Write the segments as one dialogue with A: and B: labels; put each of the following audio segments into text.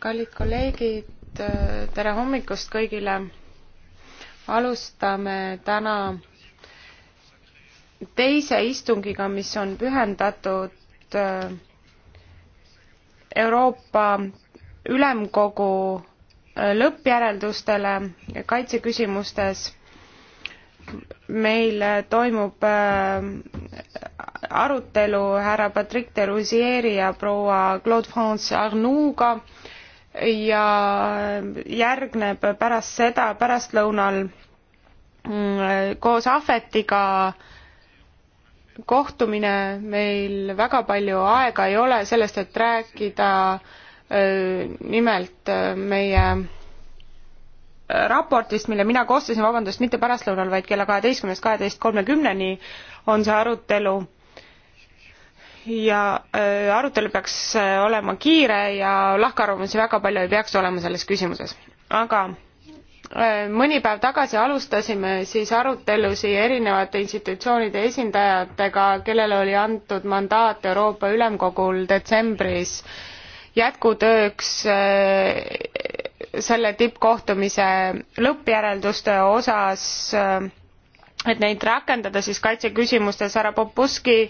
A: kallid kolleegid, tere hommikust kõigile. alustame täna teise istungiga, mis on pühendatud äh, Euroopa Ülemkogu äh, lõppjäreldustele kaitseküsimustes. meil toimub äh, arutelu härra Patrick de Rousieri ja proua Claude France Arnoux-ga ja järgneb pärast seda pärastlõunal mm, koos Ahvetiga kohtumine, meil väga palju aega ei ole sellest, et rääkida nimelt meie raportist, mille mina koostasin, vabandust, mitte pärastlõunal, vaid kella kaheteistkümnest kaheteist kolmekümneni on see arutelu ja äh, arutelu peaks äh, olema kiire ja lahkarvamusi väga palju ei peaks olema selles küsimuses. aga äh, mõni päev tagasi alustasime siis arutelusi erinevate institutsioonide esindajatega, kellele oli antud mandaat Euroopa Ülemkogul detsembris jätkutööks selle tippkohtumise lõppjärelduste osas et neid rakendada siis kaitseküsimustes härra Popuski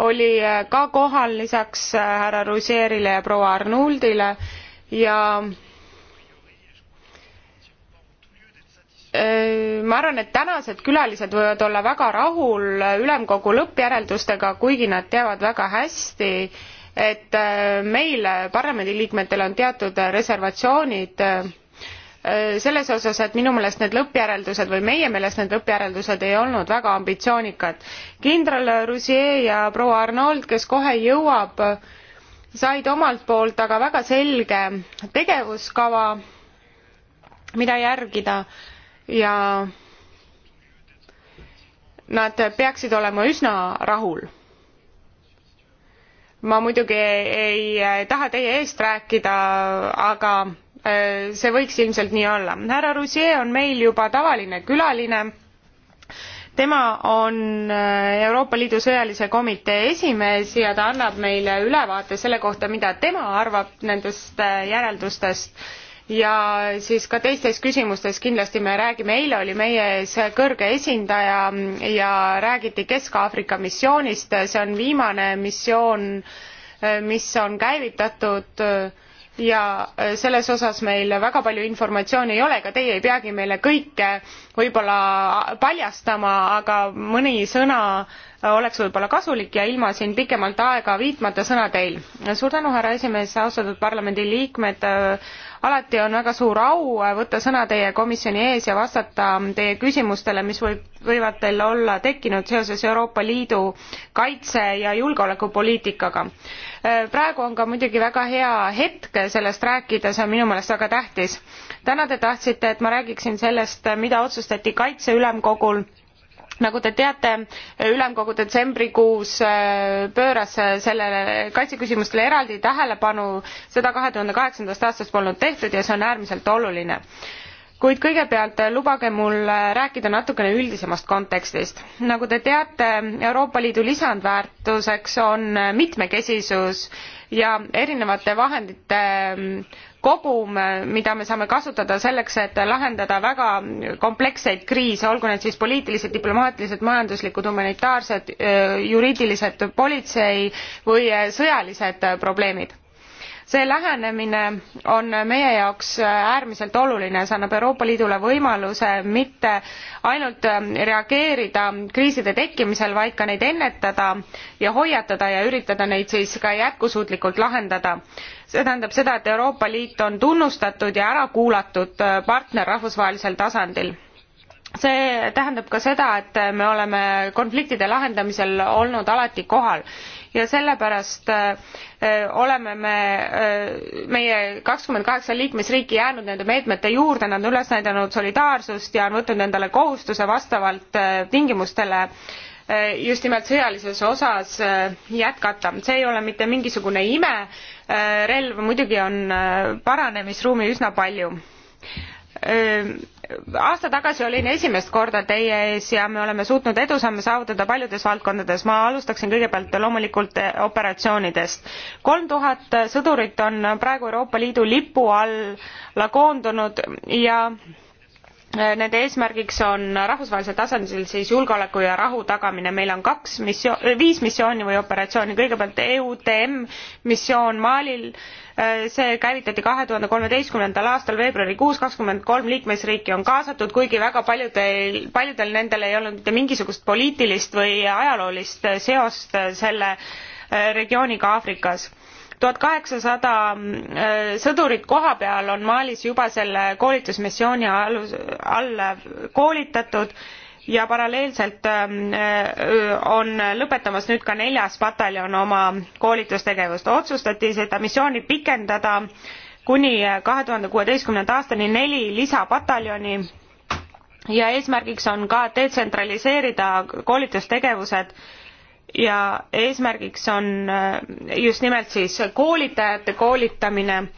A: oli äh, ka kohal lisaks äh, härra Rusierile ja proua Arnoldile ja äh, ma arvan, et tänased külalised võivad olla väga rahul ülemkogu lõppjäreldustega, kuigi nad teavad väga hästi, et meil parlamendiliikmetel on teatud reservatsioonid Äh, selles osas et minu meelest need lõppjäreldused või meie meelest need lõppjäreldused ei olnud väga ambitsioonikad. kindral rouzier ja proua arnault kes kohe jõuab said omalt poolt aga väga selge tegevuskava mida järgida ja nad peaksid olema üsna rahul ma muidugi ei taha teie eest rääkida aga Äh, see võiks ilmselt nii olla. härra Roussier on meil juba tavaline külaline tema on äh, Euroopa Liidu sõjalise komitee esimees ja ta annab meile ülevaate selle kohta, mida tema arvab nendest äh, järeldustest ja siis ka teistes küsimustes kindlasti me räägime, eile oli meie ees kõrge esindaja ja räägiti Kesk-Aafrika missioonist, see on viimane missioon, mis on käivitatud ja äh, selles osas meil väga palju informatsiooni ei ole, ega teie ei peagi meile kõike võib-olla paljastama, aga mõni sõna äh, oleks võib-olla kasulik ja ilma siin pikemalt aega viitmata sõna teil. suur tänu, härra esimees, austatud parlamendiliikmed, äh, alati on väga suur au äh, võtta sõna teie komisjoni ees ja vastata mm, teie küsimustele, mis võib, võivad teil olla tekkinud seoses Euroopa Liidu kaitse- ja julgeolekupoliitikaga. Äh, praegu on ka muidugi väga hea hetk sellest rääkida, see on minu meelest väga tähtis. täna te tahtsite, et ma räägiksin sellest, äh, mida otsustati kaitseülemkogul nagu te teate, ülemkogu detsembrikuus äh, pööras äh, sellele kaitseküsimustele eraldi tähelepanu, seda kahe tuhande kaheksandast aastast polnud tehtud ja see on äärmiselt oluline kuid kõigepealt äh, lubage mul rääkida natukene üldisemast kontekstist. nagu te teate, Euroopa Liidu lisandväärtuseks on mitmekesisus ja erinevate vahendite mm, kogum, mida me saame kasutada selleks, et lahendada väga kompleksseid kriise, olgu need siis poliitilised, diplomaatilised, majanduslikud, humanitaarsed, juriidilised, politsei või sõjalised probleemid see lähenemine on meie jaoks äärmiselt oluline, see annab Euroopa Liidule võimaluse mitte ainult reageerida kriiside tekkimisel, vaid ka neid ennetada ja hoiatada ja üritada neid siis ka jätkusuutlikult lahendada. see tähendab seda, et Euroopa Liit on tunnustatud ja ära kuulatud partner rahvusvahelisel tasandil see tähendab ka seda, et me oleme konfliktide lahendamisel olnud alati kohal ja sellepärast äh, äh, oleme me, äh, meie kakskümmend kaheksa liikmesriiki jäänud nende meetmete juurde, nad on üles näidanud solidaarsust ja on võtnud endale kohustuse vastavalt tingimustele just nimelt sõjalises osas jätkata. see ei ole mitte mingisugune ime, relv muidugi on paranemisruumi üsna palju aasta tagasi olin esimest korda teie ees ja me oleme suutnud edusamme saavutada paljudes valdkondades. ma alustaksin kõigepealt loomulikult eh, operatsioonidest. kolm tuhat eh, sõdurit on praegu Euroopa Liidu lipu alla koondunud ja eh, nende eesmärgiks on rahvusvahelisel tasandil siis julgeoleku ja rahu tagamine. meil on kaks missioon, viis missiooni või operatsiooni, kõigepealt EUTM missioon Malil Äh, see käivitati kahe tuhande kolmeteistkümnendal aastal veebruarikuus kakskümmend kolm liikmesriiki on kaasatud kuigi väga paljudel paljudel nendel ei olnud mitte mingisugust poliitilist või ajaloolist seost selle äh, regiooniga aafrikas tuhat kaheksasada äh, sõdurit kohapeal on malis juba selle koolitusmissiooni all koolitatud ja paralleelselt ähm, äh, on lõpetamas nüüd ka neljas pataljon oma koolitustegevust. otsustati seda missiooni pikendada kuni kahe tuhande kuueteistkümnenda aastani neli lisapataljoni ja eesmärgiks on ka detsentraliseerida koolitustegevused ja eesmärgiks on äh, just nimelt siis koolitajate koolitamine äh,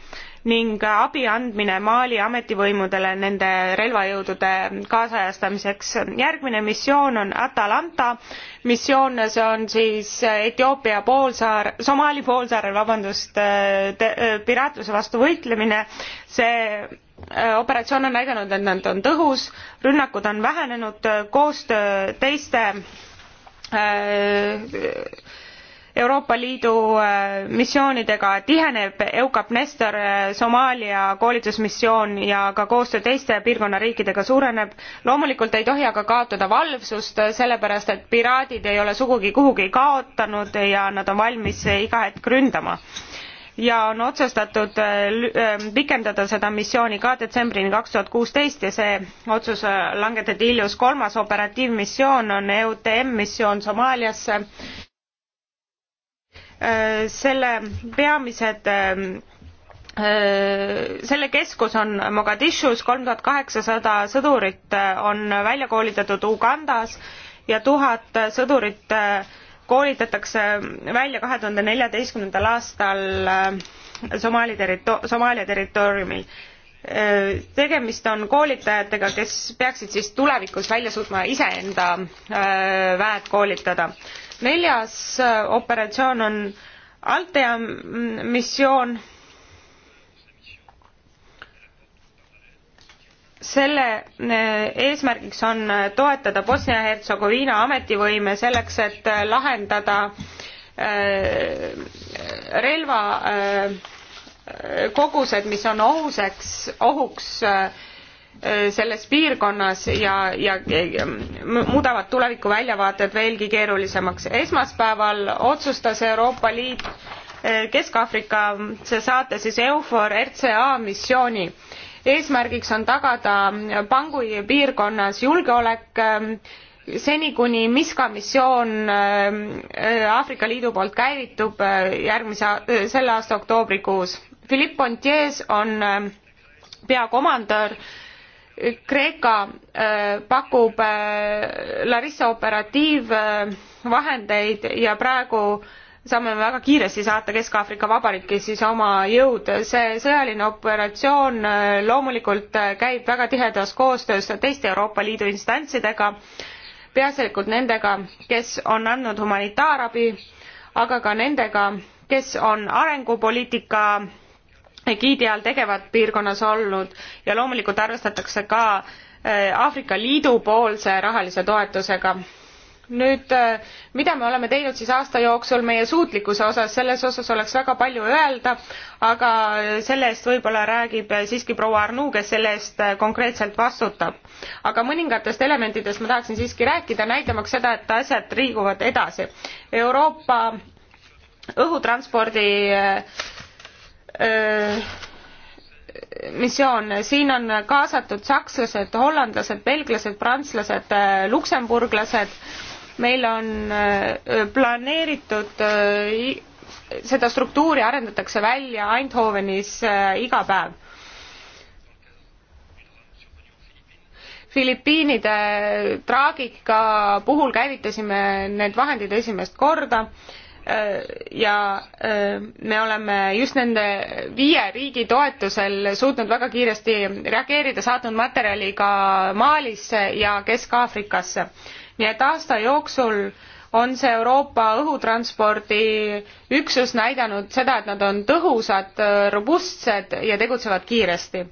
A: ning abi andmine Mali ametivõimudele nende relvajõudude kaasajastamiseks. järgmine missioon on Atalanta missioon, see on siis Etioopia poolsaar, Somaali poolsaarel, vabandust, piraatluse vastu võitlemine. see äh, operatsioon on näidanud, et nad on tõhus, rünnakud on vähenenud, koostöö teiste äh, Euroopa Liidu äh, missioonidega tiheneb EUCAP Nestor äh, Somaalia koolitusmissioon ja ka koostöö teiste piirkonna riikidega suureneb. loomulikult ei tohi aga kaotada valvsust, äh, sellepärast et piraadid ei ole sugugi kuhugi kaotanud ja nad on valmis iga hetk ründama ja on otsustatud pikendada seda missiooni ka detsembrini 2016 ja see otsus langetati hiljus kolmas operatiivmissioon on EUTM missioon Somaaliasse Äh, selle peamised äh, äh, selle keskus on Mogadishus, kolm tuhat kaheksasada sõdurit on välja koolitatud Ugandas ja tuhat sõdurit koolitatakse välja kahe tuhande neljateistkümnendal aastal Somaali territo-, Somaalia territooriumil. tegemist on koolitajatega, kes peaksid siis tulevikus välja suutma iseenda väed koolitada neljas äh, operatsioon on Altea missioon. selle äh, eesmärgiks on äh, toetada Bosnia-Hertsegoviina ametivõime selleks, et lahendada relva kogused, mis on ohuseks, ohuks, ohuks Äh, selles piirkonnas ja, ja muudavad tuleviku väljavaated veelgi keerulisemaks. esmaspäeval otsustas Euroopa Liit äh, Kesk-Aafrikasse saata siis EUFOR RCA missiooni. eesmärgiks on tagada Bangui piirkonnas julgeolek äh, seni, kuni MISKA missioon Aafrika Liidu poolt käivitub järgmise, selle aasta oktoobrikuus. Philippe Pontiers on peakomandör äh, Kreeka äh, pakub äh, Larissa operatiivvahendeid ja praegu saame väga kiiresti saata Kesk-Aafrika Vabariiki siis oma jõud. see sõjaline operatsioon äh, loomulikult käib väga tihedas koostöös teiste Euroopa Liidu instantsidega, peaasjalikult nendega, kes on andnud humanitaarabi, aga ka nendega, kes on arengupoliitika egiidi all tegevad piirkonnas olnud ja loomulikult arvestatakse ka äh, Aafrika Liidu poolse rahalise toetusega nüüd äh, mida me oleme teinud siis aasta jooksul meie suutlikkuse osas selles osas oleks väga palju öelda aga äh, selle eest võib-olla räägib siiski proua arnoux kes selle eest konkreetselt vastutab aga mõningatest elementidest ma tahaksin siiski rääkida näitamaks seda et asjad liiguvad edasi euroopa õhutranspordi äh, Äh, missioon, siin on kaasatud sakslased, hollandlased, belglased, prantslased, äh, luksemburglased, meil on äh, planeeritud, seda struktuuri arendatakse välja Eindhovenis iga päev. Filipiinide traagika puhul käivitasime need vahendid esimest korda Äh, ja äh, me oleme just nende viie riigi toetusel suutnud väga kiiresti reageerida, saatnud materjali ka Malisse ja Kesk-Aafrikasse. nii et aasta jooksul on see Euroopa õhutranspordi üksus näidanud seda, et nad on tõhusad, robustsed ja tegutsevad kiiresti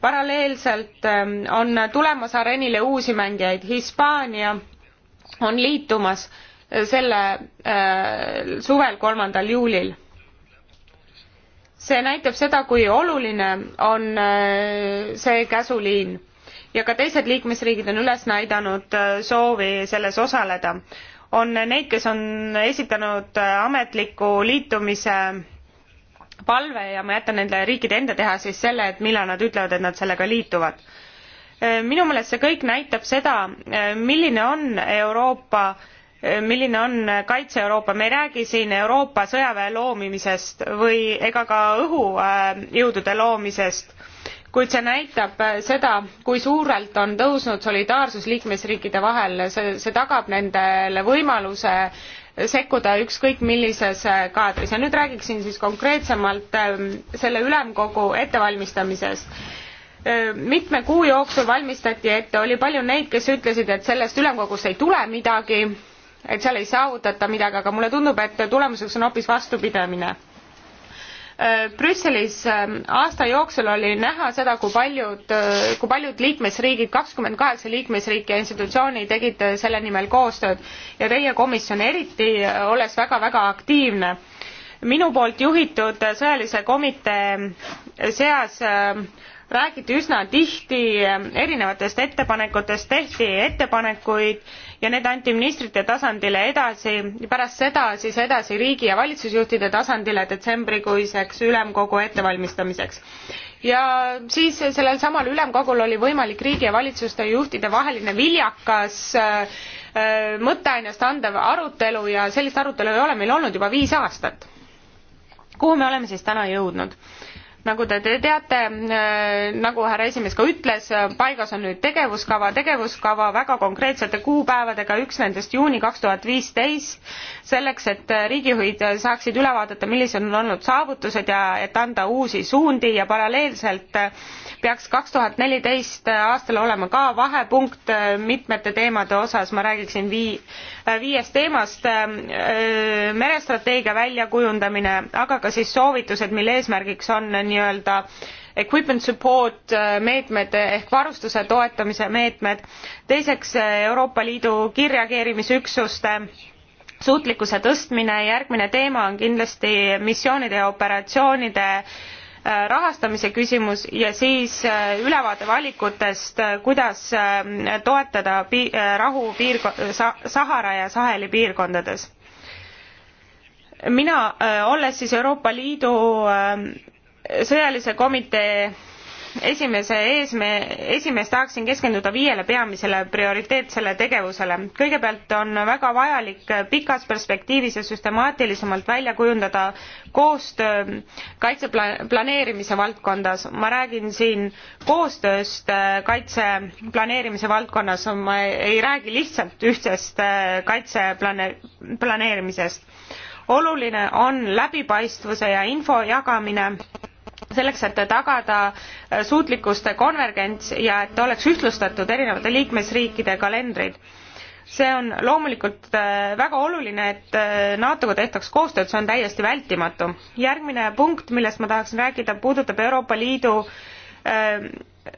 A: paralleelselt ähm, on tulemas arenile uusi mängijaid hispaania on liitumas selle äh, suvel, kolmandal juulil. see näitab seda, kui oluline on äh, see käsuliin ja ka teised liikmesriigid on üles näidanud äh, soovi selles osaleda. on neid, kes on esitanud äh, ametliku liitumise palve ja ma jätan nende riikide enda teha siis selle, et millal nad ütlevad, et nad sellega liituvad. Äh, minu meelest see kõik näitab seda, milline on Euroopa äh, milline on kaitse Euroopa, me ei räägi siin Euroopa sõjaväe loomimisest või ega ka õhujõudude loomisest, kuid see näitab seda, kui suurelt on tõusnud solidaarsus liikmesriikide vahel, see, see tagab nendele võimaluse sekkuda ükskõik millises kaadris ja nüüd räägiksin siis konkreetsemalt ähm, selle ülemkogu ettevalmistamisest äh, mitme kuu jooksul valmistati ette oli palju neid kes ütlesid et sellest ülemkogust ei tule midagi et seal ei saavutata midagi, aga mulle tundub, et tulemuseks on hoopis vastupidamine. Äh, Brüsselis ähm, aasta jooksul oli näha seda, kui paljud, äh, kui paljud liikmesriigid, kakskümmend kaheksa liikmesriiki ja institutsiooni tegid äh, selle nimel koostööd ja teie komisjon eriti olles väga-väga aktiivne minu poolt juhitud sõjalise komitee seas räägiti üsna tihti erinevatest ettepanekutest tehti ettepanekuid ja need anti ministrite tasandile edasi, pärast seda siis edasi riigi ja valitsusjuhtide tasandile detsembrikuiseks ülemkogu ettevalmistamiseks ja siis sellel samal ülemkogul oli võimalik riigi ja valitsuste juhtide vaheline viljakas äh, äh mõtteainest andev arutelu ja sellist arutelu ei ole meil olnud juba viis aastat. kuhu me oleme siis täna jõudnud? nagu te, te teate, äh, nagu härra esimees ka ütles, paigas on nüüd tegevuskava, tegevuskava väga konkreetsete kuupäevadega, üks nendest juuni kaks tuhat viisteist, selleks, et äh, riigijuhid saaksid üle vaadata, millised on olnud saavutused ja et anda uusi suundi ja paralleelselt äh, peaks kaks tuhat neliteist aastal olema ka vahepunkt äh, mitmete teemade osas, ma räägiksin vii-, äh, viiest teemast, äh, merestrateegia väljakujundamine, aga ka siis soovitused, mille eesmärgiks on nii-öelda equipment support meetmed ehk varustuse toetamise meetmed, teiseks Euroopa Liidu kiirreageerimisüksuste suutlikkuse tõstmine, järgmine teema on kindlasti missioonide ja operatsioonide Äh, rahastamise küsimus ja siis äh, ülevaade valikutest, äh, kuidas toetada pi-, rahu piirko-, Sahara ja Saheli piirkondades. mina, olles siis Euroopa Liidu sõjalise komitee esimese eesme-, esimees tahaksin keskenduda viiele peamisele prioriteetsele tegevusele. kõigepealt on väga vajalik pikas perspektiivis ja süstemaatilisemalt välja kujundada koostöö kaitseplaneerimise valdkondas. ma räägin siin koostööst äh, kaitseplaneerimise valdkonnas, ma ei räägi lihtsalt ühtsest äh, kaitseplane-, planeerimisest. oluline on läbipaistvuse ja info jagamine selleks, et tagada äh, suutlikkuste konvergents ja et oleks ühtlustatud erinevate liikmesriikide kalendrid. see on loomulikult äh, väga oluline, et äh, NATO-ga tehtaks koostööd, see on täiesti vältimatu. järgmine punkt, millest ma tahaksin rääkida, puudutab Euroopa Liidu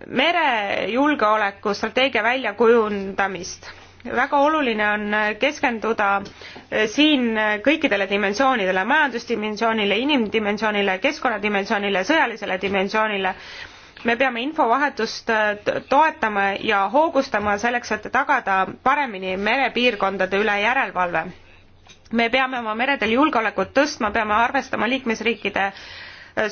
A: merejulgeoleku strateegia väljakujundamist väga oluline on keskenduda eh, siin eh, kõikidele dimensioonidele majandusdimensioonile inimdimensioonile keskkonnadimensioonile sõjalisele dimensioonile me peame infovahetust eh, toetama ja hoogustama selleks et tagada paremini merepiirkondade üle järelevalve me peame oma meredel julgeolekut tõstma peame arvestama liikmesriikide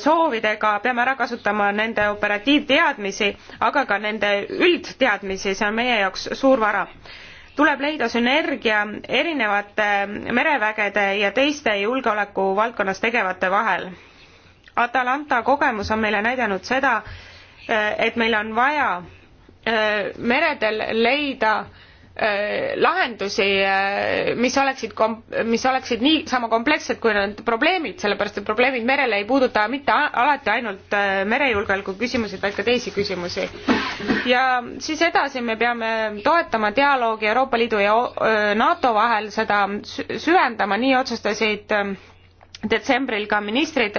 A: soovidega peame ära kasutama nende operatiivteadmisi aga ka nende üldteadmisi see on meie jaoks suur vara tuleb leida sünergia erinevate merevägede ja teiste julgeoleku valdkonnas tegevate vahel. Atalanta kogemus on meile näidanud seda, eh, et meil on vaja eh, meredel leida äh, Äh, lahendusi, äh, mis oleksid kom-, mis oleksid niisama komplekssed, kui need probleemid, sellepärast et probleemid merel ei puuduta mitte alati ainult äh, merejulgeoleku küsimusi, vaid ka teisi küsimusi. ja siis edasi me peame toetama dialoogi Euroopa Liidu ja NATO vahel, seda süvendama, nii otsustasid ähm, detsembril ka ministrid,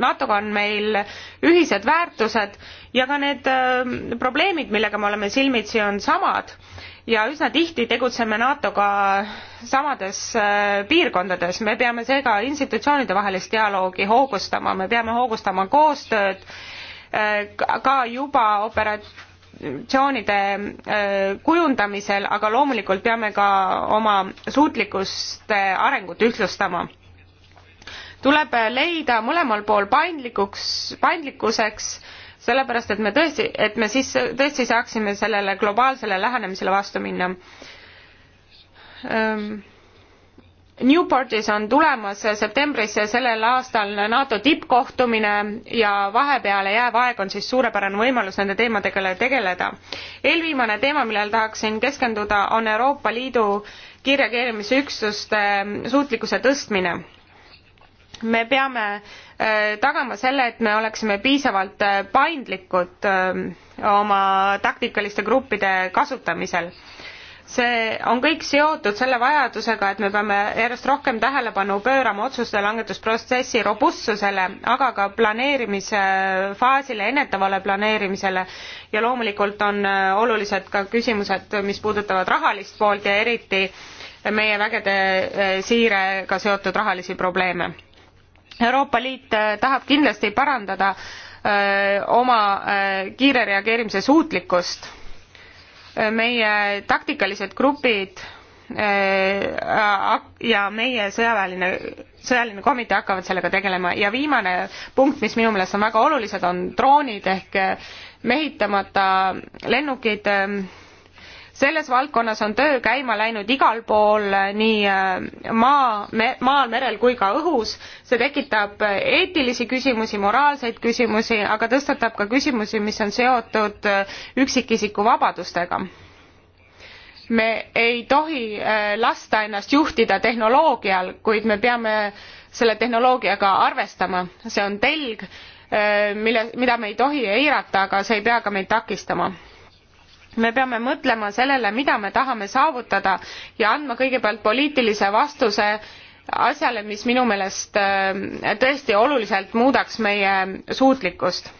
A: NATO-ga on meil ühised väärtused ja ka need ähm, probleemid, millega me oleme silmitsi, on samad ja üsna tihti tegutseme NATO-ga samades äh, piirkondades, me peame seega institutsioonide vahelist dialoogi hoogustama, me peame hoogustama koostööd äh, ka juba operatsioonide äh, kujundamisel, aga loomulikult peame ka oma suutlikkuste arengut ühtlustama tuleb leida mõlemal pool paindlikuks, paindlikkuseks sellepärast et me tõesti, et me siis tõesti saaksime sellele globaalsele lähenemisele vastu minna ähm.. Newportis on tulemas septembris sellel aastal NATO tippkohtumine ja vahepeale jääv aeg on siis suurepärane võimalus nende teemadega tegeleda. eelviimane teema, millele tahaksin keskenduda, on Euroopa Liidu kiirreageerimisüksuste suutlikkuse tõstmine me peame äh, tagama selle, et me oleksime piisavalt äh, paindlikud äh, oma taktikaliste gruppide kasutamisel. see on kõik seotud selle vajadusega, et me peame järjest rohkem tähelepanu pöörama otsuste langetusprotsessi robustsusele, aga ka planeerimise faasile, ennetavale planeerimisele ja loomulikult on olulised ka küsimused, mis puudutavad rahalist poolt ja eriti meie vägede siirega seotud rahalisi probleeme Euroopa Liit äh, tahab kindlasti parandada öö, äh, oma öö, äh, kiire reageerimise suutlikkust. meie taktikalised grupid öö, ja meie sõjaväeline, sõjaline komitee hakkavad sellega tegelema ja viimane punkt, mis minu meelest on väga olulised, on droonid ehk mehitamata lennukid öö, ähm, selles valdkonnas on töö käima läinud igal pool, nii äh, maa me,, maal, merel kui ka õhus. see tekitab äh, eetilisi küsimusi, moraalseid küsimusi, aga tõstatab ka küsimusi, mis on seotud äh, üksikisiku vabadustega me ei tohi lasta ennast juhtida tehnoloogial, kuid me peame selle tehnoloogiaga arvestama, see on telg, mille, mida me ei tohi eirata, aga see ei pea ka meid takistama me peame mõtlema sellele, mida me tahame saavutada ja andma kõigepealt poliitilise vastuse asjale, mis minu meelest äh, tõesti oluliselt muudaks meie suutlikkust.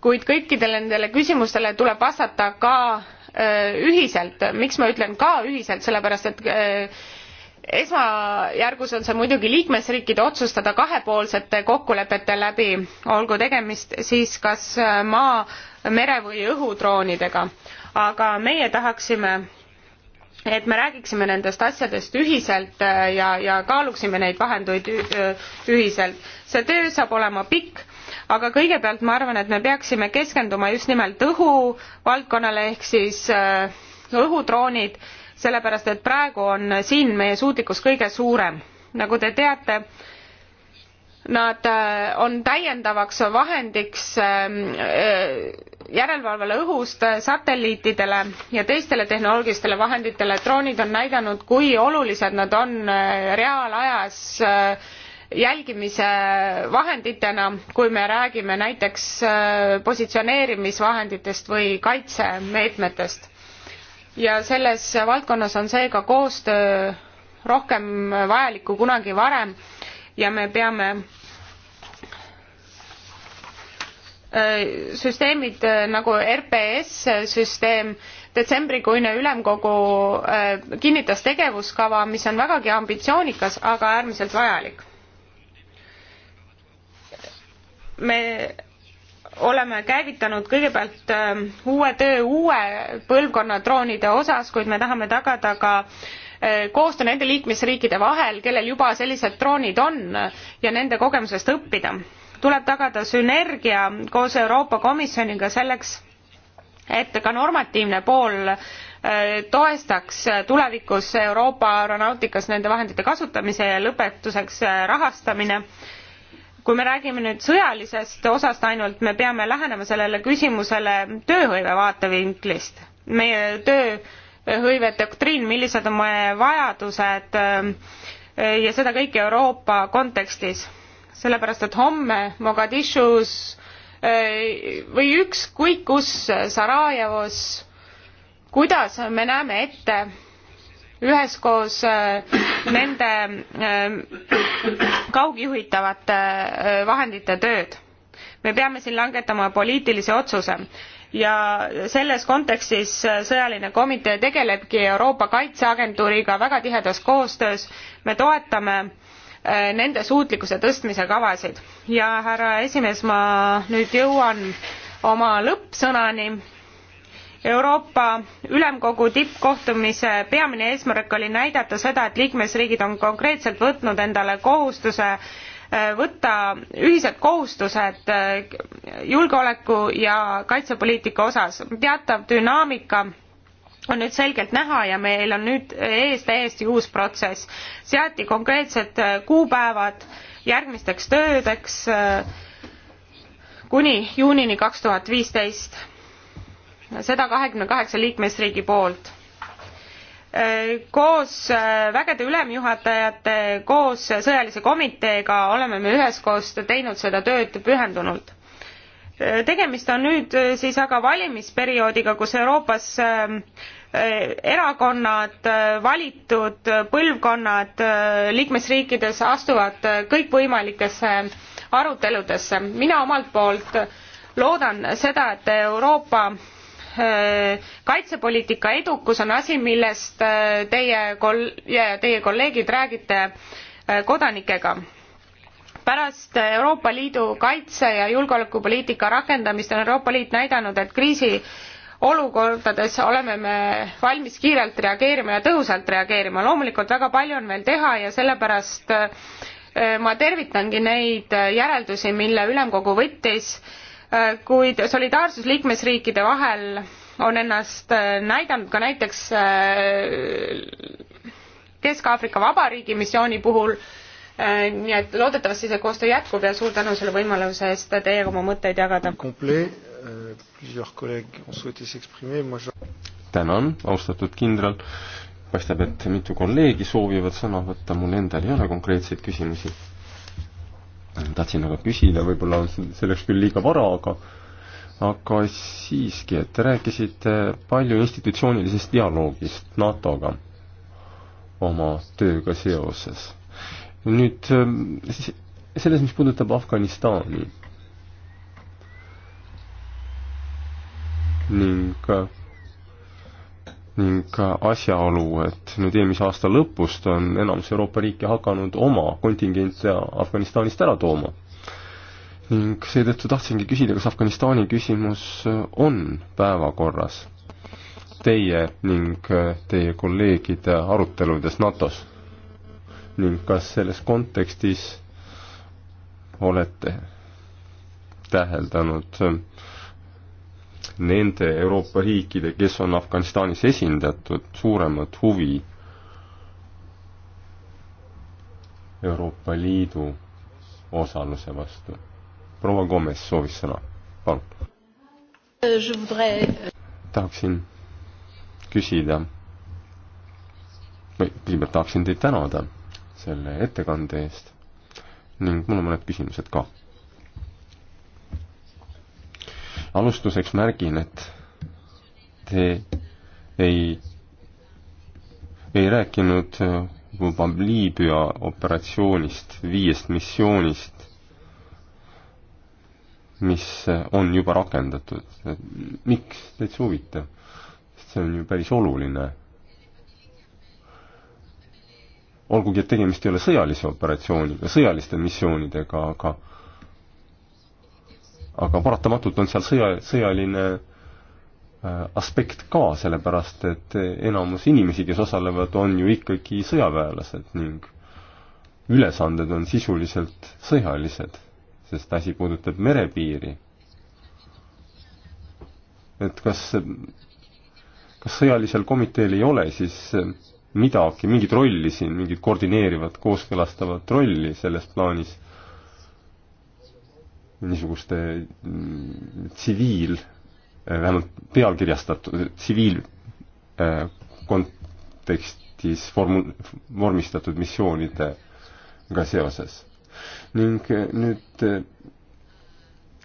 A: kuid kõikidele nendele küsimustele tuleb vastata ka äh, ühiselt, miks ma ütlen ka ühiselt, sellepärast et äh, esmajärgus on see muidugi liikmesriikide otsustada kahepoolsete kokkulepete läbi olgu tegemist siis kas maa mere või õhudroonidega aga meie tahaksime et me räägiksime nendest asjadest ühiselt äh, ja ja kaaluksime neid vahendeid äh, ühiselt see töö saab olema pikk aga kõigepealt ma arvan et me peaksime keskenduma just nimelt õhuvaldkonnale ehk siis äh, õhudroonid sellepärast et praegu on siin meie suutlikkus kõige suurem. nagu te teate, nad äh, on täiendavaks vahendiks ähm, äh, järelevalvele õhust äh, satelliitidele ja teistele tehnoloogilistele vahenditele. droonid on näidanud, kui olulised nad on reaalajas jälgimise vahenditena, kui me räägime näiteks positsioneerimisvahenditest või kaitsemeetmetest ja selles valdkonnas on seega koostöö rohkem vajalik kui kunagi varem ja me peame äh, süsteemid äh, nagu RPS süsteem, detsembrikuine ülemkogu äh, kinnitas tegevuskava, mis on vägagi ambitsioonikas, aga äärmiselt vajalik. me oleme käivitanud kõigepealt ähm, uue töö uue põlvkonna droonide osas, kuid me tahame tagada ka äh, koostöö nende liikmesriikide vahel, kellel juba sellised droonid on äh, ja nende kogemusest õppida. tuleb tagada sünergia koos Euroopa Komisjoniga selleks, et ka normatiivne pool äh, toestaks tulevikus Euroopa aeronautikas nende vahendite kasutamise ja lõpetuseks rahastamine kui me räägime nüüd sõjalisest osast ainult, me peame lähenema sellele küsimusele tööhõive vaatevinklist. meie tööhõive doktriin, millised on meie vajadused äh, ja seda kõike Euroopa kontekstis. sellepärast, et homme Mogadishus äh, või ükskõik kus, Sarajevos, kuidas me näeme ette üheskoos äh, nende äh, kaugjuhitavate äh, vahendite tööd. me peame siin langetama poliitilise otsuse ja selles kontekstis sõjaline komitee tegelebki Euroopa Kaitseagentuuriga väga tihedas koostöös. me toetame nende suutlikkuse tõstmise kavasid ja härra esimees, ma nüüd jõuan oma lõppsõnani Euroopa Ülemkogu tippkohtumise peamine eesmärk oli näidata seda, et liikmesriigid on konkreetselt võtnud endale kohustuse äh, võtta ühised kohustused äh, julgeoleku ja kaitsepoliitika osas. teatav dünaamika on nüüd selgelt näha ja meil on nüüd ees täiesti uus protsess. seati konkreetsed äh, kuupäevad järgmisteks töödeks kuni juunini kaks tuhat viisteist seda kahekümne kaheksa liikmesriigi poolt. Äh, koos äh, vägede ülemjuhatajate, koos sõjalise komiteega oleme me üheskoos teinud seda tööd pühendunult äh, tegemist on nüüd siis aga valimisperioodiga, kus Euroopas erakonnad, valitud põlvkonnad liikmesriikides astuvad kõikvõimalikesse aruteludesse. mina omalt poolt loodan seda, et Euroopa Äh, kaitsepoliitika edukus on asi, millest äh, teie kol- ja teie kolleegid räägite äh, kodanikega pärast euroopa liidu kaitse ja julgeolekupoliitika rakendamist on euroopa liit näidanud et kriisiolukordades oleme me valmis kiirelt reageerima ja tõhusalt reageerima loomulikult väga palju on veel teha ja sellepärast ma tervitangi neid järeldusi mille ülemkogu võttis Äh, kuid solidaarsus liikmesriikide vahel on ennast äh, näidanud ka näiteks äh, Kesk-Aafrika Vabariigi missiooni puhul. nii et loodetavasti see koostöö jätkub ja suur tänu selle võimaluse eest teiega oma mõtteid jagada. Euh,
B: tänan, austatud kindral. paistab, et mitu kolleegi soovivad sõna võtta, mul endal ei ole konkreetseid küsimusi tahtsin aga küsida, võib-olla on selleks küll liiga vara, aga aga siiski, et te rääkisite palju institutsioonilisest dialoogist NATO-ga oma tööga seoses. nüüd ähm, selles, mis puudutab Afganistani ning äh, ning asjaolu, et nüüd eelmise aasta lõpust on enamus Euroopa riike hakanud oma kontingente Afganistanist ära tooma. ning seetõttu tahtsingi küsida, kas Afganistani küsimus on päevakorras teie ning teie kolleegide aruteludes NATO-s? ning kas selles kontekstis olete täheldanud äh, nende Euroopa riikide, kes on Afganistanis esindatud, suuremat huvi Euroopa Liidu osaluse vastu. proua Gomes soovis sõna, palun.
A: Euh,
B: tahaksin küsida või kõigepealt tahaksin teid tänada selle ettekande eest ning mul on mõned küsimused ka alustuseks märgin, et te ei, ei rääkinud äh, juba Liibüa operatsioonist, viiest missioonist, mis äh, on juba rakendatud. miks teid see huvitab? sest see on ju päris oluline. olgugi, et tegemist ei ole sõjalise operatsiooniga, sõjaliste missioonidega, aga aga paratamatult on seal sõja, sõjaline äh, aspekt ka, sellepärast et enamus inimesi, kes osalevad, on ju ikkagi sõjaväelased ning ülesanded on sisuliselt sõjalised, sest asi puudutab merepiiri. et kas, kas sõjalisel komiteel ei ole siis midagi, mingit rolli siin, mingit koordineerivat, kooskõlastavat rolli selles plaanis niisuguste mm, tsiviil, äh, vähemalt pealkirjastatud, tsiviilkontekstis äh, formu-, vormistatud missioonidega seoses. ning äh, nüüd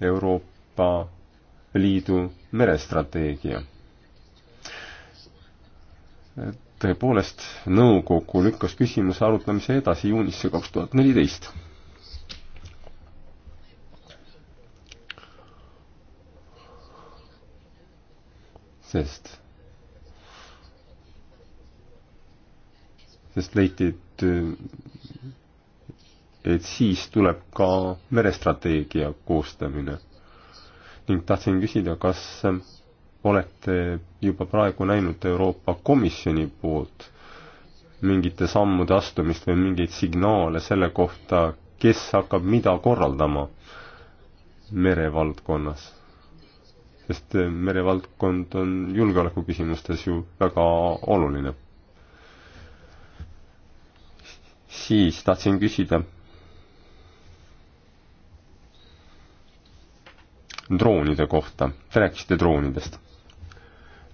B: Euroopa Liidu merestrateegia. tõepoolest, nõukogu lükkas küsimuse arutamise edasi juunisse kaks tuhat neliteist sest, sest leiti, et, et siis tuleb ka merestrateegia koostamine. ning tahtsin küsida, kas olete juba praegu näinud Euroopa Komisjoni poolt mingite sammude astumist või mingeid signaale selle kohta, kes hakkab mida korraldama merevaldkonnas? sest eh, merevaldkond on julgeolekuküsimustes ju väga oluline. siis tahtsin küsida droonide kohta, te rääkisite droonidest.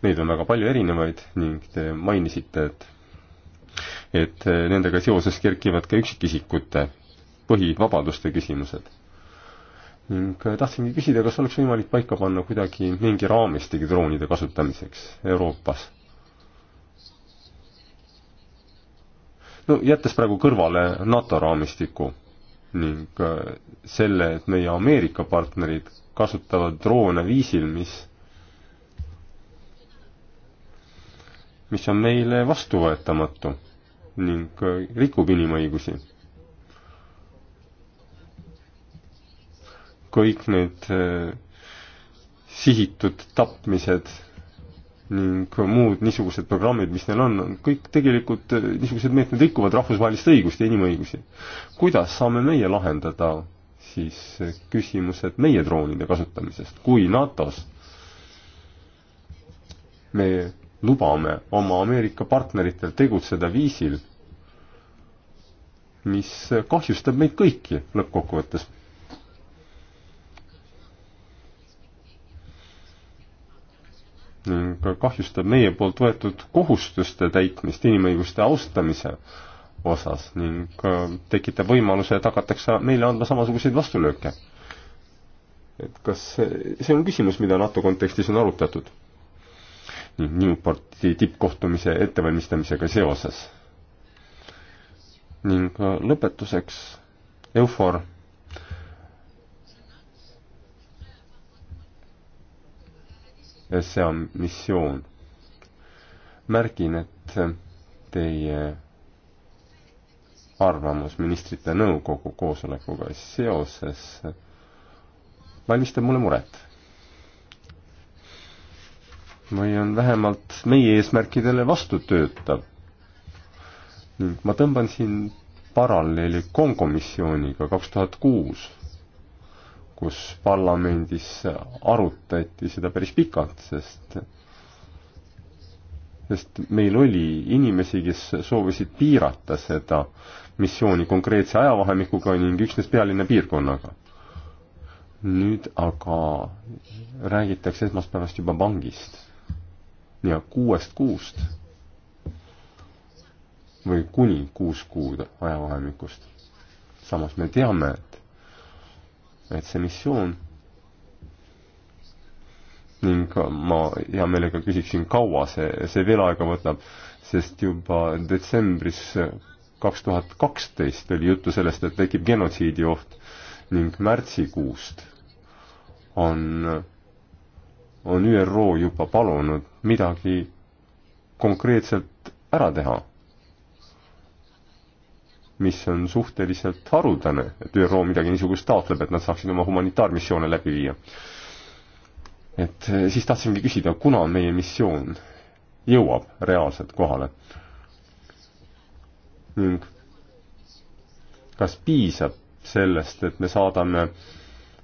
B: Neid on väga palju erinevaid ning te mainisite, et et eh, nendega seoses kerkivad ka üksikisikute põhivabaduste küsimused ning äh, tahtsingi küsida, kas oleks võimalik paika panna kuidagi mingi raamistik droonide kasutamiseks Euroopas? no jättes praegu kõrvale NATO raamistiku ning äh, selle, et meie Ameerika partnerid kasutavad droone viisil, mis mis on meile vastuvõetamatu ning äh, rikub inimõigusi kõik need äh, sihitud tapmised ning muud niisugused programmid, mis neil on, on kõik tegelikult, äh, niisugused meetmed rikuvad rahvusvahelist õigust ja inimõigusi. kuidas saame meie lahendada siis äh, küsimused meie droonide kasutamisest, kui NATO-s me lubame oma Ameerika partneritel tegutseda viisil, mis kahjustab meid kõiki lõppkokkuvõttes ka kahjustab meie poolt võetud kohustuste täitmist inimõiguste austamise osas ning äh, tekitab võimaluse, et hakatakse meile andma samasuguseid vastulööke. et kas, see on küsimus, mida NATO kontekstis on arutatud. ning Newporti tippkohtumise ettevalmistamisega seoses. ning äh, lõpetuseks EUFOR see on missioon. märgin, et teie arvamus ministrite nõukogu koosolekuga seoses valmistab mulle muret. või on vähemalt meie eesmärkidele vastu töötav. ning ma tõmban siin paralleeli Kongo missiooniga kaks tuhat kuus kus parlamendis arutati seda päris pikalt, sest sest meil oli inimesi, kes soovisid piirata seda missiooni konkreetse ajavahemikuga ning üksnes pealinna piirkonnaga. nüüd aga räägitakse esmaspäevast juba vangist ja kuuest kuust või kuni kuus kuud ajavahemikust. samas me teame, et et see missioon ning ma hea meelega küsiksin, kaua see, see veel aega võtab, sest juba detsembris kaks tuhat kaksteist oli juttu sellest, et tekib genotsiidi oht ning märtsikuust on, on ÜRO juba palunud midagi konkreetselt ära teha mis on suhteliselt haruldane, et ÜRO midagi niisugust taotleb, et nad saaksid oma humanitaarmissioone läbi viia. et eh, siis tahtsingi küsida, kuna meie missioon jõuab reaalselt kohale? ning kas piisab sellest, et me saadame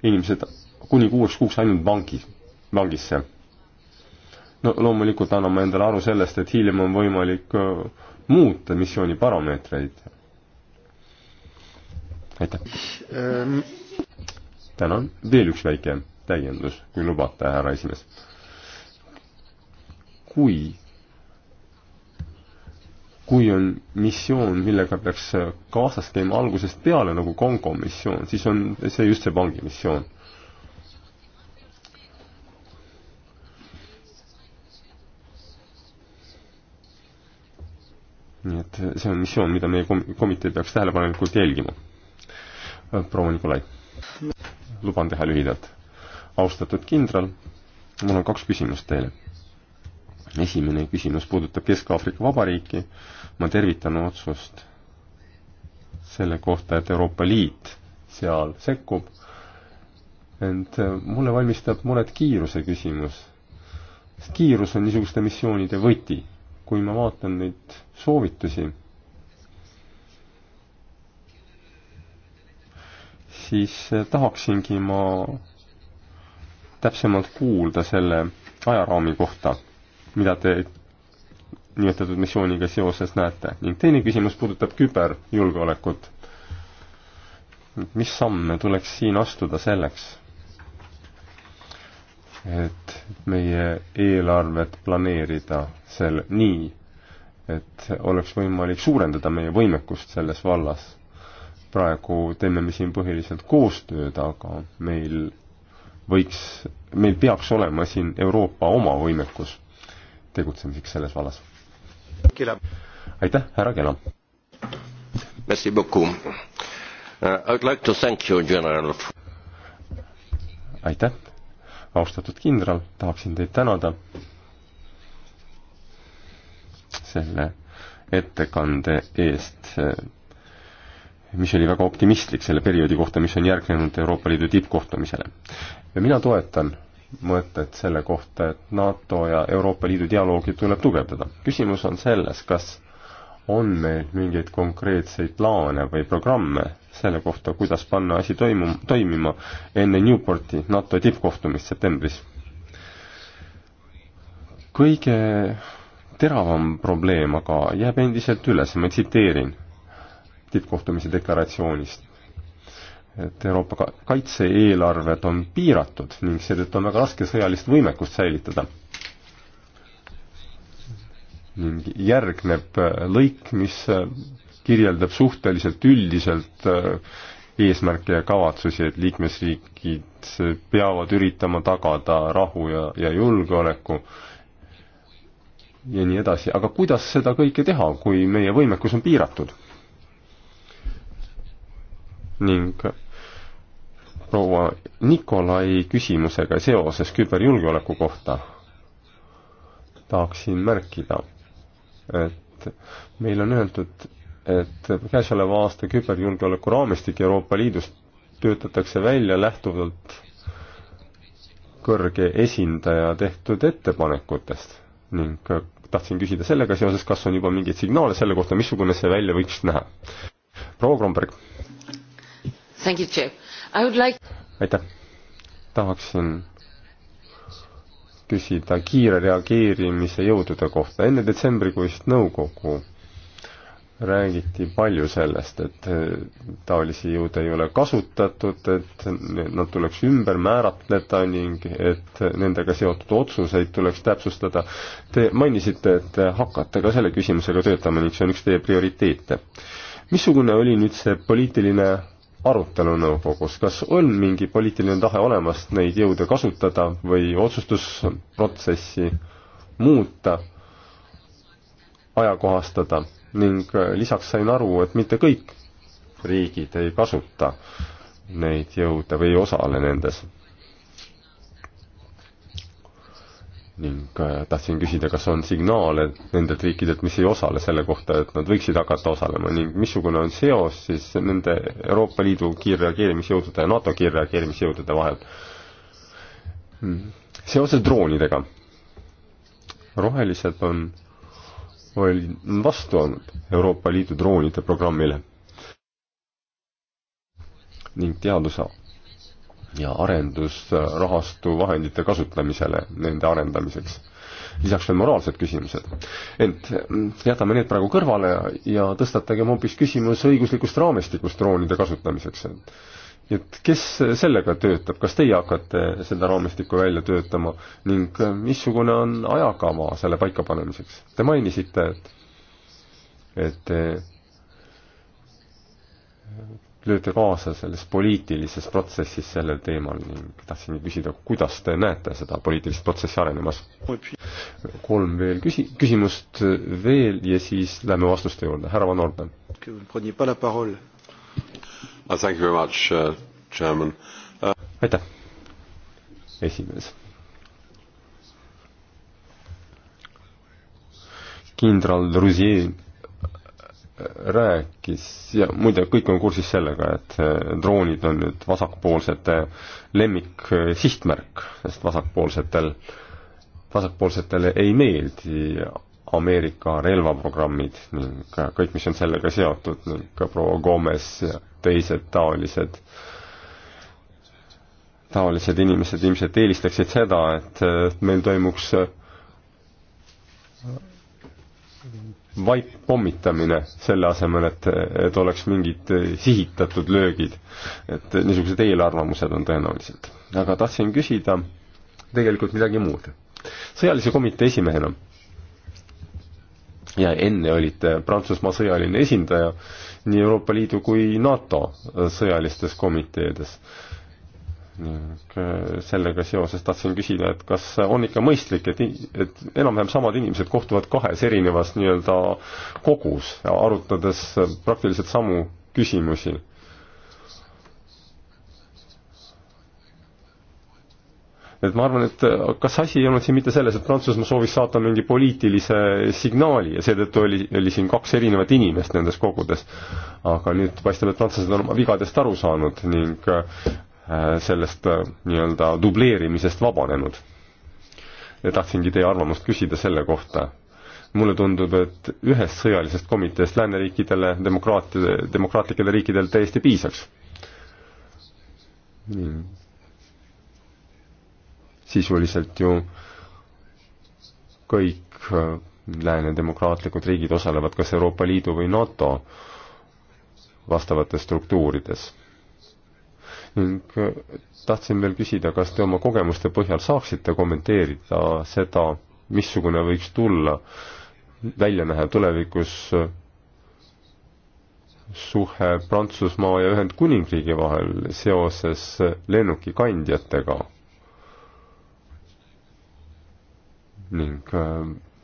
B: inimesed kuni kuueks kuuks ainult vangi, vangisse? no loomulikult anname endale aru sellest, et hiljem on võimalik eh, muuta missiooni parameetreid aitäh ähm.! tänan, veel üks väike täiendus, kui lubate, härra esimees. kui, kui on missioon, millega peaks kaasas käima algusest peale, nagu Kongo missioon, siis on see just see vangi missioon. nii et see on missioon, mida meie komitee peaks tähelepanelikult jälgima proua Nikolai, luban teha lühidalt. austatud kindral, mul on kaks küsimust teile. esimene küsimus puudutab Kesk-Aafrika Vabariiki. ma tervitan otsust selle kohta, et Euroopa Liit seal sekkub. ent äh, mulle valmistab muret kiiruse küsimus. sest kiirus on niisuguste missioonide võti. kui ma vaatan neid soovitusi siis eh, tahaksingi ma täpsemalt kuulda selle ajaraami kohta, mida te nimetatud missiooniga seoses näete. ning teine küsimus puudutab küberjulgeolekut. mis samme tuleks siin astuda selleks, et meie eelarvet planeerida seal nii, et oleks võimalik suurendada meie võimekust selles vallas praegu teeme me siin põhiliselt koostööd, aga meil võiks, meil peaks olema siin Euroopa oma võimekus tegutsemiseks selles vallas. aitäh, härra Kelam! Merci beaucoup. Uh, I would like to thank you, general. aitäh, austatud kindral, tahaksin teid tänada selle ettekande eest mis oli väga optimistlik selle perioodi kohta, mis on järgnenud Euroopa Liidu tippkohtumisele. ja mina toetan mõtet selle kohta, et NATO ja Euroopa Liidu dialoogi tuleb tugevdada. küsimus on selles, kas on meil mingeid konkreetseid plaane või programme selle kohta, kuidas panna asi toimu-, toimima enne Newporti NATO tippkohtumist septembris. kõige teravam probleem aga jääb endiselt üles, ma tsiteerin tippkohtumise deklaratsioonist. et Euroopa kaitse-eelarved on piiratud ning seetõttu on väga raske sõjalist võimekust säilitada. ning järgneb äh, lõik, mis äh, kirjeldab suhteliselt üldiselt äh, eesmärke ja kavatsusi, et liikmesriigid peavad üritama tagada rahu ja, ja julgeoleku ja nii edasi, aga kuidas seda kõike teha, kui meie võimekus on piiratud? ning proua Nikolai küsimusega seoses küberjulgeoleku kohta tahaksin märkida, et meil on öeldud, et käesoleva aasta küberjulgeoleku raamistik Euroopa Liidus töötatakse välja lähtuvalt kõrge esindaja tehtud ettepanekutest ning tahtsin küsida sellega seoses, kas on juba mingeid signaale selle kohta, missugune see välja võiks näha. proua Kromberg Like... aitäh. tahaksin küsida kiire reageerimise jõudude kohta. enne detsembrikuist nõukogu räägiti palju sellest, et eh, taolisi jõude ei ole kasutatud, et nad tuleks ümber määratleda ning et nendega seotud otsuseid tuleks täpsustada. Te mainisite, et hakkate ka selle küsimusega töötama ning see on üks teie prioriteete. missugune oli nüüd see poliitiline arutelu nõukogus, kas on mingi poliitiline tahe olemas neid jõude kasutada või otsustusprotsessi muuta, ajakohastada ning äh, lisaks sain aru, et mitte kõik riigid ei kasuta neid jõude või ei osale nendes ning äh, tahtsin küsida, kas on signaale nendelt riikidelt, mis ei osale selle kohta, et nad võiksid hakata osalema ning missugune on seos siis nende Euroopa Liidu kiirreageerimisjõudude ja NATO kiirreageerimisjõudude vahel? Hmm. seoses droonidega. rohelised on, oli vastu olnud Euroopa Liidu droonide programmile ning teaduse ja arendusrahastu vahendite kasutamisele nende arendamiseks. lisaks veel moraalsed küsimused. ent mm, jätame need praegu kõrvale ja tõstatagem hoopis küsimus õiguslikust raamistikust droonide kasutamiseks. et kes sellega töötab, kas teie hakkate seda raamistikku välja töötama ning äh, missugune on ajakava selle paikapanemiseks? Te mainisite, et et äh, lööte kaasa selles poliitilises protsessis sellel teemal ning tahtsin küsida, kuidas te näete seda poliitilist protsessi arenemas? kolm veel küsi-, küsimust veel ja siis lähme vastuste juurde, härra Van Orden. Uh, uh, aitäh, esimees. kindral Rusier rääkis ja muide, kõik on kursis sellega, et eh, droonid on nüüd vasakpoolsete lemmik eh, sihtmärk, sest vasakpoolsetel, vasakpoolsetele ei meeldi Ameerika relvaprogrammid ning kõik, mis on sellega seotud ning ka proua Gomez ja teised taolised, taolised inimesed ilmselt eelistaksid seda, et eh, meil toimuks vaip pommitamine, selle asemel, et, et oleks mingid eh, sihitatud löögid. et niisugused eelarvamused on tõenäoliselt. aga tahtsin küsida tegelikult midagi muud. sõjalise komitee esimehena ja enne olite Prantsusmaa sõjaline esindaja nii Euroopa Liidu kui NATO sõjalistes komiteedes äh, ning eh, sellega seoses tahtsin küsida, et kas on ikka mõistlik, et, et enam-vähem samad inimesed kohtuvad kahes erinevas nii-öelda kogus, arutades praktiliselt samu küsimusi? et ma arvan, et eh, kas asi ei olnud siin mitte selles, et Prantsusmaa soovis saata mingi poliitilise signaali ja seetõttu oli, oli siin kaks erinevat inimest nendes kogudes. aga nüüd paistab, et prantslased on oma vigadest aru saanud ning eh, Äh, sellest äh, nii-öelda dubleerimisest vabanenud. ja tahtsingi teie arvamust küsida selle kohta. mulle tundub, et ühest sõjalisest komiteest lääneriikidele, demokraat-, demokraatlikele riikidele täiesti piisaks. sisuliselt ju kõik äh, lääne demokraatlikud riigid osalevad kas Euroopa Liidu või NATO vastavates struktuurides ning äh, tahtsin veel küsida, kas te oma kogemuste põhjal saaksite kommenteerida seda, missugune võiks tulla väljanähe tulevikus äh, suhe Prantsusmaa ja Ühendkuningriigi vahel seoses äh, lennukikandjatega ning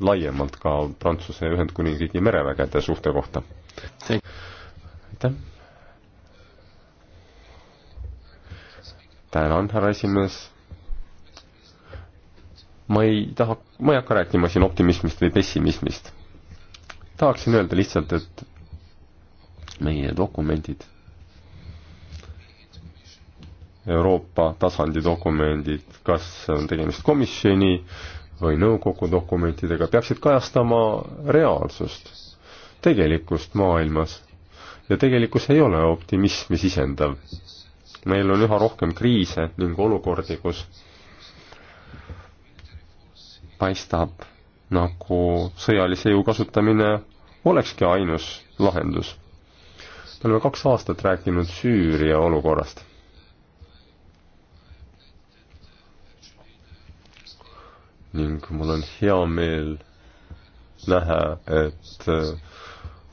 B: laiemalt ka Prantsuse ja Ühendkuningriigi merevägede suhte kohta. aitäh! tänan, härra esimees. ma ei taha, ma ei hakka rääkima siin optimismist või pessimismist. tahaksin öelda lihtsalt, et meie dokumendid, Euroopa tasandi dokumendid, kas on tegemist komisjoni või nõukogu dokumentidega, peaksid kajastama reaalsust, tegelikkust maailmas. ja tegelikkus ei ole optimismi sisendav meil on üha rohkem kriise ning olukordi, kus paistab, nagu sõjalise jõu kasutamine olekski ainus lahendus. me oleme kaks aastat rääkinud Süüria olukorrast. ning mul on hea meel näha, et äh,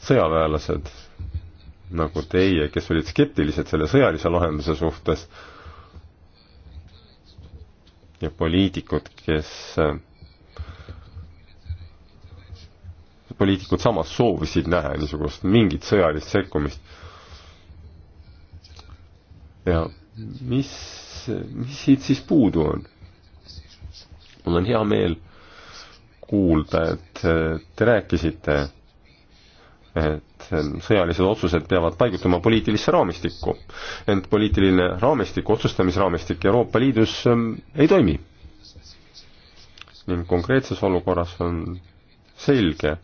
B: sõjaväelased nagu teie, kes olid skeptilised selle sõjalise lahenduse suhtes ja poliitikud, kes poliitikud samas soovisid näha niisugust mingit sõjalist sekkumist. ja mis, mis siit siis puudu on? mul on hea meel kuulda, et te rääkisite, et sõjalised otsused peavad paigutuma poliitilisse raamistikku. ent poliitiline raamistik, otsustamisraamistik Euroopa Liidus ähm, ei toimi. ning konkreetses olukorras on selge,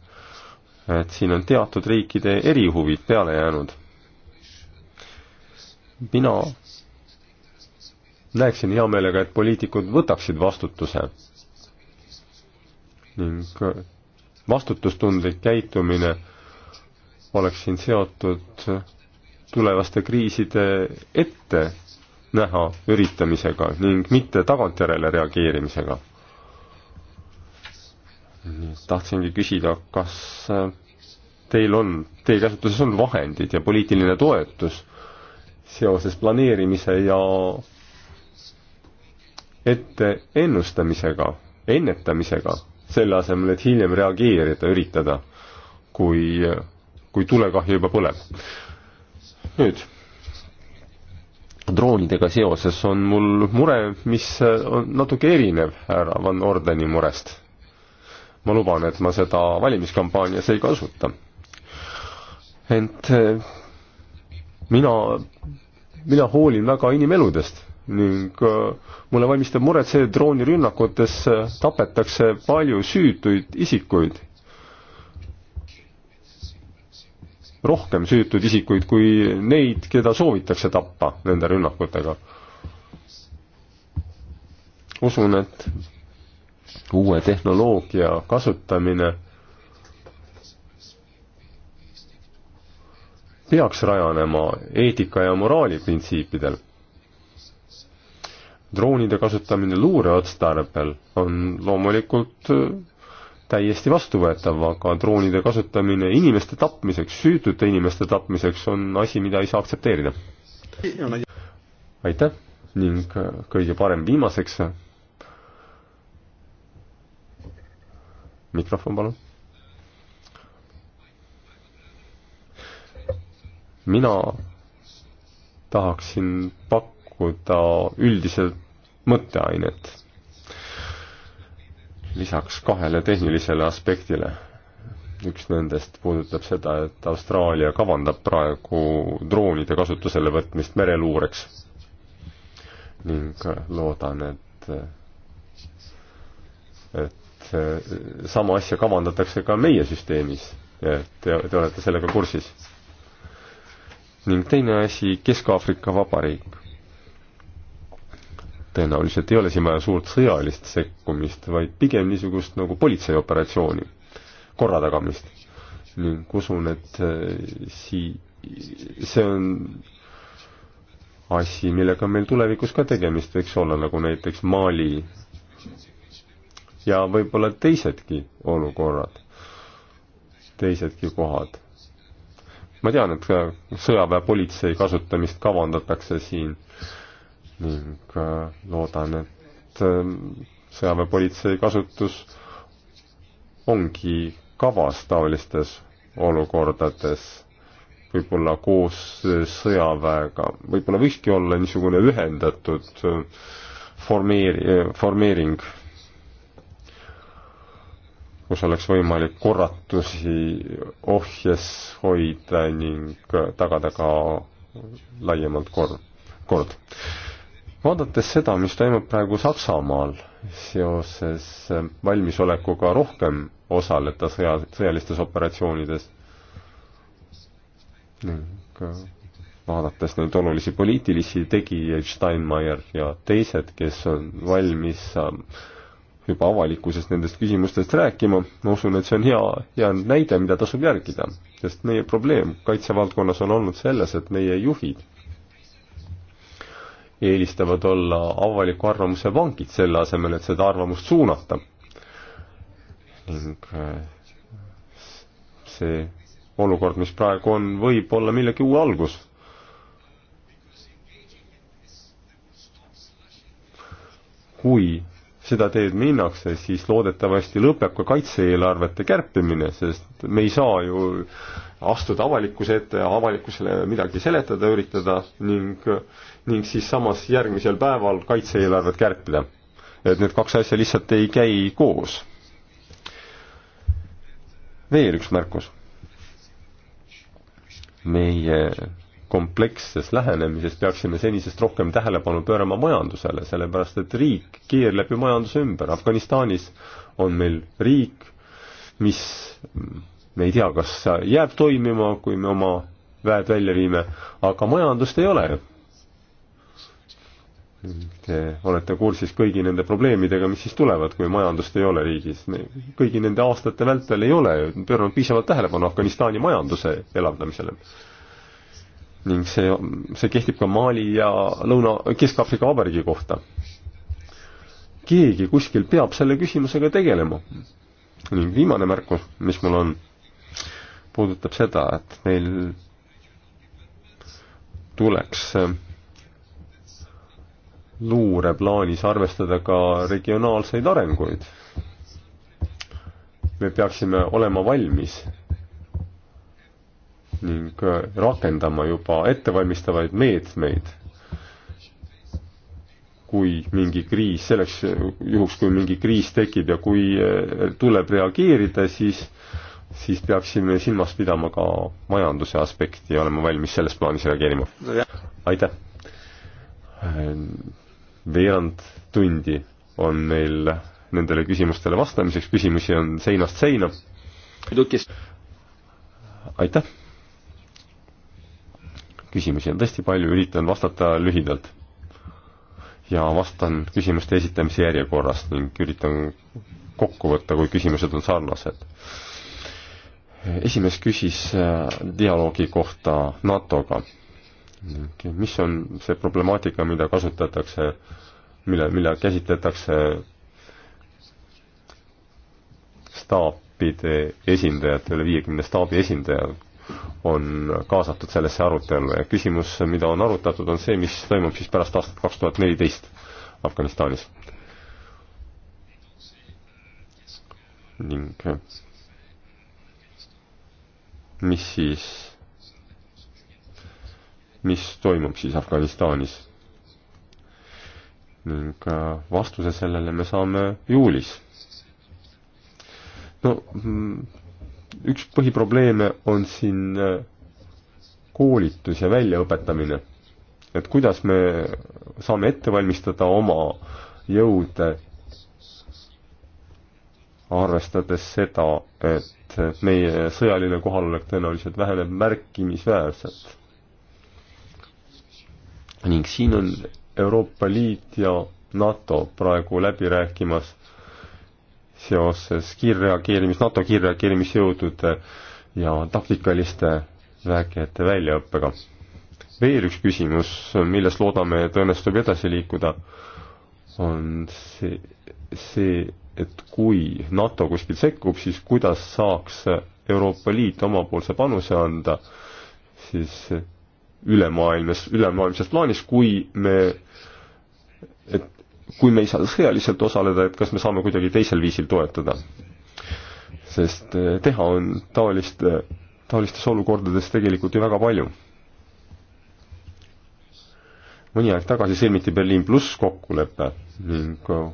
B: et siin on teatud riikide erihuvid peale jäänud. mina näeksin hea meelega, et poliitikud võtaksid vastutuse ning vastutustundlik käitumine oleks siin seotud tulevaste kriiside ette näha üritamisega ning mitte tagantjärele reageerimisega. tahtsingi küsida, kas teil on, teie käsutuses on vahendid ja poliitiline toetus seoses planeerimise ja ette ennustamisega, ennetamisega, selle asemel, et hiljem reageerida, üritada, kui kui tulekahju juba põleb. nüüd, droonidega seoses on mul mure, mis äh, on natuke erinev härra Van Ordeni murest. ma luban, et ma seda valimiskampaanias ei kasuta. ent äh, mina, mina hoolin väga inimeludest ning äh, mulle valmistab muret see, et droonirünnakutes tapetakse palju süütuid isikuid rohkem süütuid isikuid kui neid, keda soovitakse tappa nende rünnakutega. usun, et uue tehnoloogia kasutamine peaks rajanema eetika ja moraali printsiipidel. droonide kasutamine luureotstarbel on loomulikult täiesti vastuvõetav, aga droonide kasutamine inimeste tapmiseks, süütute inimeste tapmiseks on asi, mida ei saa aktsepteerida. aitäh ning kõige parem viimaseks. mikrofon, palun. mina tahaksin pakkuda üldiselt mõtteainet lisaks kahele tehnilisele aspektile. üks nendest puudutab seda, et Austraalia kavandab praegu droonide kasutusele võtmist mereluureks. ning loodan, et, et eh, sama asja kavandatakse ka meie süsteemis, et te, te olete sellega kursis. ning teine asi, Kesk-Aafrika Vabariik tõenäoliselt ei ole siin vaja suurt sõjalist sekkumist, vaid pigem niisugust nagu politseioperatsiooni, korra tagamist. ning usun, et äh, sii-, see on asi, millega meil tulevikus ka tegemist võiks olla, nagu näiteks Mali ja võib-olla teisedki olukorrad, teisedki kohad. ma tean, et sõjaväepolitsei kasutamist kavandatakse siin äh, ning äh, loodan, et ähm, sõjaväepolitsei kasutus ongi kavas taolistes olukordades võib-olla koos sõjaväega, võib-olla võikski olla niisugune ühendatud äh, formeeri-, äh, formeering, kus oleks võimalik korratusi ohjes hoida ning tagada ka laiemalt kord, kord vaadates seda, mis toimub praegu Saksamaal seoses äh, valmisolekuga rohkem osaleda sõja, sõjalistes operatsioonides ning äh, vaadates neid olulisi poliitilisi tegijaid, Steinmeier ja teised, kes on valmis äh, juba avalikkuses nendest küsimustest rääkima, ma usun, et see on hea, hea näide, mida tasub järgida. sest meie probleem kaitsevaldkonnas on olnud selles, et meie juhid eelistavad olla avaliku arvamuse vangid, selle asemel, et seda arvamust suunata. ning äh, see olukord, mis praegu on, võib olla millegi uue algus. kui seda teed minnakse, siis loodetavasti lõpeb ka kaitse-eelarvete kärpimine, sest me ei saa ju astuda avalikkuse ette ja avalikkusele midagi seletada üritada ning ning siis samas järgmisel päeval kaitse-eelarvet kärpida. et need kaks asja lihtsalt ei käi koos. veel üks märkus. meie kompleksses lähenemises peaksime senisest rohkem tähelepanu pöörama majandusele, sellepärast et riik keerleb ju majanduse ümber. Afganistanis on meil riik, mis me ei tea, kas jääb toimima, kui me oma väed välja viime, aga majandust ei ole ju Te olete kursis kõigi nende probleemidega, mis siis tulevad, kui majandust ei ole riigis. kõigi nende aastate vältel ei ole pööranud piisavalt tähelepanu Afganistani majanduse elavdamisele. ning see, see kehtib ka Mali ja Lõuna, Kesk-Aafrika Vabariigi kohta. keegi kuskil peab selle küsimusega tegelema. ning viimane märkus, mis mul on, puudutab seda, et meil tuleks äh, luureplaanis arvestada ka regionaalseid arenguid. me peaksime olema valmis ning rakendama juba ettevalmistavaid meetmeid, kui mingi kriis, selleks juhuks, kui mingi kriis tekib ja kui eh, tuleb reageerida, siis, siis peaksime silmas pidama ka majanduse aspekti ja olema valmis selles plaanis reageerima. aitäh! veerand tundi on meil nendele küsimustele vastamiseks, küsimusi on seinast seina. aitäh! küsimusi on tõesti palju, üritan vastata lühidalt. ja vastan küsimuste esitamise järjekorras ning üritan kokku võtta, kui küsimused on sarnased. esimees küsis äh, dialoogi kohta NATO-ga mis on see problemaatika, mida kasutatakse, mille, mille käsitletakse staapide esindajate, üle viiekümne staabi esindaja on kaasatud sellesse arutellu ja küsimus, mida on arutatud, on see, mis toimub siis pärast aastat kaks tuhat neliteist Afganistanis. ning mis siis mis toimub siis Afganistanis. ning äh, vastuse sellele me saame juulis. no mm, üks põhiprobleeme on siin äh, koolitus ja väljaõpetamine. et kuidas me saame ette valmistada oma jõude, arvestades seda, et meie sõjaline kohalolek tõenäoliselt väheneb märkimisväärselt ning siin on Euroopa Liit ja NATO praegu läbi rääkimas seoses kiirreageerimis, NATO kiirreageerimisjõudude ja taktikaliste vägede väljaõppega. veel üks küsimus, millest loodame, et õnnestub edasi liikuda, on see, see, et kui NATO kuskil sekkub, siis kuidas saaks Euroopa Liit omapoolse panuse anda, siis ülemaailmas, ülemaailmses plaanis, kui me, et kui me ei saa sõjaliselt osaleda, et kas me saame kuidagi teisel viisil toetada. sest eh, teha on taoliste, taolistes olukordades tegelikult ju väga palju. mõni aeg tagasi sõlmiti Berliin pluss kokkulepe ning eh,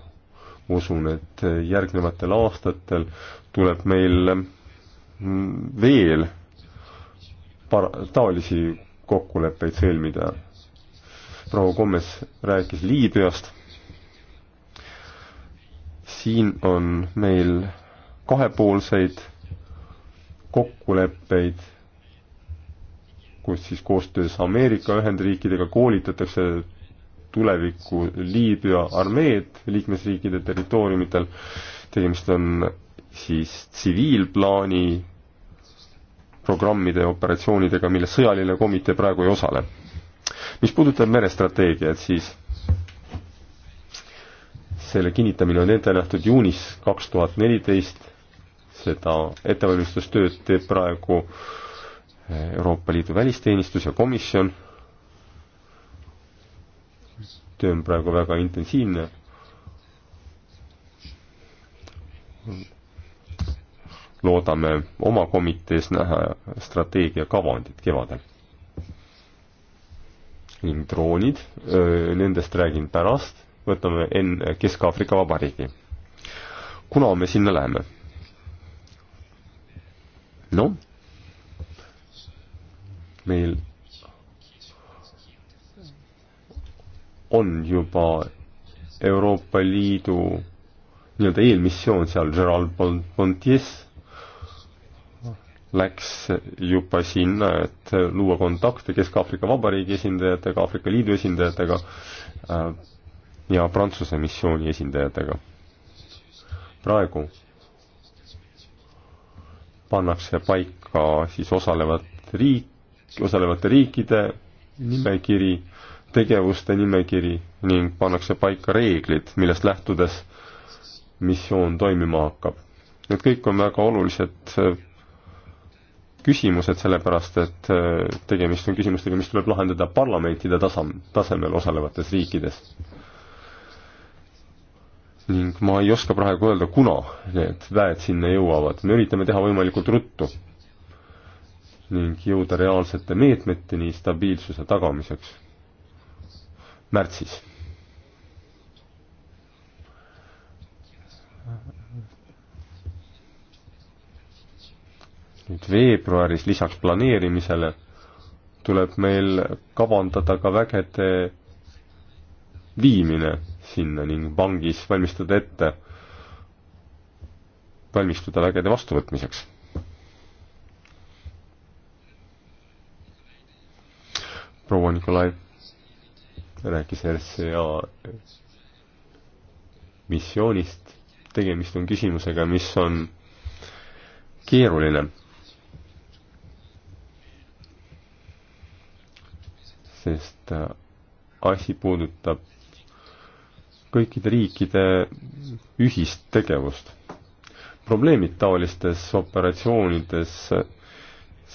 B: usun, et järgnevatel aastatel tuleb meil mm, veel para-, taolisi kokkuleppeid sõlmida. proua Kommes rääkis Liibüast. siin on meil kahepoolseid kokkuleppeid, kus siis koostöös Ameerika Ühendriikidega koolitatakse tuleviku Liibüa armeed liikmesriikide territooriumitel. tegemist on siis tsiviilplaani programmide ja operatsioonidega, milles sõjaline komitee praegu ei osale. mis puudutab merestrateegiat, siis selle kinnitamine on ette nähtud juunis kaks tuhat neliteist, seda ettevalmistustööd teeb praegu Euroopa Liidu välisteenistus ja komisjon, töö on praegu väga intensiivne, loodame oma komitees näha strateegiakavandit kevadel. ning droonid, nendest räägin pärast, võtame enne Kesk-Aafrika Vabariigi. kuna me sinna läheme? noh, meil on juba Euroopa Liidu nii-öelda eelmissioon seal, Gerald Pontier läks juba sinna, et luua kontakte Kesk-Aafrika Vabariigi esindajatega, Aafrika Liidu esindajatega äh, ja Prantsuse missiooni esindajatega. praegu pannakse paika siis osalevad riik, osalevate riikide nimekiri, tegevuste nimekiri ning pannakse paika reeglid, millest lähtudes missioon toimima hakkab. Need kõik on väga olulised äh, küsimused, sellepärast et äh, tegemist on küsimustega, mis tuleb lahendada parlamentide tasam-, tasemel osalevates riikides. ning ma ei oska praegu öelda, kuna need väed sinna jõuavad, me üritame teha võimalikult ruttu ning jõuda reaalsete meetmeteni stabiilsuse tagamiseks märtsis nüüd veebruaris lisaks planeerimisele tuleb meil kavandada ka vägede viimine sinna ning vangis valmistada ette, valmistuda vägede vastuvõtmiseks. proua Nikolai rääkis RCA missioonist, tegemist on küsimusega, mis on keeruline sest äh, asi puudutab kõikide riikide ühist tegevust. probleemid taolistes operatsioonides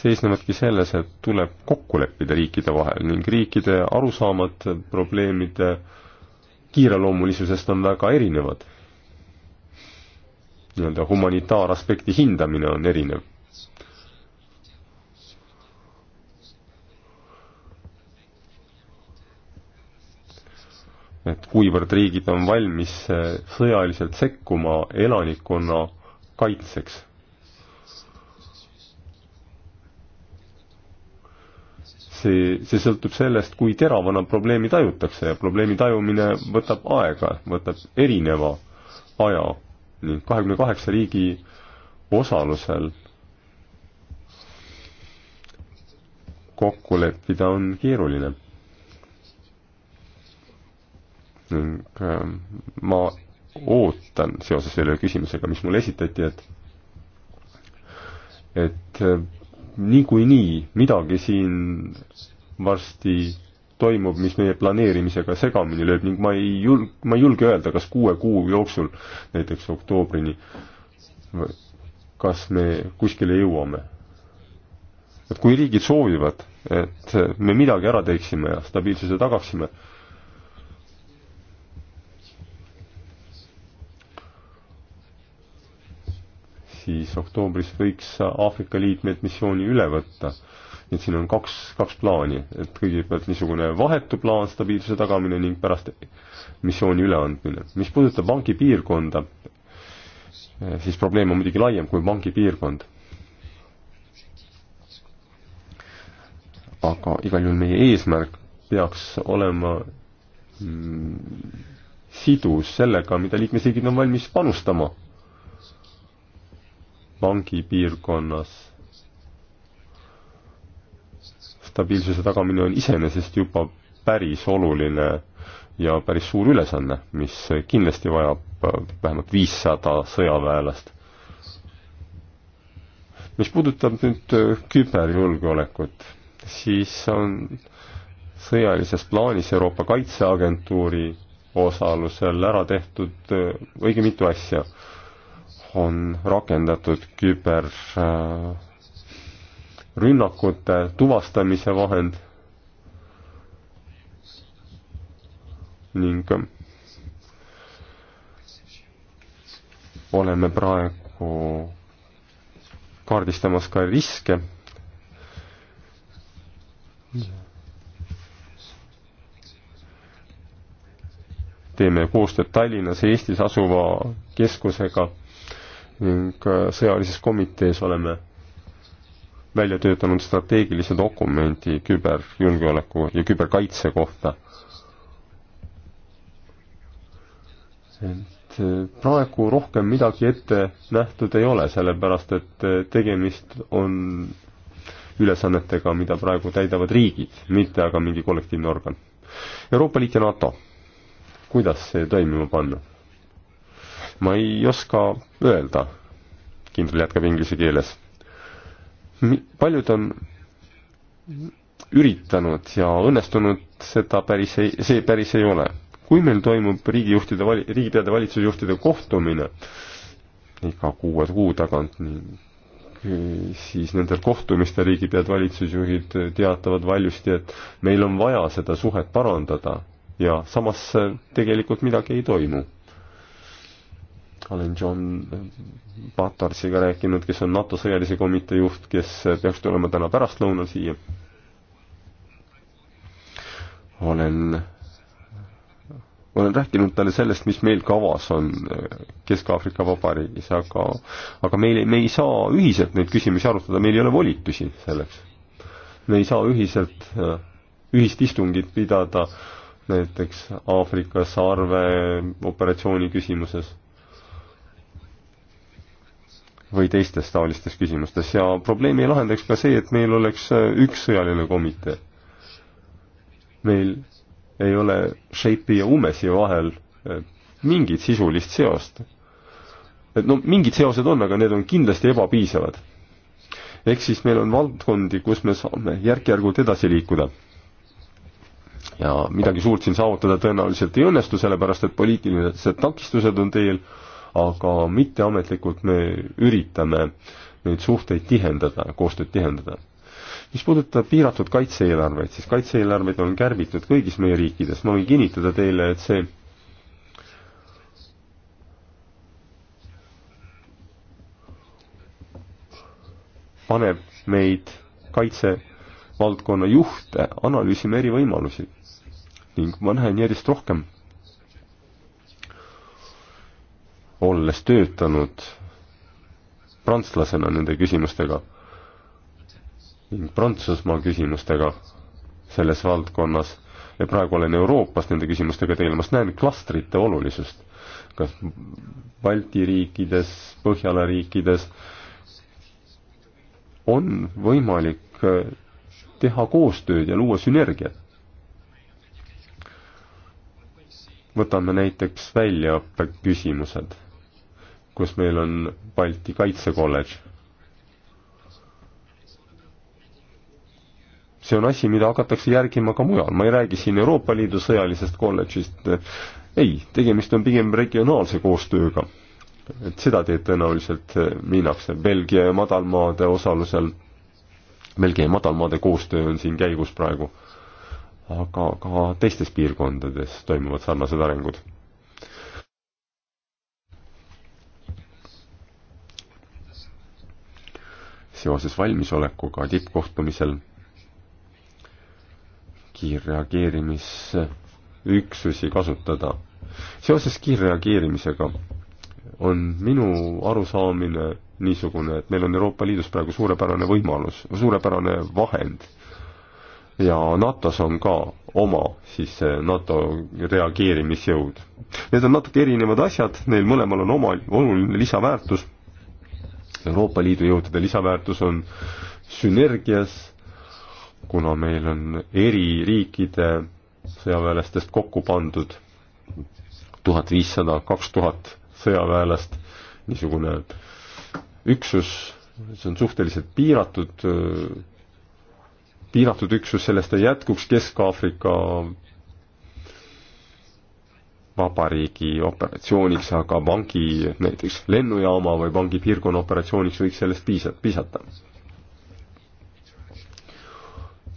B: seisnevadki selles, et tuleb kokku leppida riikide vahel ning riikide arusaamad probleemide kiireloomulisusest on väga erinevad. nii-öelda humanitaaraspekti hindamine on erinev et kuivõrd riigid on valmis eh, sõjaliselt sekkuma elanikkonna kaitseks. see, see sõltub sellest, kui teravana probleemi tajutakse ja probleemi tajumine võtab aega, võtab erineva aja ning kahekümne kaheksa riigi osalusel kokku leppida on keeruline ning ähm, ma ootan seoses selle küsimusega, mis mulle esitati, et et äh, niikuinii midagi siin varsti toimub, mis meie planeerimisega segamini lööb ning ma ei jul-, ma ei julge öelda, kas kuue kuu jooksul, näiteks oktoobrini, kas me kuskile jõuame. et kui riigid soovivad, et me midagi ära teeksime ja stabiilsuse tagaksime, siis oktoobris võiks Aafrika liikmed missiooni üle võtta. nii et siin on kaks, kaks plaani, et kõigepealt niisugune vahetu plaan, stabiilsuse tagamine ning pärast missiooni üleandmine. mis puudutab vangipiirkonda, siis probleem on muidugi laiem kui vangipiirkond. aga igal juhul meie eesmärk peaks olema mm, sidus sellega, mida liikmesriigid on valmis panustama vangipiirkonnas stabiilsuse tagamine on iseenesest juba päris oluline ja päris suur ülesanne, mis kindlasti vajab äh, vähemalt viissada sõjaväelast. mis puudutab nüüd äh, küberjulgeolekut, siis on sõjalises plaanis Euroopa Kaitseagentuuri osalusel ära tehtud äh, õige mitu asja on rakendatud küberrünnakute äh, tuvastamise vahend ning äh, oleme praegu kaardistamas ka riske teeme koostööd Tallinnas Eestis asuva keskusega ning äh, sõjalises komitees oleme välja töötanud strateegilise dokumendi küberjulgeoleku ja küberkaitse kohta. et äh, praegu rohkem midagi ette nähtud ei ole, sellepärast et äh, tegemist on ülesannetega, mida praegu täidavad riigid, mitte aga mingi kollektiivne organ. Euroopa Liit ja NATO, kuidas see toimima panna? ma ei oska öelda, kindral jätkab inglise keeles. paljud on üritanud ja õnnestunud seda päris ei, see päris ei ole. kui meil toimub riigijuhtide, riigipeade valitsusjuhtide kohtumine iga kuue kuu tagant, siis nendel kohtumistel riigipead, valitsusjuhid teatavad valjusti, et meil on vaja seda suhet parandada ja samas tegelikult midagi ei toimu olen John Patarsiga rääkinud, kes on NATO sõjalise komitee juht, kes peaks tulema täna pärastlõunal siia. olen, olen rääkinud talle sellest, mis meil kavas on Kesk-Aafrika Vabariigis, aga, aga meil ei, me ei saa ühiselt neid küsimusi arutada, meil ei ole volitusi selleks. me ei saa ühiselt, ühist istungit pidada näiteks Aafrika sarve operatsiooni küsimuses või teistes taolistes küsimustes ja probleemi ei lahendaks ka see, et meil oleks äh, üks sõjaline komitee. meil ei ole Shape'i ja Umesi vahel äh, mingit sisulist seost. et no mingid seosed on, aga need on kindlasti ebapiisavad. ehk siis meil on valdkondi, kus me saame järk-järgult edasi liikuda. ja midagi suurt siin saavutada tõenäoliselt ei õnnestu, sellepärast et poliitilised takistused on teel aga mitteametlikult me üritame neid suhteid tihendada, koostööd tihendada. mis puudutab piiratud kaitse-eelarveid, siis kaitse-eelarveid on kärbitud kõigis meie riikides, ma võin kinnitada teile, et see paneb meid kaitsevaldkonna juhte analüüsima eri võimalusi ning ma näen järjest rohkem olles töötanud prantslasena nende küsimustega ning Prantsusmaa küsimustega selles valdkonnas ja praegu olen Euroopas nende küsimustega tegelemas, näen klastrite olulisust. kas Balti riikides, Põhjala riikides on võimalik äh, teha koostööd ja luua sünergiat. võtame näiteks väljaõppe küsimused kus meil on Balti Kaitsekolledž. see on asi, mida hakatakse järgima ka mujal, ma ei räägi siin Euroopa Liidu sõjalisest kolledžist, ei, tegemist on pigem regionaalse koostööga. et seda teed tõenäoliselt minnakse, Belgia ja madalmaade osalusel, Belgia ja madalmaade koostöö on siin käigus praegu, aga ka teistes piirkondades toimuvad sarnased arengud seoses valmisolekuga tippkohtumisel kiirreageerimisüksusi kasutada. seoses kiirreageerimisega on minu arusaamine niisugune, et meil on Euroopa Liidus praegu suurepärane võimalus, suurepärane vahend. ja NATO-s on ka oma siis NATO reageerimisjõud. Need on natuke erinevad asjad, neil mõlemal on oma oluline lisaväärtus Euroopa Liidu jõudude lisaväärtus on sünergias, kuna meil on eri riikide sõjaväelastest kokku pandud tuhat viissada, kaks tuhat sõjaväelast, niisugune üksus, see on suhteliselt piiratud, piiratud üksus, sellest ei jätkuks Kesk-Aafrika vabariigi operatsiooniks, aga vangi, näiteks lennujaama või vangipiirkonna operatsiooniks võiks sellest piisa-, piisata.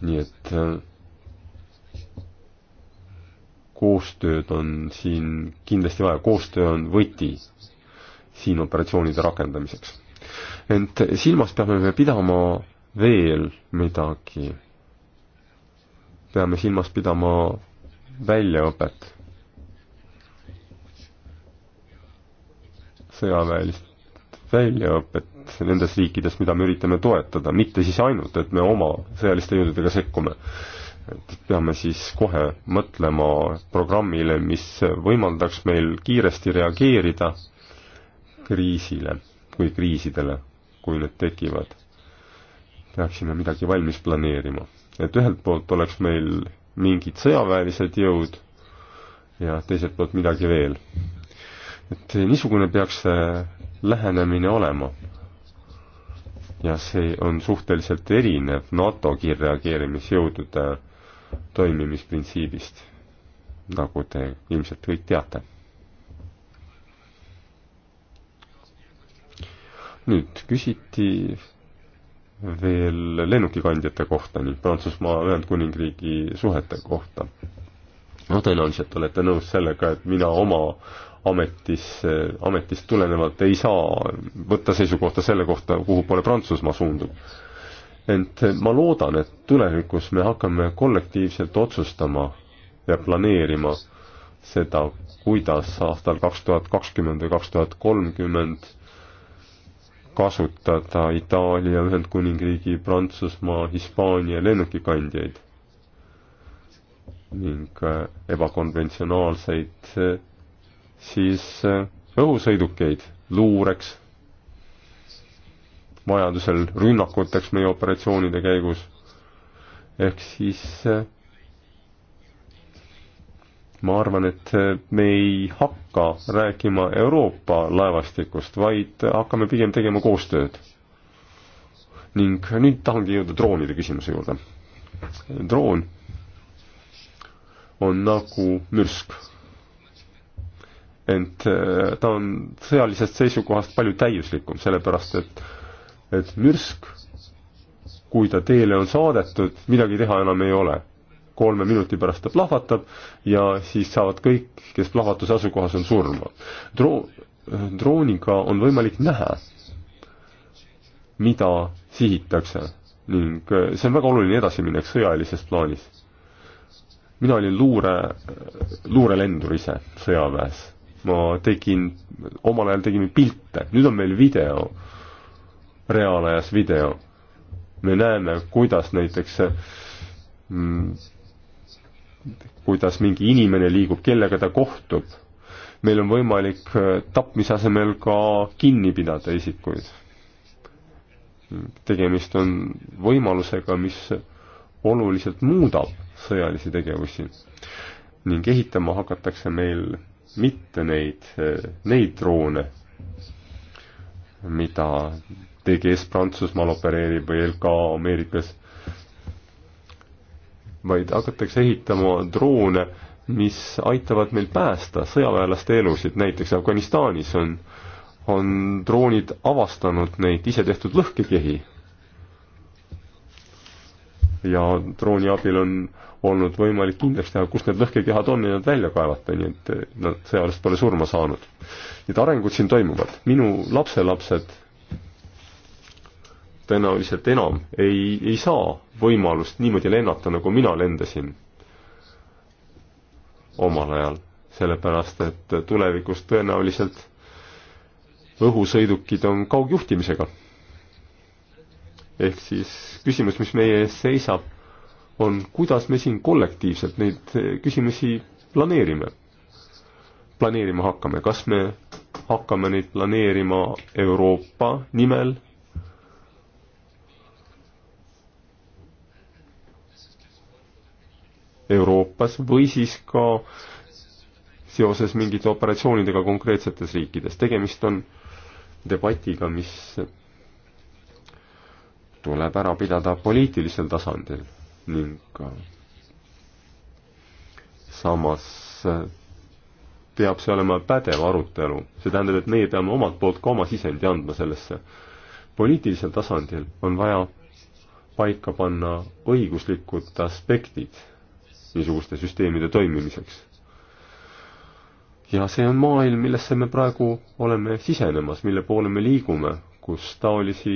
B: nii et äh, koostööd on siin kindlasti vaja, koostöö on võti siin operatsioonide rakendamiseks. ent silmas peame me pidama veel midagi. peame silmas pidama väljaõpet sõjaväelist väljaõpet nendes riikides, mida me üritame toetada, mitte siis ainult, et me oma sõjaliste jõududega sekkume. et peame siis kohe mõtlema programmile, mis võimaldaks meil kiiresti reageerida kriisile või kriisidele, kui need tekivad. peaksime midagi valmis planeerima. et ühelt poolt oleks meil mingid sõjaväelised jõud ja teiselt poolt midagi veel, et niisugune peaks see lähenemine olema. ja see on suhteliselt erinev NATO kiirreageerimisjõudude toimimisprintsiibist, nagu te ilmselt kõik teate. nüüd küsiti veel lennukikandjate kohta ning Prantsusmaa Ühendkuningriigi suhete kohta. no tõenäoliselt olete nõus sellega, et mina oma ametis, ametist tulenevalt ei saa võtta seisukohta selle kohta, kuhu poole Prantsusmaa suundub. ent ma loodan, et tulevikus me hakkame kollektiivselt otsustama ja planeerima seda, kuidas aastal kaks tuhat kakskümmend või kaks tuhat kolmkümmend kasutada Itaalia, Ühendkuningriigi, Prantsusmaa, Hispaania lennukikandjaid ning ebakonventsionaalseid siis äh, õhusõidukeid luureks, vajadusel rünnakuteks meie operatsioonide käigus, ehk siis äh, ma arvan, et äh, me ei hakka rääkima Euroopa laevastikust, vaid hakkame pigem tegema koostööd. ning nüüd tahangi jõuda droonide küsimuse juurde. droon on nagu mürsk ent äh, ta on sõjalisest seisukohast palju täiuslikum, sellepärast et, et mürsk, kui ta teele on saadetud, midagi teha enam ei ole. kolme minuti pärast ta plahvatab ja siis saavad kõik, kes plahvatuse asukohas on, surma. Droo-, drooniga on võimalik näha, mida sihitakse ning äh, see on väga oluline edasiminek sõjalises plaanis. mina olin luure, äh, luurelendur ise sõjaväes ma tegin, omal ajal tegime pilte, nüüd on meil video, reaalajas video. me näeme, kuidas näiteks mm, kuidas mingi inimene liigub, kellega ta kohtub. meil on võimalik äh, tapmise asemel ka kinni pidada isikuid. tegemist on võimalusega, mis oluliselt muudab sõjalisi tegevusi ning ehitama hakatakse meil mitte neid, neid droone, mida TGS Prantsusmaal opereerib või LK Ameerikas, vaid hakatakse ehitama droone, mis aitavad meil päästa sõjaväelaste elusid, näiteks Afganistanis on, on droonid avastanud neid isetehtud lõhkekehi ja drooni abil on olnud võimalik kindlaks teha, kus need lõhkekehad on ja nad välja kaevata, nii et eh, nad sõjaväest pole surma saanud. Need arengud siin toimuvad. minu lapselapsed tõenäoliselt enam ei, ei saa võimalust niimoodi lennata, nagu mina lendasin omal ajal, sellepärast et tulevikus tõenäoliselt õhusõidukid on kaugjuhtimisega ehk siis küsimus, mis meie ees seisab, on, kuidas me siin kollektiivselt neid eh, küsimusi planeerime, planeerima hakkame, kas me hakkame neid planeerima Euroopa nimel Euroopas või siis ka seoses mingite operatsioonidega konkreetsetes riikides. tegemist on debatiga, mis tuleb ära pidada poliitilisel tasandil ning äh, samas äh, peab see olema pädev arutelu, see tähendab, et meie peame omalt poolt ka oma sisendi andma sellesse. poliitilisel tasandil on vaja paika panna õiguslikud aspektid niisuguste süsteemide toimimiseks. ja see on maailm, millesse me praegu oleme sisenemas, mille poole me liigume, kus taolisi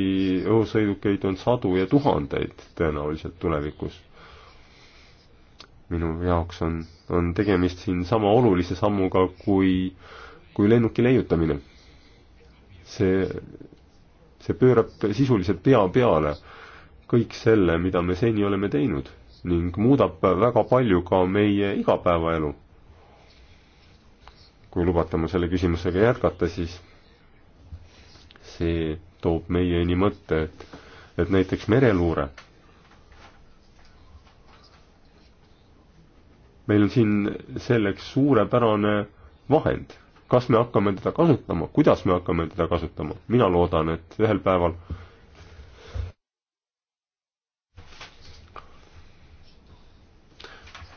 B: õhusõidukeid on sadu ja tuhandeid tõenäoliselt tulevikus. minu jaoks on, on tegemist siin sama olulise sammuga kui, kui lennuki leiutamine. see, see pöörab sisuliselt pea peale kõik selle, mida me seni oleme teinud ning muudab väga palju ka meie igapäevaelu. kui lubate mul selle küsimusega jätkata, siis see toob meieni mõtte, et, et näiteks mereluure. meil on siin selleks suurepärane vahend, kas me hakkame teda kasutama, kuidas me hakkame teda kasutama, mina loodan, et ühel päeval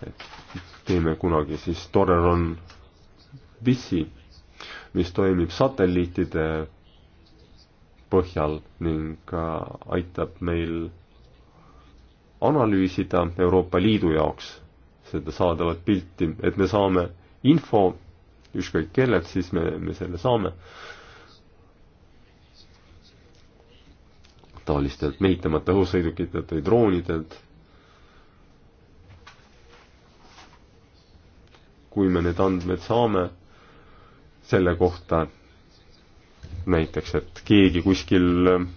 B: et teeme kunagi siis Torreron Vissi, mis toimib satelliitide põhjal ning aitab meil analüüsida Euroopa Liidu jaoks seda saadavat pilti, et me saame info, ükskõik kellelt, siis me, me selle saame, taolistelt mehitamata õhusõidukitelt või droonidelt. kui me need andmed saame selle kohta, näiteks, et keegi kuskil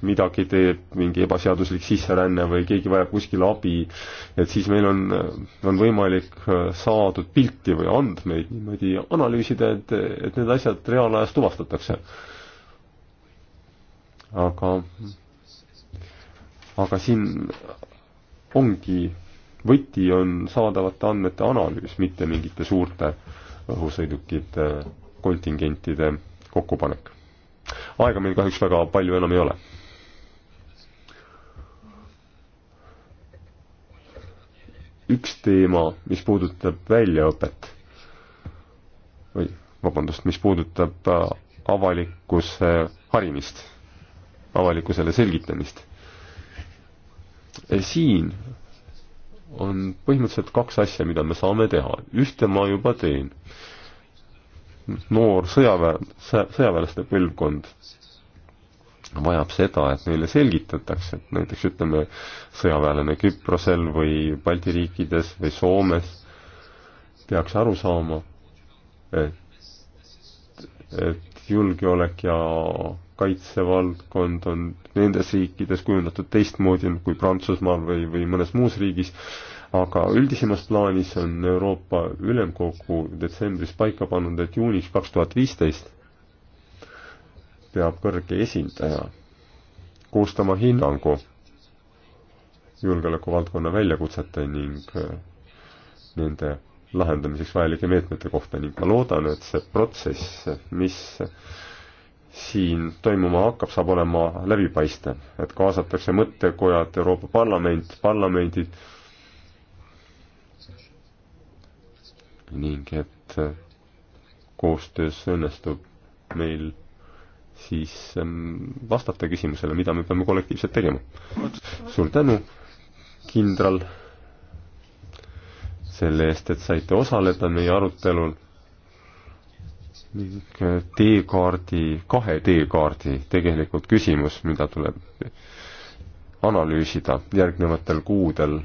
B: midagi teeb, mingi ebaseaduslik sisseränne või keegi vajab kuskil abi, et siis meil on, on võimalik äh, saadud pilti või andmeid niimoodi analüüsida, et, et need asjad reaalajas tuvastatakse. aga, aga siin ongi, võti on saadavate andmete analüüs, mitte mingite suurte õhusõidukite kontingentide kokkupanek aega meil kahjuks väga palju enam ei ole. üks teema, mis puudutab väljaõpet või vabandust, mis puudutab äh, avalikkuse harimist, avalikkusele selgitamist. siin on põhimõtteliselt kaks asja, mida me saame teha. ühte ma juba teen noor sõjaväe, sõjaväelaste põlvkond vajab seda, et neile selgitatakse, et näiteks ütleme, sõjaväelane Küprosel või Balti riikides või Soomes peaks aru saama, et, et julgeolek ja kaitsevaldkond on nendes riikides kujundatud teistmoodi kui Prantsusmaal või, või mõnes muus riigis aga üldisemas plaanis on Euroopa Ülemkogu detsembris paika pannud, et juuniks kaks tuhat viisteist peab kõrge esindaja koostama hinnangu julgeolekuvaldkonna väljakutsete ning äh, nende lahendamiseks vajalike meetmete kohta ning ma loodan, et see protsess, mis siin toimuma hakkab, saab olema läbipaistev, et kaasatakse mõttekojad, Euroopa Parlament, parlamendid ning et äh, koostöös õnnestub meil siis ähm, vastata küsimusele, mida me peame kollektiivselt tegema. suur tänu, kindral, selle eest, et saite osaleda meie arutelul ning äh, teekaardi, kahe teekaardi tegelikult küsimus, mida tuleb analüüsida järgnevatel kuudel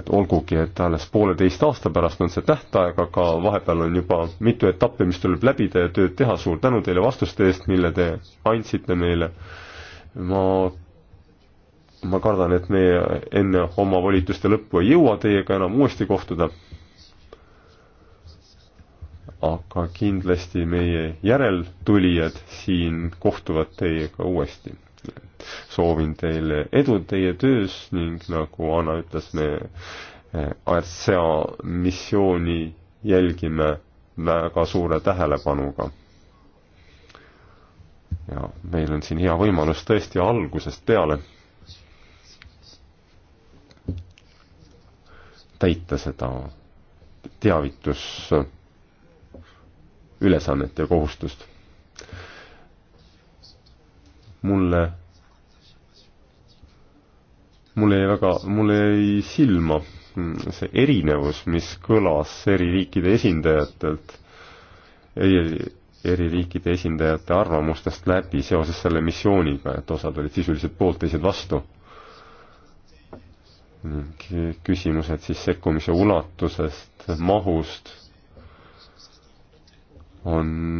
B: et olgugi, et alles pooleteist aasta pärast on see tähtaeg, aga vahepeal on juba mitu etappi, mis tuleb läbida ja tööd teha. suur tänu teile vastuste eest, mille te andsite meile. ma, ma kardan, et meie enne oma volituste lõppu ei jõua teiega enam uuesti kohtuda. aga kindlasti meie järeltulijad siin kohtuvad teiega uuesti soovin teile edu teie töös ning nagu Anna ütles, me eh, RCA missiooni jälgime väga suure tähelepanuga. ja meil on siin hea võimalus tõesti algusest peale täita seda teavitusülesannet ja kohustust mulle, mulle jäi väga, mulle jäi silma see erinevus, mis kõlas eri riikide esindajatelt, eri, eri riikide esindajate arvamustest läbi seoses selle missiooniga, et osad olid sisuliselt poolt, teised vastu ning küsimused siis sekkumise ulatusest, mahust on,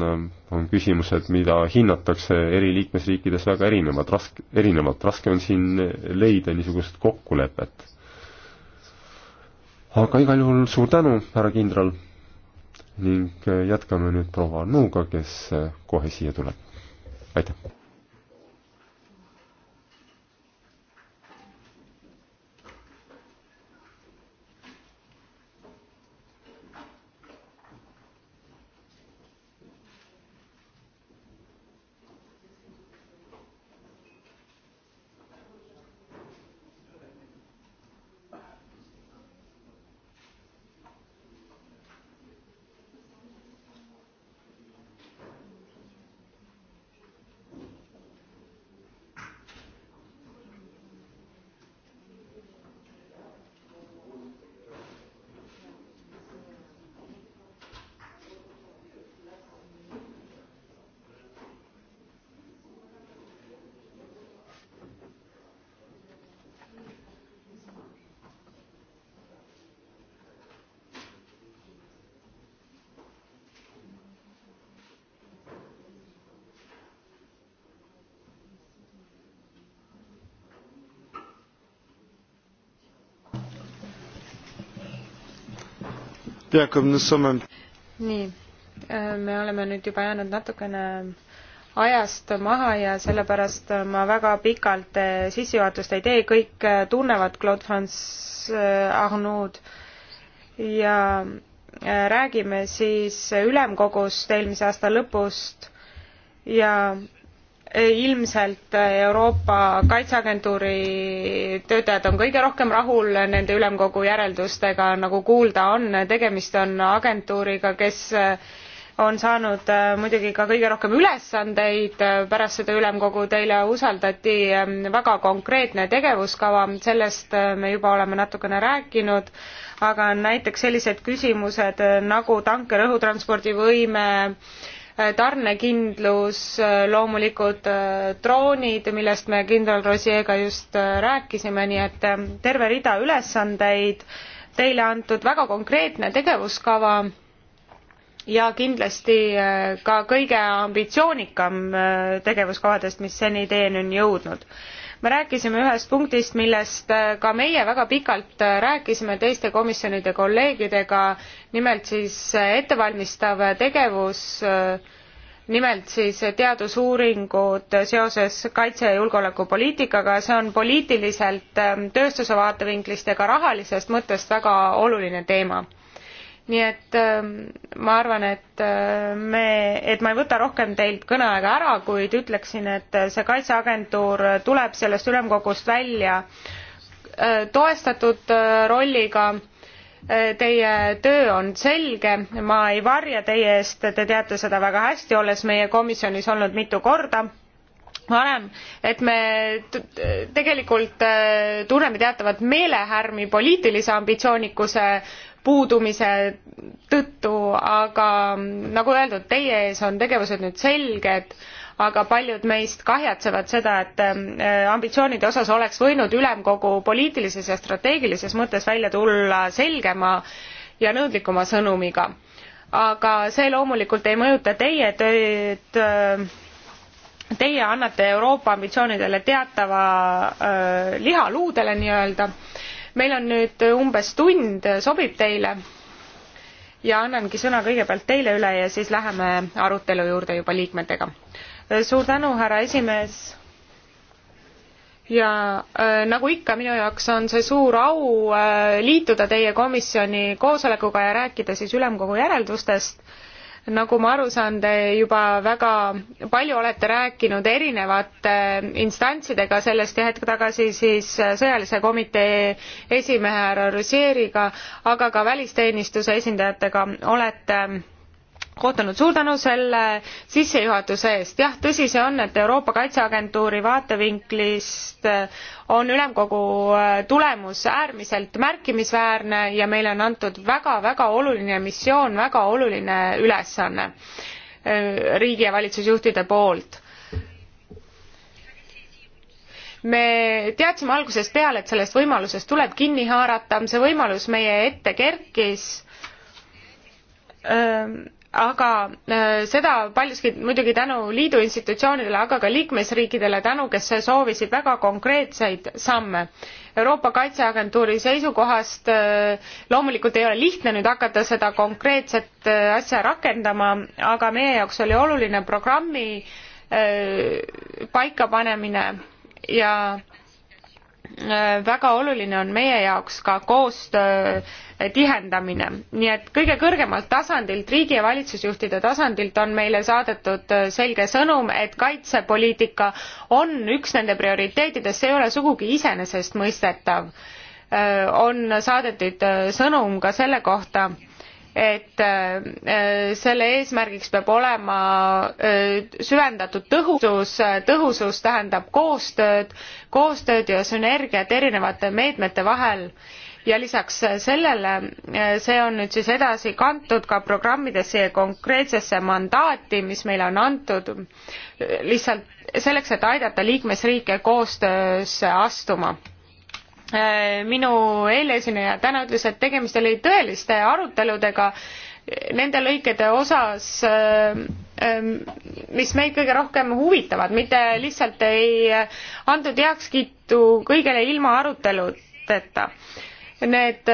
B: on küsimused, mida hinnatakse eri liikmesriikides väga erinevad, raske, erinevalt, raske on siin leida niisugust kokkulepet. aga igal juhul suur tänu, härra kindral, ning jätkame nüüd proua Nõuga, kes kohe siia tuleb. aitäh!
C: nii,
A: äh, me oleme nüüd juba jäänud natukene ajast maha ja sellepärast ma väga pikalt äh, sissejuhatust ei tee, kõik äh, tunnevad Claude France Arnaud ja räägime siis ülemkogust eelmise aasta lõpust ja ilmselt Euroopa Kaitseagentuuri töötajad on kõige rohkem rahul nende ülemkogu järeldustega, nagu kuulda on, tegemist on agentuuriga, kes on saanud äh, muidugi ka kõige rohkem ülesandeid äh, pärast seda ülemkogu, teile usaldati ähm, väga konkreetne tegevuskava, sellest äh, me juba oleme natukene rääkinud, aga näiteks sellised küsimused nagu tankerõhutranspordivõime, Äh, tarnekindlus, äh, loomulikult äh, droonid, millest me kindral Rosier'ga just rääkisime, nii et terve rida ülesandeid, teile antud väga konkreetne tegevuskava ja kindlasti ka kõige ambitsioonikam tegevuskavadest, mis seni teieni on jõudnud me rääkisime ühest punktist millest äh, ka meie väga pikalt äh, rääkisime teiste komisjonide kolleegidega nimelt siis äh, ettevalmistav tegevus nimelt siis teadusuuringud seoses kaitse ja julgeolekupoliitikaga see on poliitiliselt ähm, tööstuse vaatevinklist ja ka rahalisest mõttest väga oluline teema nii et ähm, ma arvan, et äh, me, et ma ei võta rohkem teilt kõneaega ära, kuid ütleksin, et äh, see kaitseagentuur tuleb sellest ülemkogust välja äh, toestatud rolliga teie töö on selge ma ei varja teie eest te teate seda väga hästi olles meie komisjonis olnud mitu korda varem et me tegelikult tunneme teatavat meelehärmi poliitilise ambitsioonikuse puudumise tõttu, aga nagu öeldud, teie ees on tegevused nüüd selged, aga paljud meist kahjatsevad seda, et äh, ambitsioonide osas oleks võinud ülemkogu poliitilises ja strateegilises mõttes välja tulla selgema ja nõudlikuma sõnumiga. aga see loomulikult ei mõjuta teie tööd äh, teie annate Euroopa ambitsioonidele teatava öö, äh, lihaluudele nii-öelda meil on nüüd umbes tund, sobib teile? ja annangi sõna kõigepealt teile üle ja siis läheme arutelu juurde juba liikmetega. suur tänu, härra esimees ja äh, nagu ikka minu jaoks on see suur au äh, liituda teie komisjoni koosolekuga ja rääkida siis ülemkogu järeldustest nagu ma aru saan, te juba väga palju olete rääkinud erinevate instantsidega sellest ja hetk tagasi siis sõjalise komitee esimehe härra Rusieriga, aga ka välisteenistuse esindajatega olete kootanud suur tänu selle sissejuhatuse eest. jah, tõsi see on, et Euroopa Kaitseagentuuri vaatevinklist äh, on ülemkogu äh, tulemus äärmiselt märkimisväärne ja meile on antud väga-väga oluline missioon, väga oluline ülesanne äh, riigi ja valitsusjuhtide poolt me teadsime algusest peale, et sellest võimalusest tuleb kinni haarata, see võimalus meie ette kerkis ähm, aga äh, seda paljuski muidugi tänu liidu institutsioonidele, aga ka liikmesriikidele tänu, kes soovisid väga konkreetseid samme. Euroopa Kaitseagentuuri seisukohast äh, loomulikult ei ole lihtne nüüd hakata seda konkreetset äh, asja rakendama, aga meie jaoks oli oluline programmi paikapanemine ja väga oluline on meie jaoks ka koostöö Eh, tihendamine. nii et kõige kõrgemalt tasandilt, riigi ja valitsusjuhtide tasandilt on meile saadetud eh, selge sõnum, et kaitsepoliitika on üks nende prioriteetidest, see ei ole sugugi iseenesestmõistetav. Eh, on saadetud sõnum ka selle kohta, et selle eesmärgiks peab olema süvendatud tõhusus, tõhusus tähendab koostööd, koostööd ja sünergiat erinevate meetmete vahel ja lisaks sellele, eh, see on nüüd siis edasi kantud ka programmidesse ja konkreetsesse mandaati, mis meile on antud, lihtsalt selleks, et aidata liikmesriike koostöösse astuma eh, minu eelesineja täna ütles, et tegemist oli tõeliste aruteludega nende lõikede osas, eh, mis meid kõige rohkem huvitavad, mitte lihtsalt ei antud heakskiitu kõigele ilma aruteludeta need,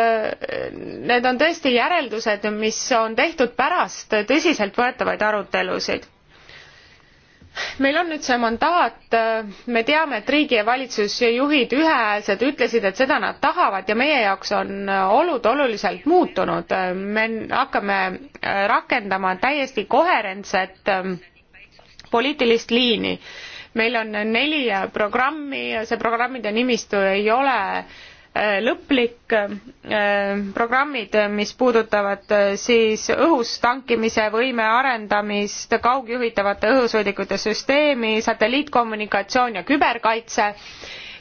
A: need on tõesti järeldused, mis on tehtud pärast tõsiseltvõetavaid arutelusid. meil on nüüd see mandaat, me teame, et riigi ja valitsusjuhid ühehäälselt ütlesid, et seda nad tahavad ja meie jaoks on olud oluliselt muutunud. me hakkame rakendama täiesti koherentset poliitilist liini. meil on neli programmi, see programmide nimistu ei ole äh, Äh, lõplik äh, programmid, mis puudutavad äh, siis õhus tankimise võime arendamist, kaugjuhitavate õhusõidikute süsteemi, satelliitkommunikatsioon ja küberkaitse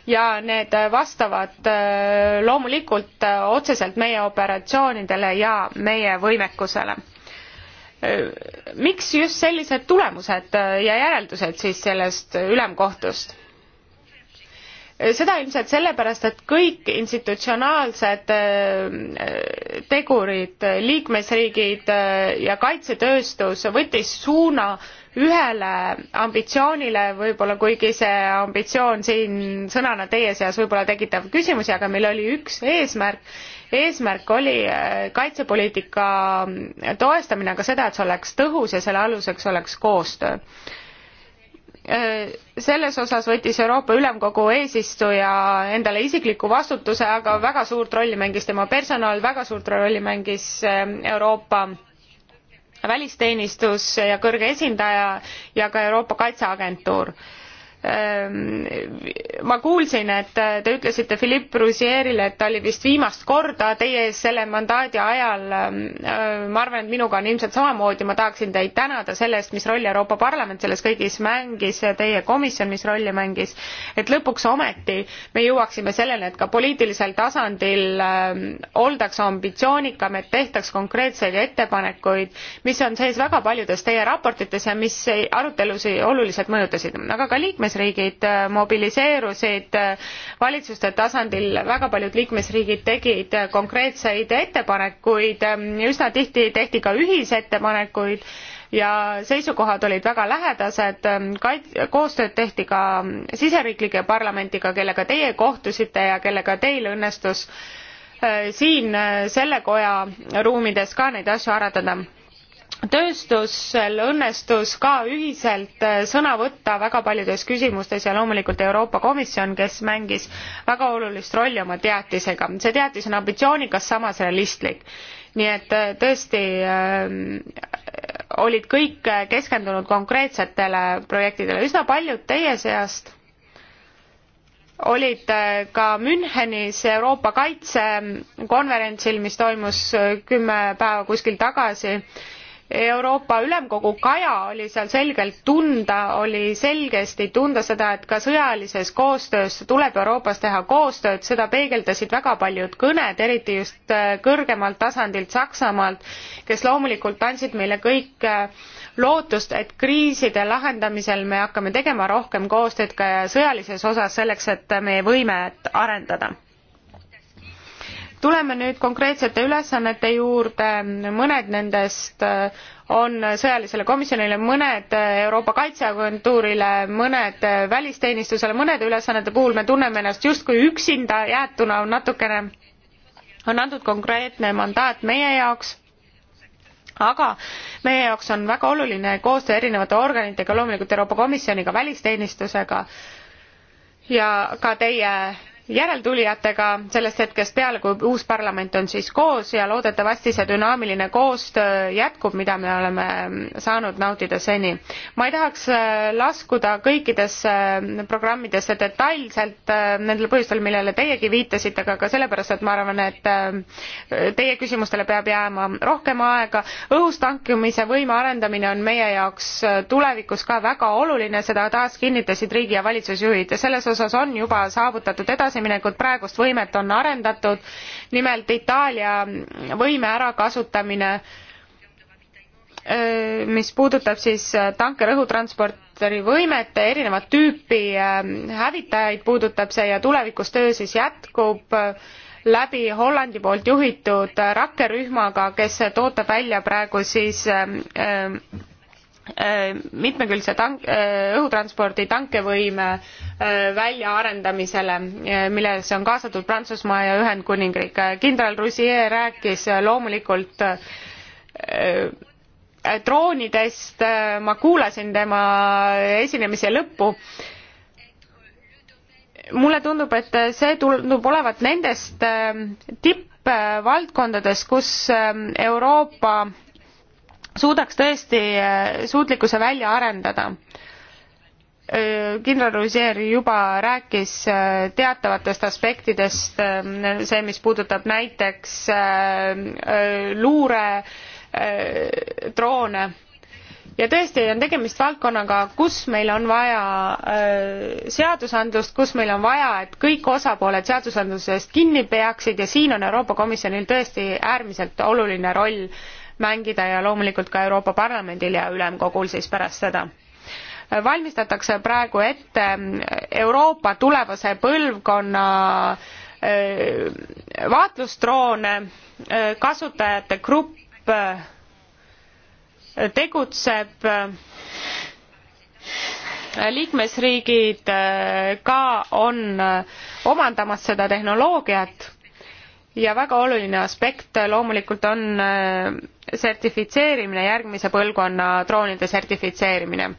A: ja need vastavad loomulikult otseselt meie operatsioonidele ja meie võimekusele. miks just sellised tulemused ja järeldused siis sellest ülemkohtust? seda ilmselt sellepärast, et kõik institutsionaalsed äh, tegurid, liikmesriigid äh, ja kaitsetööstus võttis suuna ühele ambitsioonile võib-olla, kuigi see ambitsioon siin sõnana teie seas võib-olla tekitab küsimusi, aga meil oli üks eesmärk. eesmärk oli äh, kaitsepoliitika toestamine, aga seda, et see oleks tõhus ja selle aluseks oleks koostöö Äh, selles osas võttis Euroopa Ülemkogu eesistuja endale isikliku vastutuse, aga väga suurt rolli mängis tema personal, väga suurt rolli mängis äh, Euroopa välisteenistus ja kõrge esindaja ja ka Euroopa Kaitseagentuur Ehm, ma kuulsin, et äh, te ütlesite Philippe Rouzierile, et ta oli vist viimast korda teie ees selle mandaadi ajal. Ehm, äh, ma arvan, et minuga on ilmselt samamoodi, ma tahaksin teid tänada selle eest, mis rolli Euroopa Parlament selles kõigis mängis ja teie komisjon, mis rolli mängis. et lõpuks ometi me jõuaksime selleni, et ka poliitilisel tasandil ehm, oldaks ambitsioonikam, et tehtaks konkreetseid ettepanekuid, mis on sees väga paljudes teie raportites ja mis arutelusid oluliselt mõjutasid, aga ka liikmes liikmesriigid äh, mobiliseerusid äh, valitsuste tasandil, väga paljud liikmesriigid tegid äh, konkreetseid ettepanekuid, ähm, üsna tihti tehti ka ühisettepanekuid ja seisukohad olid väga lähedased, ähm, koostööd tehti ka ähm, siseriiklike parlamentiga, kellega teie kohtusite ja kellega teil õnnestus siin selle koja ruumides ka neid asju arutada tööstusel õnnestus ka ühiselt äh, sõna võtta väga paljudes küsimustes ja loomulikult Euroopa Komisjon, kes mängis väga olulist rolli oma teatisega. see teatis on ambitsioonikas, samas realistlik. nii et äh, tõesti äh, olid kõik äh, keskendunud konkreetsetele projektidele, üsna paljud teie seast olid ka Münchenis Euroopa kaitsekonverentsil, mis toimus kümme päeva kuskil tagasi Euroopa Ülemkogu kaja oli seal selgelt tunda, oli selgesti tunda seda, et ka sõjalises koostöös tuleb Euroopas teha koostööd, seda peegeldasid väga paljud kõned, eriti just äh, kõrgemalt tasandilt Saksamaalt, kes loomulikult andsid meile kõik äh, lootust, et kriiside lahendamisel me hakkame tegema rohkem koostööd ka sõjalises osas selleks, et meie võimet arendada tuleme nüüd konkreetsete ülesannete juurde, mõned nendest äh, on sõjalisele komisjonile, mõned Euroopa Kaitseagentuurile, mõned välisteenistusele, mõnede ülesannete puhul me tunneme ennast justkui üksinda, jäetuna on natukene, on antud konkreetne mandaat meie jaoks aga meie jaoks on väga oluline koostöö erinevate organitega loomulikult euroopa komisjoniga välisteenistusega ja ka teie järeltulijatega sellest hetkest peale, kui uus parlament on siis koos ja loodetavasti see dünaamiline koostöö jätkub, mida me oleme saanud nautida seni. ma ei tahaks äh, laskuda kõikidesse äh, programmidesse detailselt äh, nendel põhjustel, millele teiegi viitasite, aga ka sellepärast, et ma arvan, et teie küsimustele peab jääma rohkem aega. õhus tankimise võime arendamine on meie jaoks tulevikus ka väga oluline, seda taas kinnitasid riigi ja valitsusjuhid ja selles osas on juba saavutatud edasi edasiminekut, praegust võimet on arendatud, nimelt Itaalia võime ärakasutamine, mis puudutab siis tanker õhutransporteri võimet, erinevat tüüpi hävitajaid puudutab see ja tulevikus töö siis jätkub läbi Hollandi poolt juhitud rakkerühmaga, kes tootab välja praegu siis äh, Äh, mitmekülgse tank-, äh, õhutranspordi tankevõime äh, väljaarendamisele, millesse on kaasatud Prantsusmaa ja Ühendkuningriik. kindral Rousier rääkis loomulikult droonidest, ma kuulasin tema esinemise lõppu mulle tundub, et see tundub olevat nendest tippvaldkondadest, kus Euroopa suudaks tõesti eh, suutlikkuse välja arendada. kindral Rusier juba rääkis eh, teatavatest aspektidest, eh, see, mis puudutab näiteks luuredroone ja tõesti on tegemist valdkonnaga kus meil on vaja seadusandlust kus meil on vaja et kõik osapooled seadusandlusest kinni peaksid ja siin on euroopa komisjonil tõesti äärmiselt oluline roll mängida ja loomulikult ka Euroopa Parlamendil ja Ülemkogul siis pärast seda valmistatakse praegu ette Euroopa tulevase põlvkonna vaatlustroone, kasutajate grupp tegutseb, liikmesriigid ka on omandamas seda tehnoloogiat ja väga oluline aspekt loomulikult on sertifitseerimine järgmise põlvkonna droonide sertifitseerimine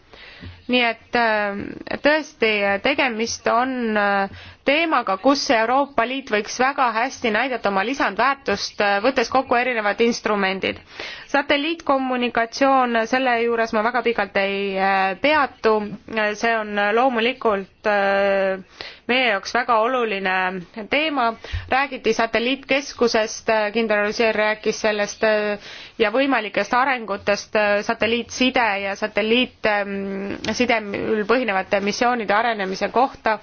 A: nii et äh, tõesti, tegemist on äh, teemaga, kus Euroopa Liit võiks väga hästi näidata oma lisandväärtust, äh, võttes kokku erinevad instrumendid. satelliitkommunikatsioon, selle juures ma väga pikalt ei peatu, see on loomulikult meie jaoks väga oluline teema, räägiti satelliitkeskusest, kindral Ossier rääkis sellest ja võimalikest arengutest, satelliitside ja satelliit ähm, sidemil põhinevate missioonide arenemise kohta,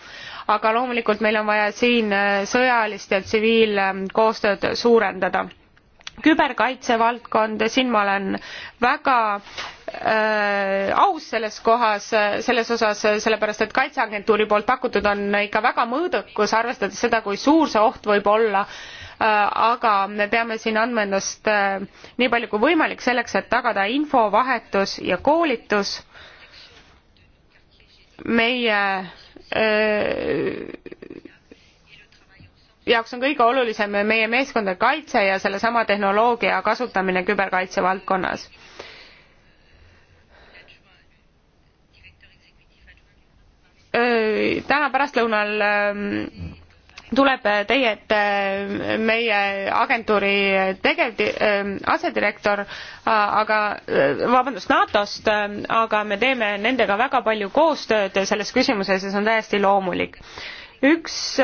A: aga loomulikult meil on vaja siin äh, sõjalist ja tsiviilkoostööd suurendada. küberkaitse valdkond, siin ma olen väga äh, aus selles kohas, äh, selles osas, sellepärast et Kaitseagentuuri poolt pakutud on ikka väga mõõdukus, arvestades seda, kui suur see oht võib olla, aga me peame siin andma endast nii palju kui võimalik selleks, et tagada infovahetus ja koolitus meie jaoks on kõige olulisem meie meeskondade kaitse ja sellesama tehnoloogia kasutamine küberkaitse valdkonnas. täna pärastlõunal tuleb teie ette äh, meie agentuuri tegev- ähm, asedirektor äh, aga äh, vabandust NATO-st aga me teeme nendega väga palju koostööd selles küsimuses ja see on täiesti loomulik üks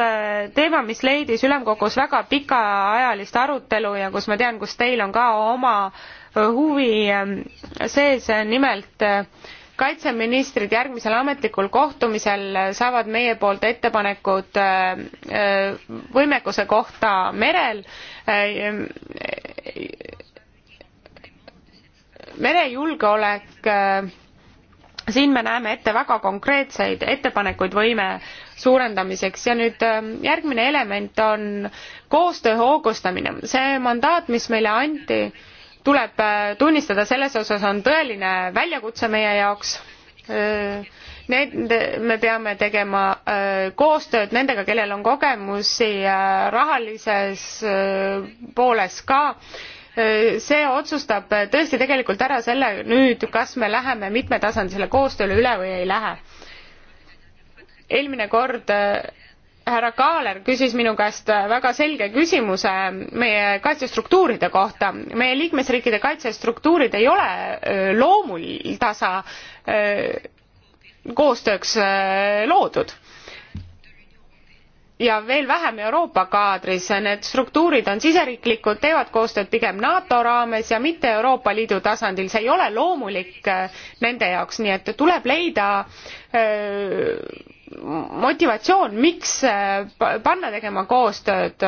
A: teema, mis leidis ülemkogus väga pikaajalist arutelu ja kus ma tean, kus teil on ka oma huvi ähm, sees, nimelt äh, kaitseministrid järgmisel ametlikul kohtumisel saavad meie poolt ettepanekud äh, äh, võimekuse kohta merel äh, merejulgeolek siin me näeme ette väga konkreetseid ettepanekuid võime suurendamiseks ja nüüd järgmine element on koostöö hoogustamine see mandaat mis meile anti tuleb äh, tunnistada, selles osas on tõeline väljakutse meie jaoks. Äh, Need, me peame tegema äh, koostööd nendega, kellel on kogemusi rahalises pooles ka. see otsustab tõesti tegelikult ära selle nüüd, kas me läheme mitmetasandisele koostööle üle või ei lähe eelmine kord härra Kaaler küsis minu käest väga selge küsimuse meie kaitsestruktuuride kohta. meie liikmesriikide kaitsestruktuurid ei ole loomuldasa koostööks loodud. ja veel vähem Euroopa kaadris, need struktuurid on siseriiklikud, teevad koostööd pigem NATO raames ja mitte Euroopa Liidu tasandil, see ei ole loomulik nende jaoks, nii et tuleb leida öö, motivatsioon, miks eh, panna tegema koostööd.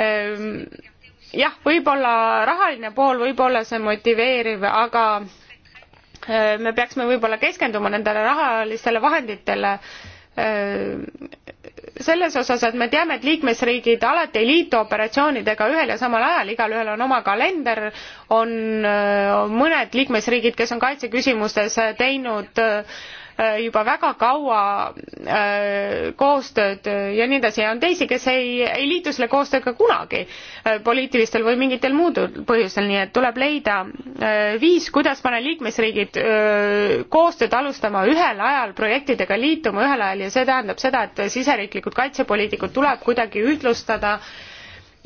A: Ehm, jah, võib-olla rahaline pool võib olla see motiveeriv, aga eh, me peaksime võib-olla keskenduma nendele rahalistele vahenditele ehm, selles osas, et me teame, et liikmesriigid alati ei liitu operatsioonidega ühel ja samal ajal, igalühel on oma kalender, on eh, mõned liikmesriigid, kes on kaitseküsimustes teinud äh, Äh, juba väga kaua äh, koostööd äh, ja nii edasi ja on teisi, kes ei, ei liitu selle koostööga kunagi poliitilistel või mingitel muudel põhjustel, nii et tuleb leida viis, kuidas panna liikmesriigid koostööd alustama ühel ajal, projektidega liituma ühel ajal ja see tähendab seda, et siseriiklikud kaitsepoliitikud tuleb kuidagi ühtlustada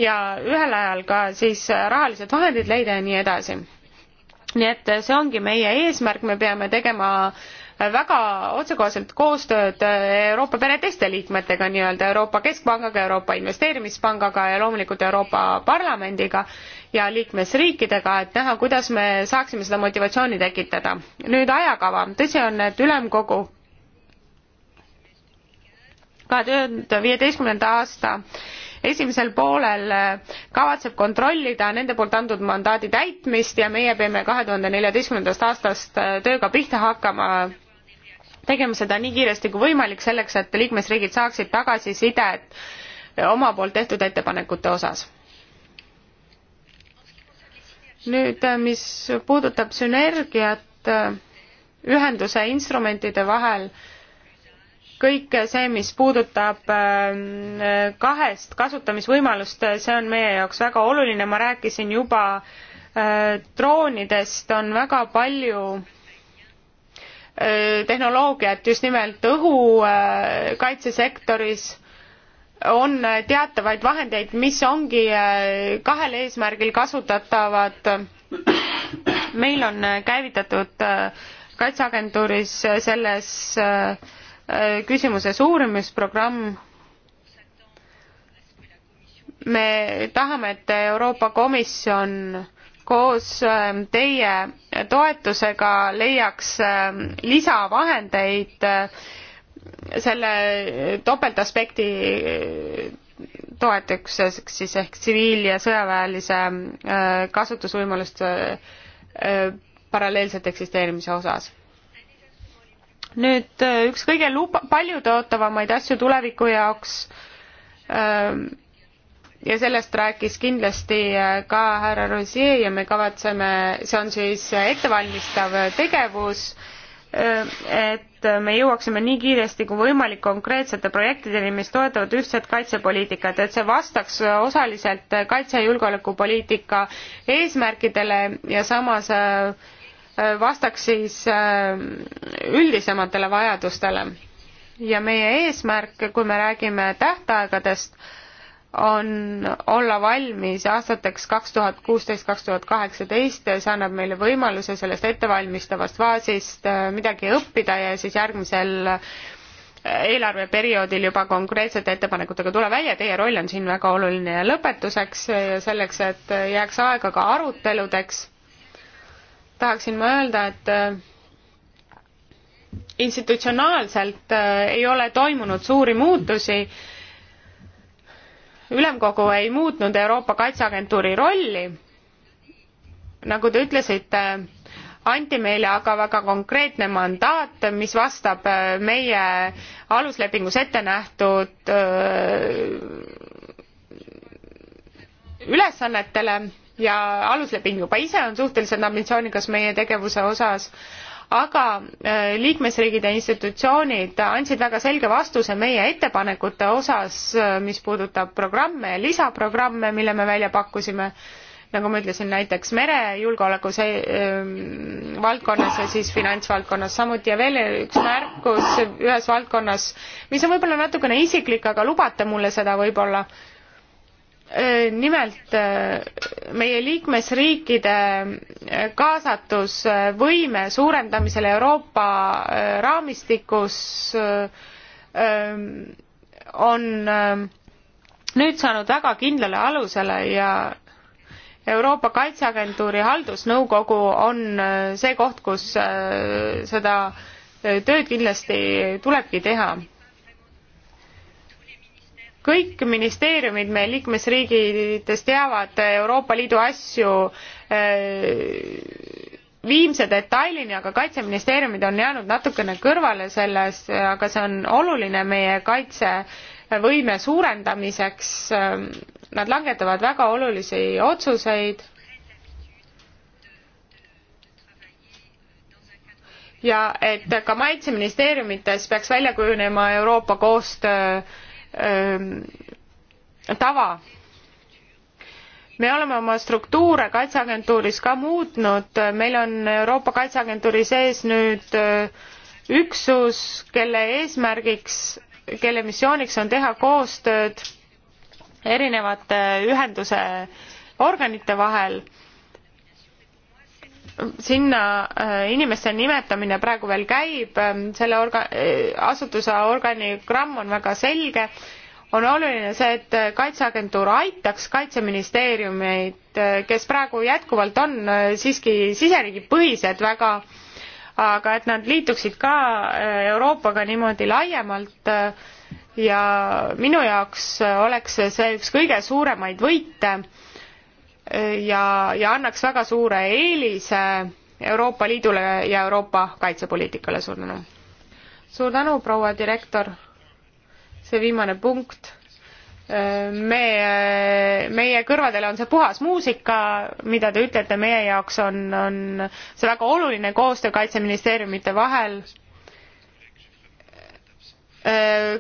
A: ja ühel ajal ka siis rahalised vahendid leida ja nii edasi. nii et see ongi meie eesmärk, me peame tegema äh, väga otsekoheselt koostööd Euroopa pere teiste liikmetega, nii-öelda Euroopa Keskpangaga, Euroopa Investeerimispangaga ja loomulikult Euroopa Parlamendiga ja liikmesriikidega, et näha, kuidas me saaksime seda motivatsiooni tekitada. nüüd ajakava, tõsi on, et ülemkogu kahe tuhande viieteistkümnenda aasta esimesel poolel kavatseb kontrollida nende poolt antud mandaadi täitmist ja meie peame kahe tuhande neljateistkümnendast aastast tööga pihta hakkama tegema seda nii kiiresti kui võimalik, selleks et liikmesriigid saaksid tagasisidet oma poolt tehtud ettepanekute osas. nüüd, äh, mis puudutab sünergiat äh, ühenduse instrumentide vahel, kõik see, mis puudutab äh, kahest kasutamisvõimalust, see on meie jaoks väga oluline, ma rääkisin juba droonidest, on väga palju Äh, tehnoloogiat just nimelt õhukaitsesektoris on äh, teatavaid vahendeid, mis ongi äh, kahel eesmärgil kasutatavad. meil on käivitatud kaitseagentuuris selles küsimuses uurimisprogramm. me tahame, et Euroopa Komisjon koos ähm, teie toetusega leiaks ähm, lisavahendeid äh, selle topeltaspekti äh, toetuseks siis ehk tsiviil- ja sõjaväelise äh, kasutusvõimaluste paralleelselt eksisteerimise osas. nüüd üks kõige luba-, paljutõotavamaid asju tuleviku jaoks öö, ähm, ja sellest rääkis kindlasti äh, ka härra Rosier ja me kavatseme, see on siis ettevalmistav tegevus, äh, et me jõuaksime nii kiiresti kui võimalik konkreetsete projektideni, mis toetavad ühtset kaitsepoliitikat, et see vastaks osaliselt kaitse- ja julgeolekupoliitika eesmärkidele ja samas äh, vastaks siis üldisematele vajadustele. ja meie eesmärk, kui me räägime tähtaegadest, on olla valmis aastateks kaks tuhat kuusteist kaks tuhat kaheksateist see annab meile võimaluse sellest ettevalmistavast faasist äh, midagi õppida ja siis järgmisel äh, eelarveperioodil juba konkreetsete ettepanekutega tule välja teie roll on siin väga oluline ja lõpetuseks äh, ja selleks et jääks aega ka aruteludeks tahaksin ma öelda et institutsionaalselt ei ole toimunud suuri muutusi ülemkogu ei muutnud Euroopa Kaitseagentuuri rolli. nagu te ütlesite, anti meile aga väga konkreetne mandaat, mis vastab äh, meie aluslepingus ette nähtud äh, ülesannetele ja alusleping juba ise on suhteliselt ambitsioonikas meie tegevuse osas aga äh, liikmesriigid ja institutsioonid andsid väga selge vastuse meie ettepanekute osas, äh, mis puudutab programme ja lisaprogramme, mille me välja pakkusime, nagu ma ütlesin, näiteks merejulgeoleku see, äh, valdkonnas ja siis finantsvaldkonnas samuti ja veel üks märkus ühes valdkonnas, mis on võib-olla natukene isiklik, aga lubate mulle seda võib-olla äh, Äh, nimelt äh, meie liikmesriikide äh, kaasatus võime suurendamisel Euroopa raamistikus ähm, on nüüd saanud väga kindlale alusele ja Euroopa Kaitseagentuuri haldusnõukogu on see koht, kus seda tööd kindlasti tulebki teha kõik ministeeriumid meil liikmesriigides teavad Euroopa Liidu asju äh, viimse detailini, aga kaitseministeeriumid on jäänud natukene kõrvale selles, aga see on oluline meie kaitsevõime suurendamiseks. Nad langetavad väga olulisi otsuseid. ja et ka kaitseministeeriumites peaks välja kujunema Euroopa koostöö Ähm, tava. me oleme oma struktuure Kaitseagentuuris ka muutnud, meil on Euroopa Kaitseagentuuri sees nüüd äh, üksus, kelle eesmärgiks, kelle missiooniks on teha koostööd erinevate ühenduse organite vahel sinna äh, inimeste nimetamine praegu veel käib, ähm, selle orga-, äh, asutuse organigramm on väga selge, on oluline see, et äh, Kaitseagentuur aitaks kaitseministeeriumeid, kes praegu jätkuvalt on siiski siseriigipõhised väga, aga et nad liituksid ka Euroopaga niimoodi laiemalt ja minu jaoks oleks see üks kõige suuremaid võite ja, ja annaks väga suure eelise Euroopa Liidule ja Euroopa kaitsepoliitikale, suur tänu. suur tänu, proua direktor. see viimane punkt. me, meie kõrvadele on see puhas muusika, mida te ütlete, meie jaoks on, on see väga oluline koostöö kaitseministeeriumite vahel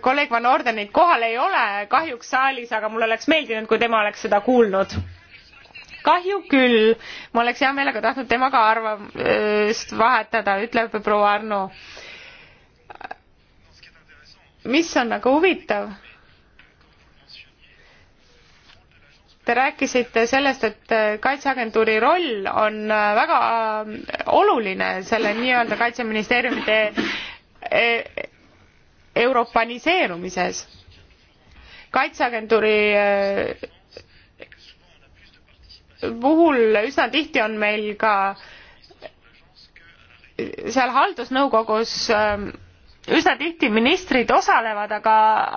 A: kolleeg van ordenit kohal ei ole kahjuks saalis aga mul oleks meeldinud kui tema oleks seda kuulnud kahju küll, ma oleks hea meelega tahtnud temaga arvamust vahetada, ütleb proua Arno. mis on aga nagu huvitav? Te rääkisite sellest, et Kaitseagentuuri roll on väga oluline selle nii-öelda Kaitseministeeriumite e, europaniseerumises. kaitseagentuuri e, puhul üsna tihti on meil ka seal haldusnõukogus ähm, üsna tihti ministrid osalevad, aga,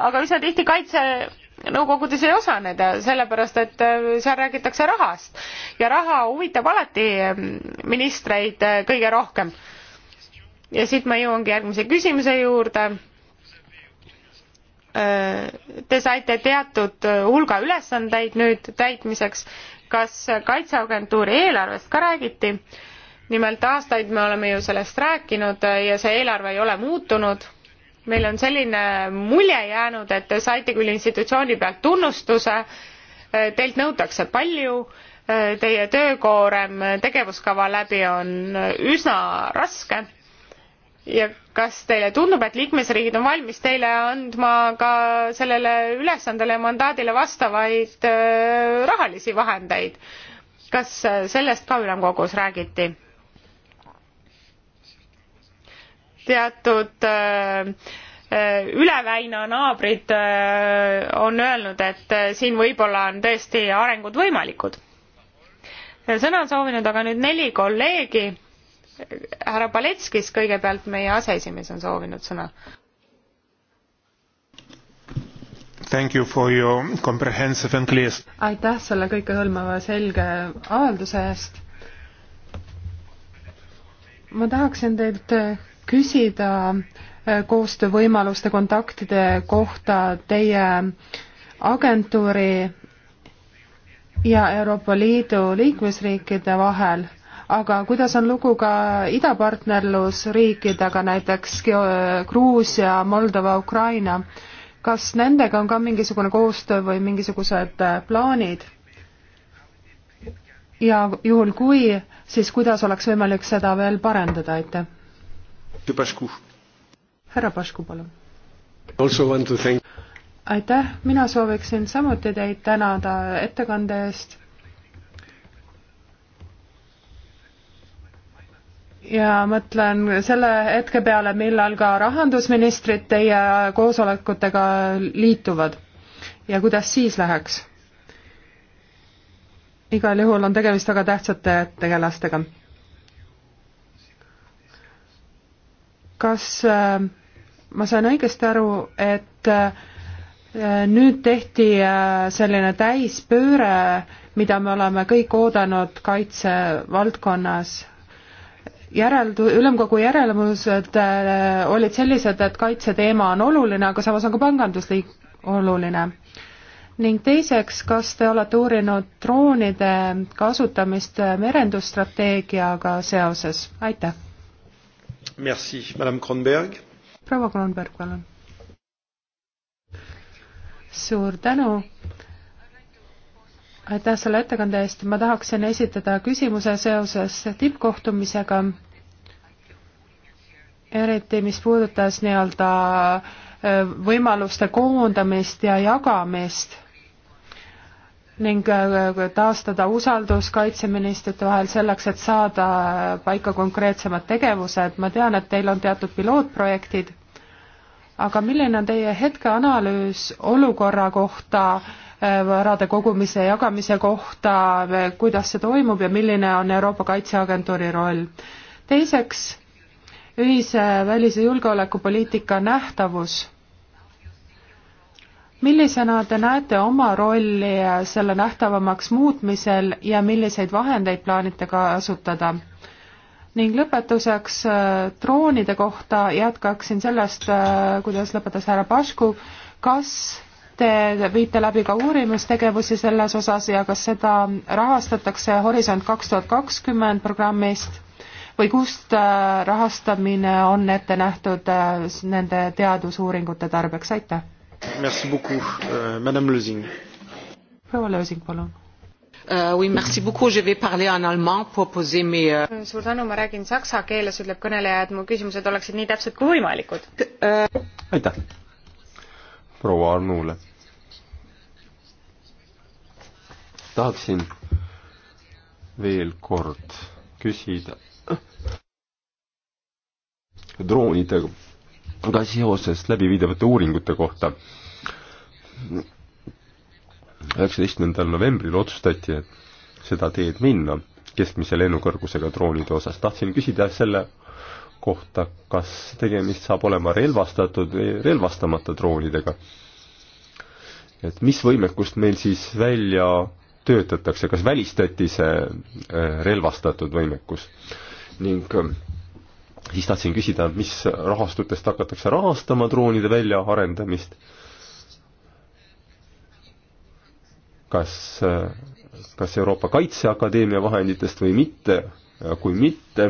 A: aga üsna tihti kaitsenõukogudes ei osaneda, sellepärast et äh, seal räägitakse rahast ja raha huvitab alati ähm, ministreid äh, kõige rohkem. ja siit ma jõuangi järgmise küsimuse juurde äh, te saite teatud hulga ülesandeid nüüd täitmiseks kas kaitseagentuuri eelarvest ka räägiti? nimelt aastaid me oleme ju sellest rääkinud ja see eelarve ei ole muutunud. meil on selline mulje jäänud, et te saite küll institutsiooni pealt tunnustuse, teilt nõutakse palju, teie töökoorem tegevuskava läbi on üsna raske ja kas teile tundub, et liikmesriigid on valmis teile andma ka sellele ülesandele ja mandaadile vastavaid äh, rahalisi vahendeid? kas äh, sellest ka ülemkogus räägiti? teatud äh, üleväina naabrid on öelnud, et siin võib-olla on tõesti arengud võimalikud. sõna on soovinud aga nüüd neli kolleegi härra Paletskis kõigepealt, meie aseesimees on soovinud sõna.
B: Thank you for your comprehensive and clear
C: aitäh selle kõikehõlmava selge avalduse eest. ma tahaksin teilt küsida eh, koostöövõimaluste, kontaktide kohta teie agentuuri ja Euroopa Liidu liikmesriikide vahel aga kuidas on lugu ka idapartnerlusriikidega, näiteks Gruusia, Moldova, Ukraina, kas nendega on ka mingisugune koostöö või mingisugused äh, plaanid? ja juhul kui, siis kuidas oleks võimalik seda veel parendada, aitäh? härra Pašku, palun. aitäh, mina sooviksin samuti teid tänada ettekande eest ja mõtlen selle hetke peale, millal ka rahandusministrid teie koosolekutega liituvad ja kuidas siis läheks? igal juhul on tegemist väga tähtsate tegelastega. kas äh, ma sain õigesti aru, et äh, nüüd tehti äh, selline täispööre, mida me oleme kõik oodanud kaitsevaldkonnas järeldu-, ülemkogu järelemused äh, olid sellised, et kaitseteema on oluline, aga samas on ka pangandusliik oluline. ning teiseks, kas te olete uurinud droonide kasutamist merendusstrateegiaga seoses, aitäh!
B: Merci, madame Kronberg.
C: proua Kronberg, palun. suur tänu aitäh selle ettekande eest, ma tahaksin esitada küsimuse seoses tippkohtumisega, eriti mis puudutas nii-öelda äh, võimaluste koondamist ja jagamist ning äh, taastada usaldus kaitseministrite vahel selleks, et saada paika konkreetsemad tegevused, ma tean, et teil on teatud pilootprojektid, aga milline on teie hetkeanalüüs olukorra kohta äh, varade kogumise ja jagamise kohta, kuidas see toimub ja milline on Euroopa Kaitseagentuuri roll. teiseks, ühise välis- ja julgeolekupoliitika nähtavus. millisena te näete oma rolli selle nähtavamaks muutmisel ja milliseid vahendeid plaanite kasutada? ning lõpetuseks droonide kohta jätkaksin sellest, kuidas lõpetas härra Pašku, kas Te viite läbi ka uurimustegevusi selles osas ja kas seda rahastatakse Horisont kaks tuhat kakskümmend programmist või kust äh, rahastamine on ette nähtud äh, nende teadusuuringute tarbeks, aitäh!
B: Merci beaucoup, euh, madame Lösing.
C: proua Lösing, palun. Euh, oui, merci beaucoup, je vais parler en allemand pour poser mes
A: euh, suur tänu, ma räägin saksa keeles, ütleb kõneleja, et mu küsimused oleksid nii täpsed kui võimalikud. aitäh
B: proua Arnule tahaksin veel kord küsida droonidega seoses läbiviidavate uuringute kohta. üheksateistkümnendal novembril otsustati, et seda teed minna keskmise lennukõrgusega droonide osas. tahtsin küsida selle kohta, kas tegemist saab olema relvastatud või relvastamata droonidega. et mis võimekust meil siis välja töötatakse, kas välistati see äh, relvastatud võimekus? ning äh, siis tahtsin küsida, mis rahastutest hakatakse rahastama droonide väljaarendamist? kas, äh, kas Euroopa Kaitseakadeemia vahenditest või mitte, kui mitte,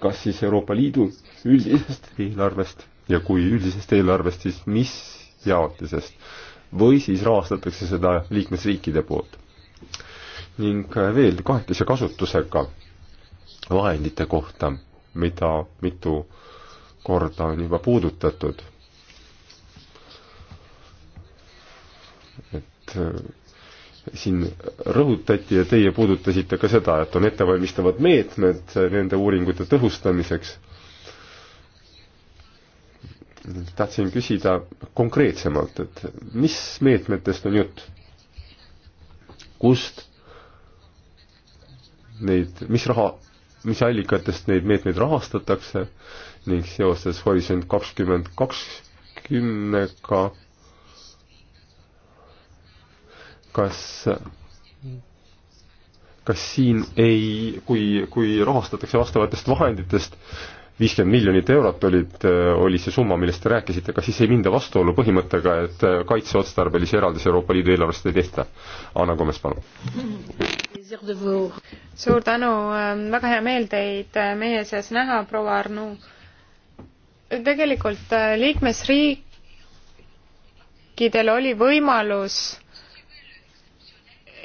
B: kas siis Euroopa Liidu üldisest eelarvest ja kui üldisest eelarvest, siis mis jaotisest? või siis rahastatakse seda liikmesriikide poolt? ning äh, veel kahekese kasutusega vahendite kohta, mida mitu korda on juba puudutatud. et äh, siin rõhutati ja teie puudutasite ka seda, et on ettevalmistavad meetmed nende uuringute tõhustamiseks. tahtsin küsida konkreetsemalt, et mis meetmetest on jutt? kust neid, mis raha, mis allikatest neid meetmeid rahastatakse ning seoses Horisont kakskümmend kakskümnega kas, kas siin ei, kui, kui rahastatakse vastavatest vahenditest, viiskümmend miljonit eurot olid, äh, oli see summa, millest te rääkisite, kas siis ei minda vastuollu põhimõttega, et äh, kaitseotstarbelisi eraldisi Euroopa Liidu eelarvest ei tehta? Anna Komes, palun.
A: suur tänu, ähm, väga hea meel teid äh, meie seas näha, proua Arnu. tegelikult liikmesriikidel oli võimalus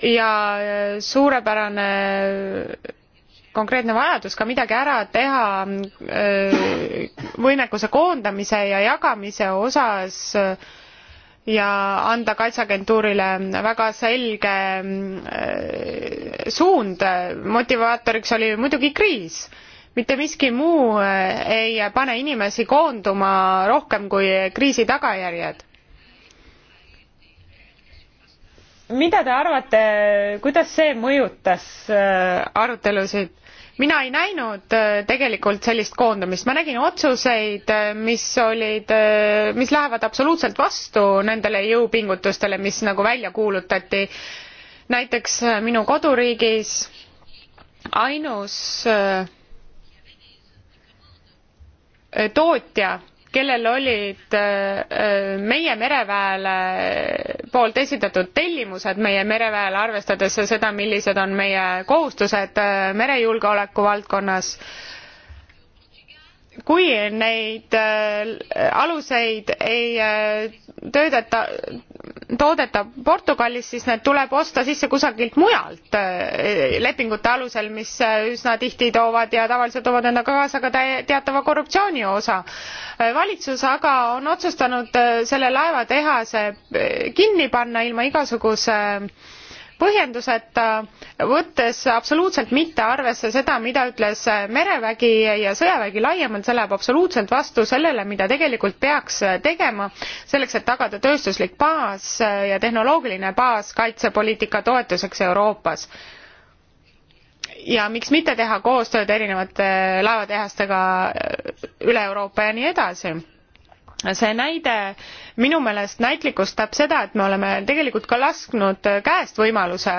A: ja suurepärane konkreetne vajadus ka midagi ära teha äh, võimekuse koondamise ja jagamise osas ja anda kaitseagentuurile väga selge äh, suund. motivaatoriks oli muidugi kriis mitte miski muu äh, ei pane inimesi koonduma rohkem kui kriisi tagajärjed. mida te arvate, kuidas see mõjutas arutelusid? mina ei näinud äh, tegelikult sellist koondumist, ma nägin otsuseid, äh, mis olid, äh, mis lähevad absoluutselt vastu nendele jõupingutustele, mis nagu välja kuulutati. näiteks minu koduriigis ainus tootja kellel olid äh, meie mereväele poolt esitatud tellimused meie mereväele, arvestades seda, millised on meie kohustused äh, merejulgeoleku valdkonnas kui neid äh, aluseid ei äh, töödeta, toodeta Portugalis, siis need tuleb osta sisse kusagilt mujalt äh, lepingute alusel, mis üsna tihti toovad ja tavaliselt toovad endaga kaasa ka teatava korruptsiooni osa. valitsus aga on otsustanud selle laevatehase kinni panna ilma igasuguse äh, põhjenduseta, võttes absoluutselt mitte arvesse seda, mida ütles merevägi ja sõjavägi laiemalt, see läheb absoluutselt vastu sellele, mida tegelikult peaks tegema selleks, et tagada tööstuslik baas ja tehnoloogiline baas kaitsepoliitika toetuseks Euroopas ja miks mitte teha koostööd erinevate laevatehastega üle Euroopa ja nii edasi see näide minu meelest näitlikustab seda, et me oleme tegelikult ka lasknud käest võimaluse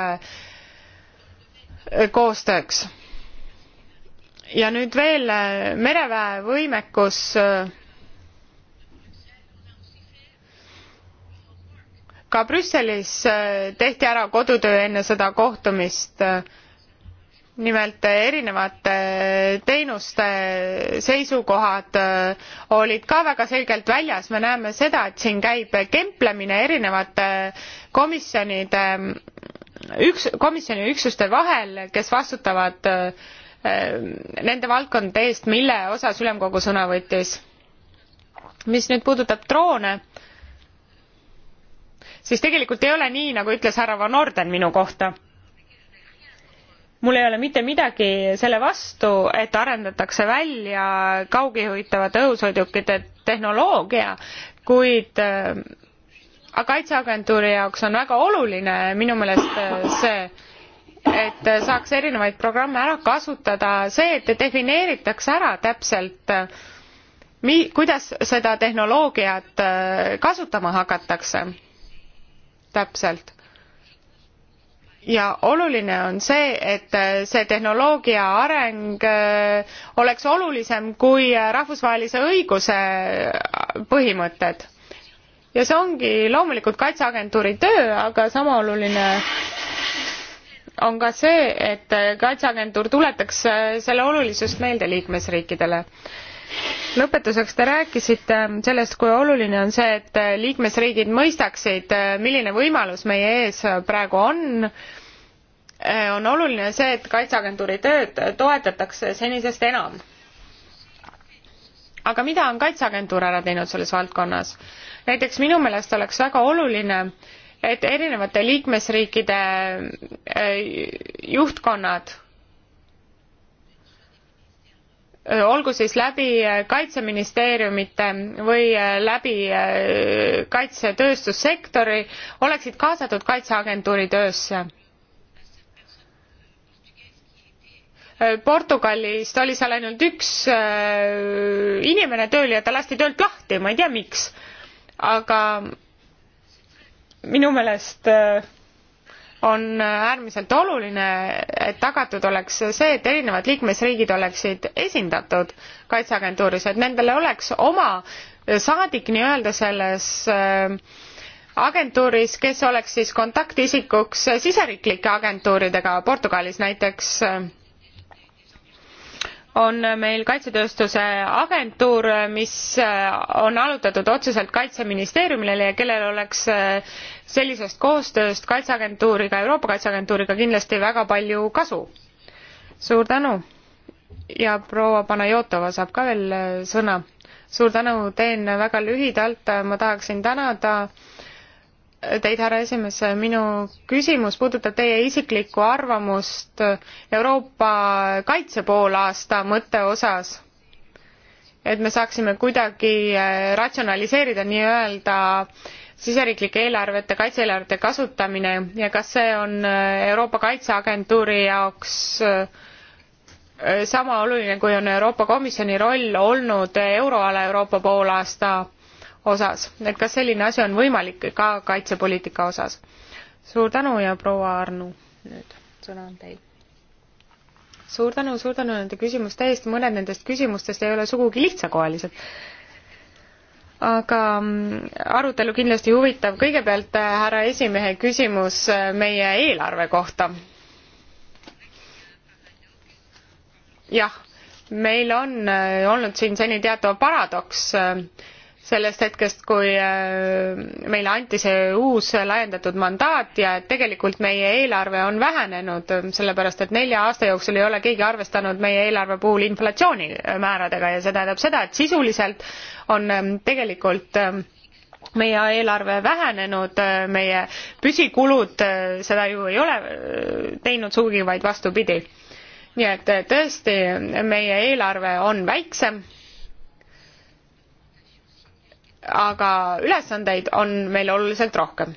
A: koostööks. ja nüüd veel eh, mereväe võimekus eh, ka Brüsselis eh, tehti ära kodutöö enne seda kohtumist nimelt eh, erinevate eh, teenuste seisukohad eh, olid ka väga selgelt väljas me näeme seda et siin käib kemplemine erinevate komisjonide üks komisjoni üksuste vahel kes vastutavad nende valdkondade eest mille osas ülemkogu sõna võttis mis nüüd puudutab droone siis tegelikult ei ole nii nagu ütles härra van orden minu kohta mul ei ole mitte midagi selle vastu, et arendatakse välja kaugijuhitavate õhusõidukite tehnoloogia, kuid äh, kaitseagentuuri jaoks on väga oluline minu meelest äh, see, et saaks erinevaid programme ära kasutada, see, et defineeritakse ära täpselt, äh, mi-, kuidas seda tehnoloogiat kasutama hakatakse täpselt ja oluline on see, et äh, see tehnoloogia areng äh, oleks olulisem kui äh, rahvusvahelise õiguse põhimõtted. ja see ongi loomulikult Kaitseagentuuri töö, aga sama oluline on ka see, et Kaitseagentuur tuletaks selle olulisust meelde liikmesriikidele lõpetuseks te rääkisite sellest, kui oluline on see, et liikmesriigid mõistaksid, milline võimalus meie ees praegu on. on oluline see, et Kaitseagentuuri tööd toetatakse senisest enam. aga mida on Kaitseagentuur ära teinud selles valdkonnas? näiteks minu meelest oleks väga oluline, et erinevate liikmesriikide eh, juhtkonnad olgu siis läbi äh, kaitseministeeriumite või äh, läbi äh, kaitsetööstussektori oleksid kaasatud kaitseagentuuri töösse portugalist oli seal ainult üks inimene tööl ja ta lasti töölt lahti ma ei tea miks aga minu meelest äh, on äärmiselt oluline, et tagatud oleks see, et erinevad liikmesriigid oleksid esindatud kaitseagentuuris, et nendel oleks oma saadik nii-öelda selles äh, agentuuris, kes oleks siis kontaktisikuks siseriiklike agentuuridega, Portugalis näiteks äh, on meil kaitsetööstuse agentuur mis äh, on allutatud otseselt kaitseministeeriumile ja kellel oleks sellisest koostööst kaitseagentuuriga, Euroopa Kaitseagentuuriga kindlasti väga palju kasu. suur tänu! ja proua Panajotova saab ka veel äh, sõna. suur tänu, teen väga lühidalt, ma tahaksin tänada äh, Teid, härra esimees, minu küsimus puudutab teie isiklikku arvamust Euroopa kaitse poolaasta mõtte osas et me saaksime kuidagi äh, ratsionaliseerida nii-öelda siseriiklike eelarvete, kaitse-eelarvete kasutamine ja kas see on äh, Euroopa Kaitseagentuuri jaoks äh, sama oluline, kui on Euroopa Komisjoni roll olnud euroala Euroopa poolaasta osas, et kas selline asi on võimalik ka kaitsepoliitika osas? suur tänu ja proua Arnu, nüüd sõna on teil. suur tänu, suur tänu nende küsimuste eest, mõned nendest küsimustest ei ole sugugi lihtsakoelised aga mm, arutelu kindlasti huvitav. kõigepealt äh, härra esimehe küsimus äh, meie eelarve kohta. jah, meil on äh, olnud siin seni teatav paradoks äh, sellest hetkest, kui äh, meile anti see uus laiendatud mandaat ja et tegelikult meie eelarve on vähenenud, sellepärast et nelja aasta jooksul ei ole keegi arvestanud meie eelarve puhul inflatsioonimääradega äh, ja see tähendab seda, et sisuliselt on ähm, tegelikult ähm, meie eelarve vähenenud, äh, meie püsikulud seda ju ei ole teinud sugugi, vaid vastupidi. nii et tõesti, meie eelarve on väiksem aga ülesandeid on meil oluliselt rohkem.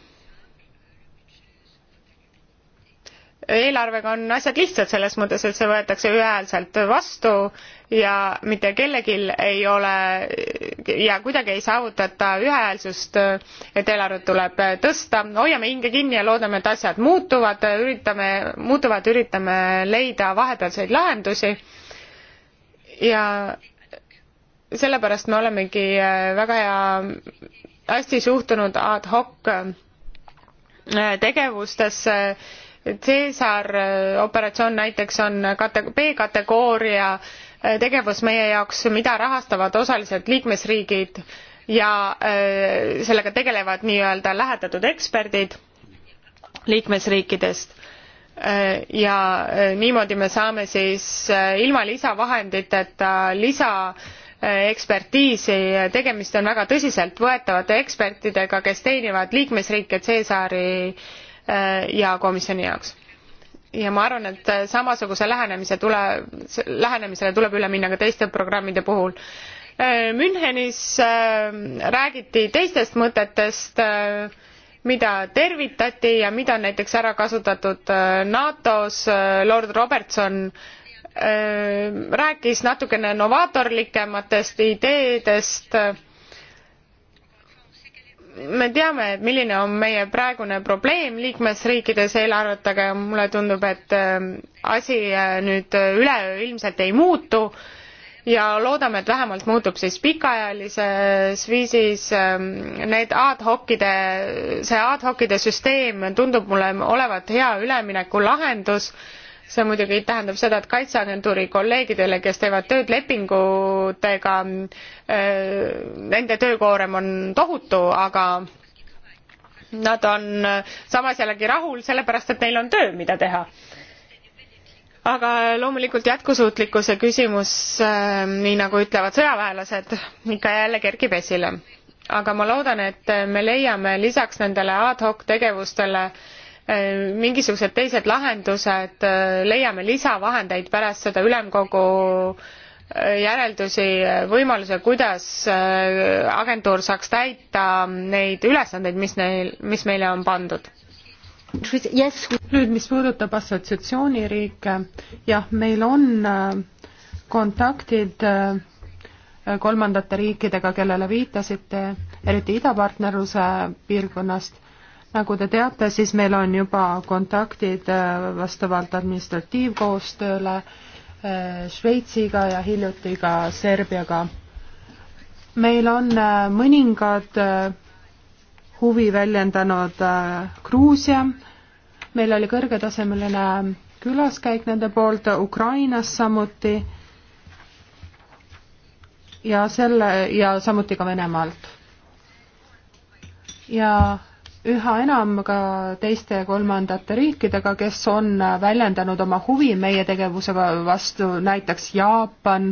A: eelarvega on asjad lihtsad selles mõttes, et see võetakse ühehäälselt vastu ja mitte kellelgi ei ole ja kuidagi ei saavutata ühehäälsust, et eelarvet tuleb tõsta, hoiame hinge kinni ja loodame, et asjad muutuvad, üritame, muutuvad, üritame leida vahepealseid lahendusi ja sellepärast me olemegi äh, väga hea, hästi suhtunud ad hoc äh, tegevustesse. Cesar äh, operatsioon näiteks on kate-, B-kategooria tegevus meie jaoks, mida rahastavad osaliselt liikmesriigid ja sellega tegelevad nii-öelda lähetatud eksperdid liikmesriikidest ja niimoodi me saame siis ilma lisavahenditeta lisa ekspertiisi, tegemist on väga tõsiseltvõetavate ekspertidega, kes teenivad liikmesriike Cesari äh, ja komisjoni jaoks. ja ma arvan, et samasuguse lähenemise tule, lähenemisele tuleb üle minna ka teiste programmide puhul. Äh, Münchenis äh, räägiti teistest mõtetest, mida tervitati ja mida on näiteks ära kasutatud NATO-s, lord Robertson Äh, rääkis natukene novaatorlikematest ideedest. me teame, et milline on meie praegune probleem liikmesriikides eelarvetega ja mulle tundub, et äh, asi äh, nüüd üleöö ilmselt ei muutu ja loodame, et vähemalt muutub siis pikaajalises viisis ähm, need ad hocide, see ad hocide süsteem tundub mulle olevat hea üleminekulahendus see muidugi tähendab seda, et Kaitseagentuuri kolleegidele, kes teevad tööd lepingutega, äh, nende töökoorem on tohutu, aga nad on äh, samas jällegi rahul, sellepärast et neil on töö, mida teha aga loomulikult jätkusuutlikkuse küsimus äh, nii nagu ütlevad sõjaväelased ikka ja jälle kerkib esile aga ma loodan et me leiame lisaks nendele ad hoc tegevustele Äh, mingisugused teised lahendused, äh, leiame lisavahendeid pärast seda ülemkogu äh, järeldusi, võimaluse, kuidas agentuur saaks täita neid ülesandeid, mis neil, mis meile on pandud
C: yes.? nüüd, mis puudutab assotsiatsiooniriike, jah, meil on kontaktid kolmandate riikidega, kellele viitasite, eriti idapartnerluse piirkonnast nagu te teate, siis meil on juba kontaktid äh, vastavalt administratiivkoostööle äh, Šveitsiga ja hiljuti ka Serbiaga. meil on äh, mõningad huvi väljendanud Gruusia, meil oli kõrgetasemeline külaskäik nende poolt Ukrainas samuti ja selle ja samuti ka Venemaalt. ja üha enam ka teiste kolmandate riikidega, kes on väljendanud oma huvi meie tegevuse vastu, näiteks Jaapan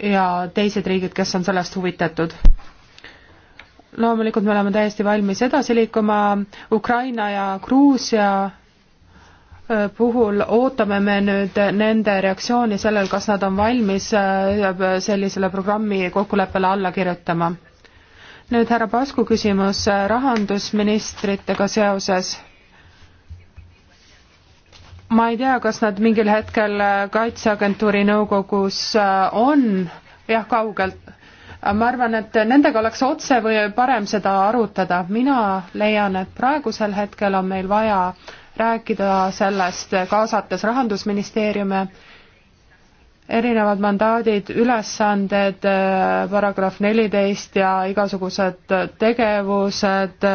C: ja teised riigid, kes on sellest huvitatud loomulikult me oleme täiesti valmis edasi liikuma. Ukraina ja Gruusia äh, puhul ootame me nüüd nende reaktsiooni sellel, kas nad on valmis äh, sellisele programmi kokkuleppele alla kirjutama nüüd härra Pasku küsimus äh, rahandusministritega seoses. ma ei tea, kas nad mingil hetkel äh, Kaitseagentuuri nõukogus äh, on, jah, kaugelt. ma arvan, et nendega oleks otse või parem seda arutada. mina leian, et praegusel hetkel on meil vaja rääkida sellest, kaasates Rahandusministeeriumi erinevad mandaadid, ülesanded, äh, paragrahv neliteist ja igasugused tegevused,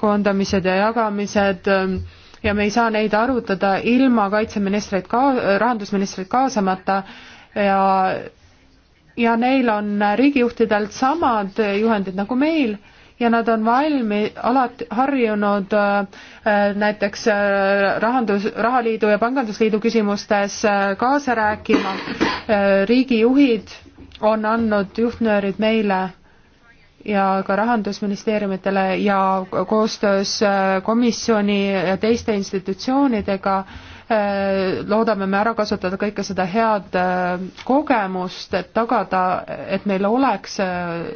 C: koondamised ja jagamised ähm, ja me ei saa neid arutada ilma kaitseministreid ka-, rahandusministreid kaasamata ja ja neil on riigijuhtidelt samad juhendid nagu meil ja nad on valmi-, alati harjunud äh, äh, näiteks äh, rahandus, rahaliidu ja pangandusliidu küsimustes kaasa rääkima. riigijuhid on andnud juhtnöörid meile ja ka rahandusministeeriumitele ja koostöös komisjoni ja teiste institutsioonidega äh, Äh, loodame me ära kasutada kõike seda head äh, kogemust, et tagada, et meil oleks äh,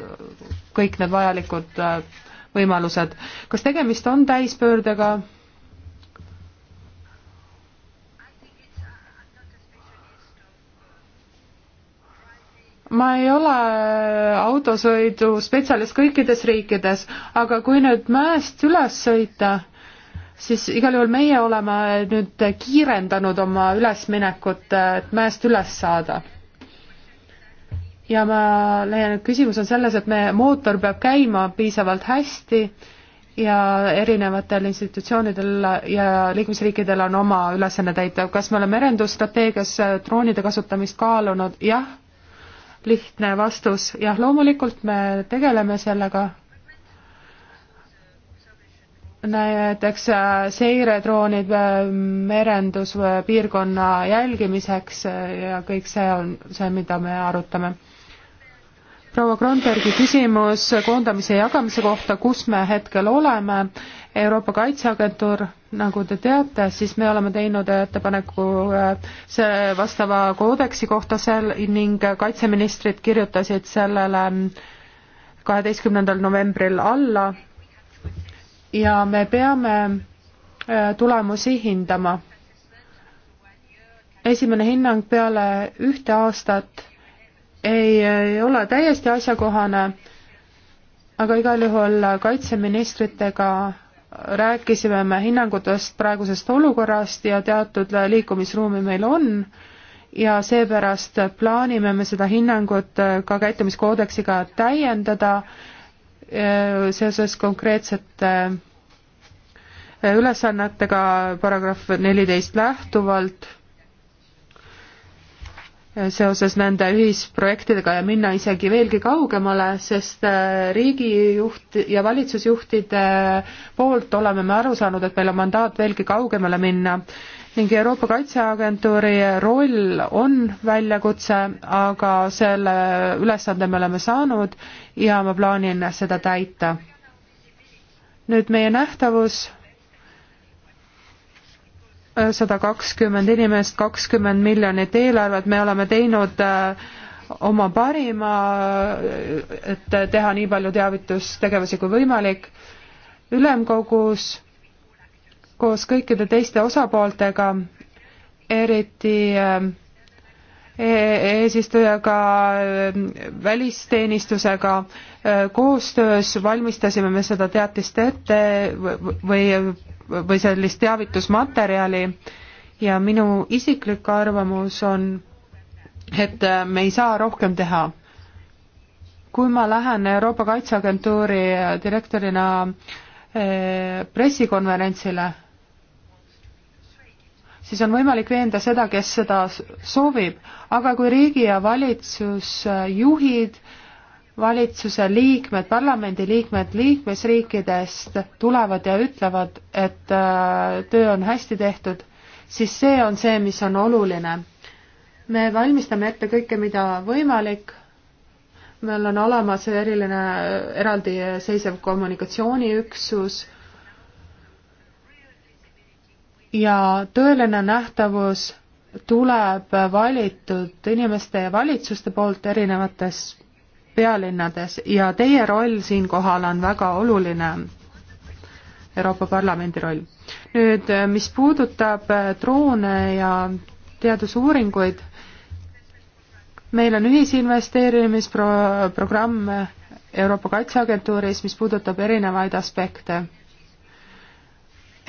C: kõik need vajalikud võimalused. kas tegemist on täispöördega? ma ei ole autosõidu spetsialist kõikides riikides, aga kui nüüd mäest üles sõita, siis igal juhul meie oleme nüüd kiirendanud oma ülesminekut, et mäest üles saada. ja ma leian, et küsimus on selles, et meie mootor peab käima piisavalt hästi ja erinevatel institutsioonidel ja liikmesriikidel on oma ülesanne täita. kas me oleme merendusstrateegias droonide kasutamist kaalunud? jah. lihtne vastus, jah, loomulikult me tegeleme sellega näiteks äh, seiredroonid äh, merenduspiirkonna äh, jälgimiseks ja kõik see on see, mida me arutame. proua Kronbergi küsimus koondamise ja jagamise kohta, kus me hetkel oleme. Euroopa Kaitseagentuur, nagu te teate, siis me oleme teinud ettepaneku see vastava koodeksi kohta seal ning kaitseministrid kirjutasid sellele kaheteistkümnendal novembril alla ja me peame äh, tulemusi hindama. esimene hinnang peale ühte aastat ei, ei ole täiesti asjakohane, aga igal juhul kaitseministritega rääkisime me hinnangutest praegusest olukorrast ja teatud liikumisruumi meil on ja seepärast plaanime me seda hinnangut ka käitumiskoodeksiga täiendada Äh, seoses konkreetsete äh, ülesannetega paragrahv neliteist lähtuvalt äh, seoses nende ühisprojektidega ja minna isegi veelgi kaugemale, sest riigijuht ja valitsusjuhtide poolt oleme me aru saanud, et meil on mandaat veelgi kaugemale minna ning Euroopa Kaitseagentuuri roll on väljakutse, aga selle ülesande me oleme saanud ja ma plaanin seda täita. nüüd meie nähtavus sada kakskümmend inimest, kakskümmend miljonit eelarvet, me oleme teinud äh, oma parima, et teha nii palju teavitustegevusi kui võimalik. ülemkogus koos kõikide teiste osapooltega, eriti äh, e-, eesistujaga, välisteenistusega äh, koostöös valmistasime me seda teatist ette või, või sellist teavitusmaterjali ja minu isiklik arvamus on, et äh, me ei saa rohkem teha kui ma lähen Euroopa Kaitseagentuuri direktorina pressikonverentsile, siis on võimalik veenda seda, kes seda soovib. aga kui riigi ja valitsusjuhid, valitsuse liikmed, parlamendiliikmed liikmesriikidest tulevad ja ütlevad, et äh, töö on hästi tehtud, siis see on see, mis on oluline. me valmistame ette kõike, mida võimalik, meil on olemas eriline eraldiseisev kommunikatsiooniüksus ja tõeline nähtavus tuleb valitud inimeste ja valitsuste poolt erinevates pealinnades ja teie roll siinkohal on väga oluline, Euroopa Parlamendi roll. nüüd, mis puudutab äh, droone ja teadusuuringuid, meil on ühisinvesteerimisprogramm Euroopa Kaitseagentuuris, mis puudutab erinevaid aspekte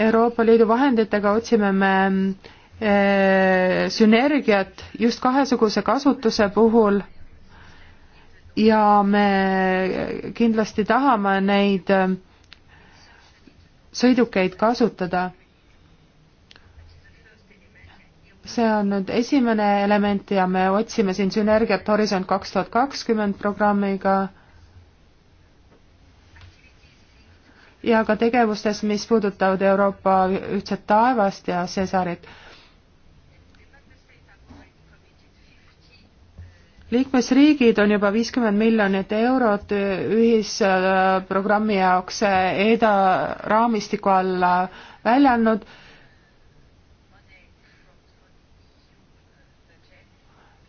C: Euroopa Liidu vahenditega otsime me eh, sünergiat just kahesuguse kasutuse puhul ja me kindlasti tahame neid eh, sõidukeid kasutada. see on nüüd esimene element ja me otsime siin sünergiat Horisont kaks tuhat kakskümmend programmiga ja ka tegevustes, mis puudutavad Euroopa ühtset taevast ja Cesarit. liikmesriigid on juba viiskümmend miljonit eurot ühisprogrammi jaoks EDA raamistiku alla välja andnud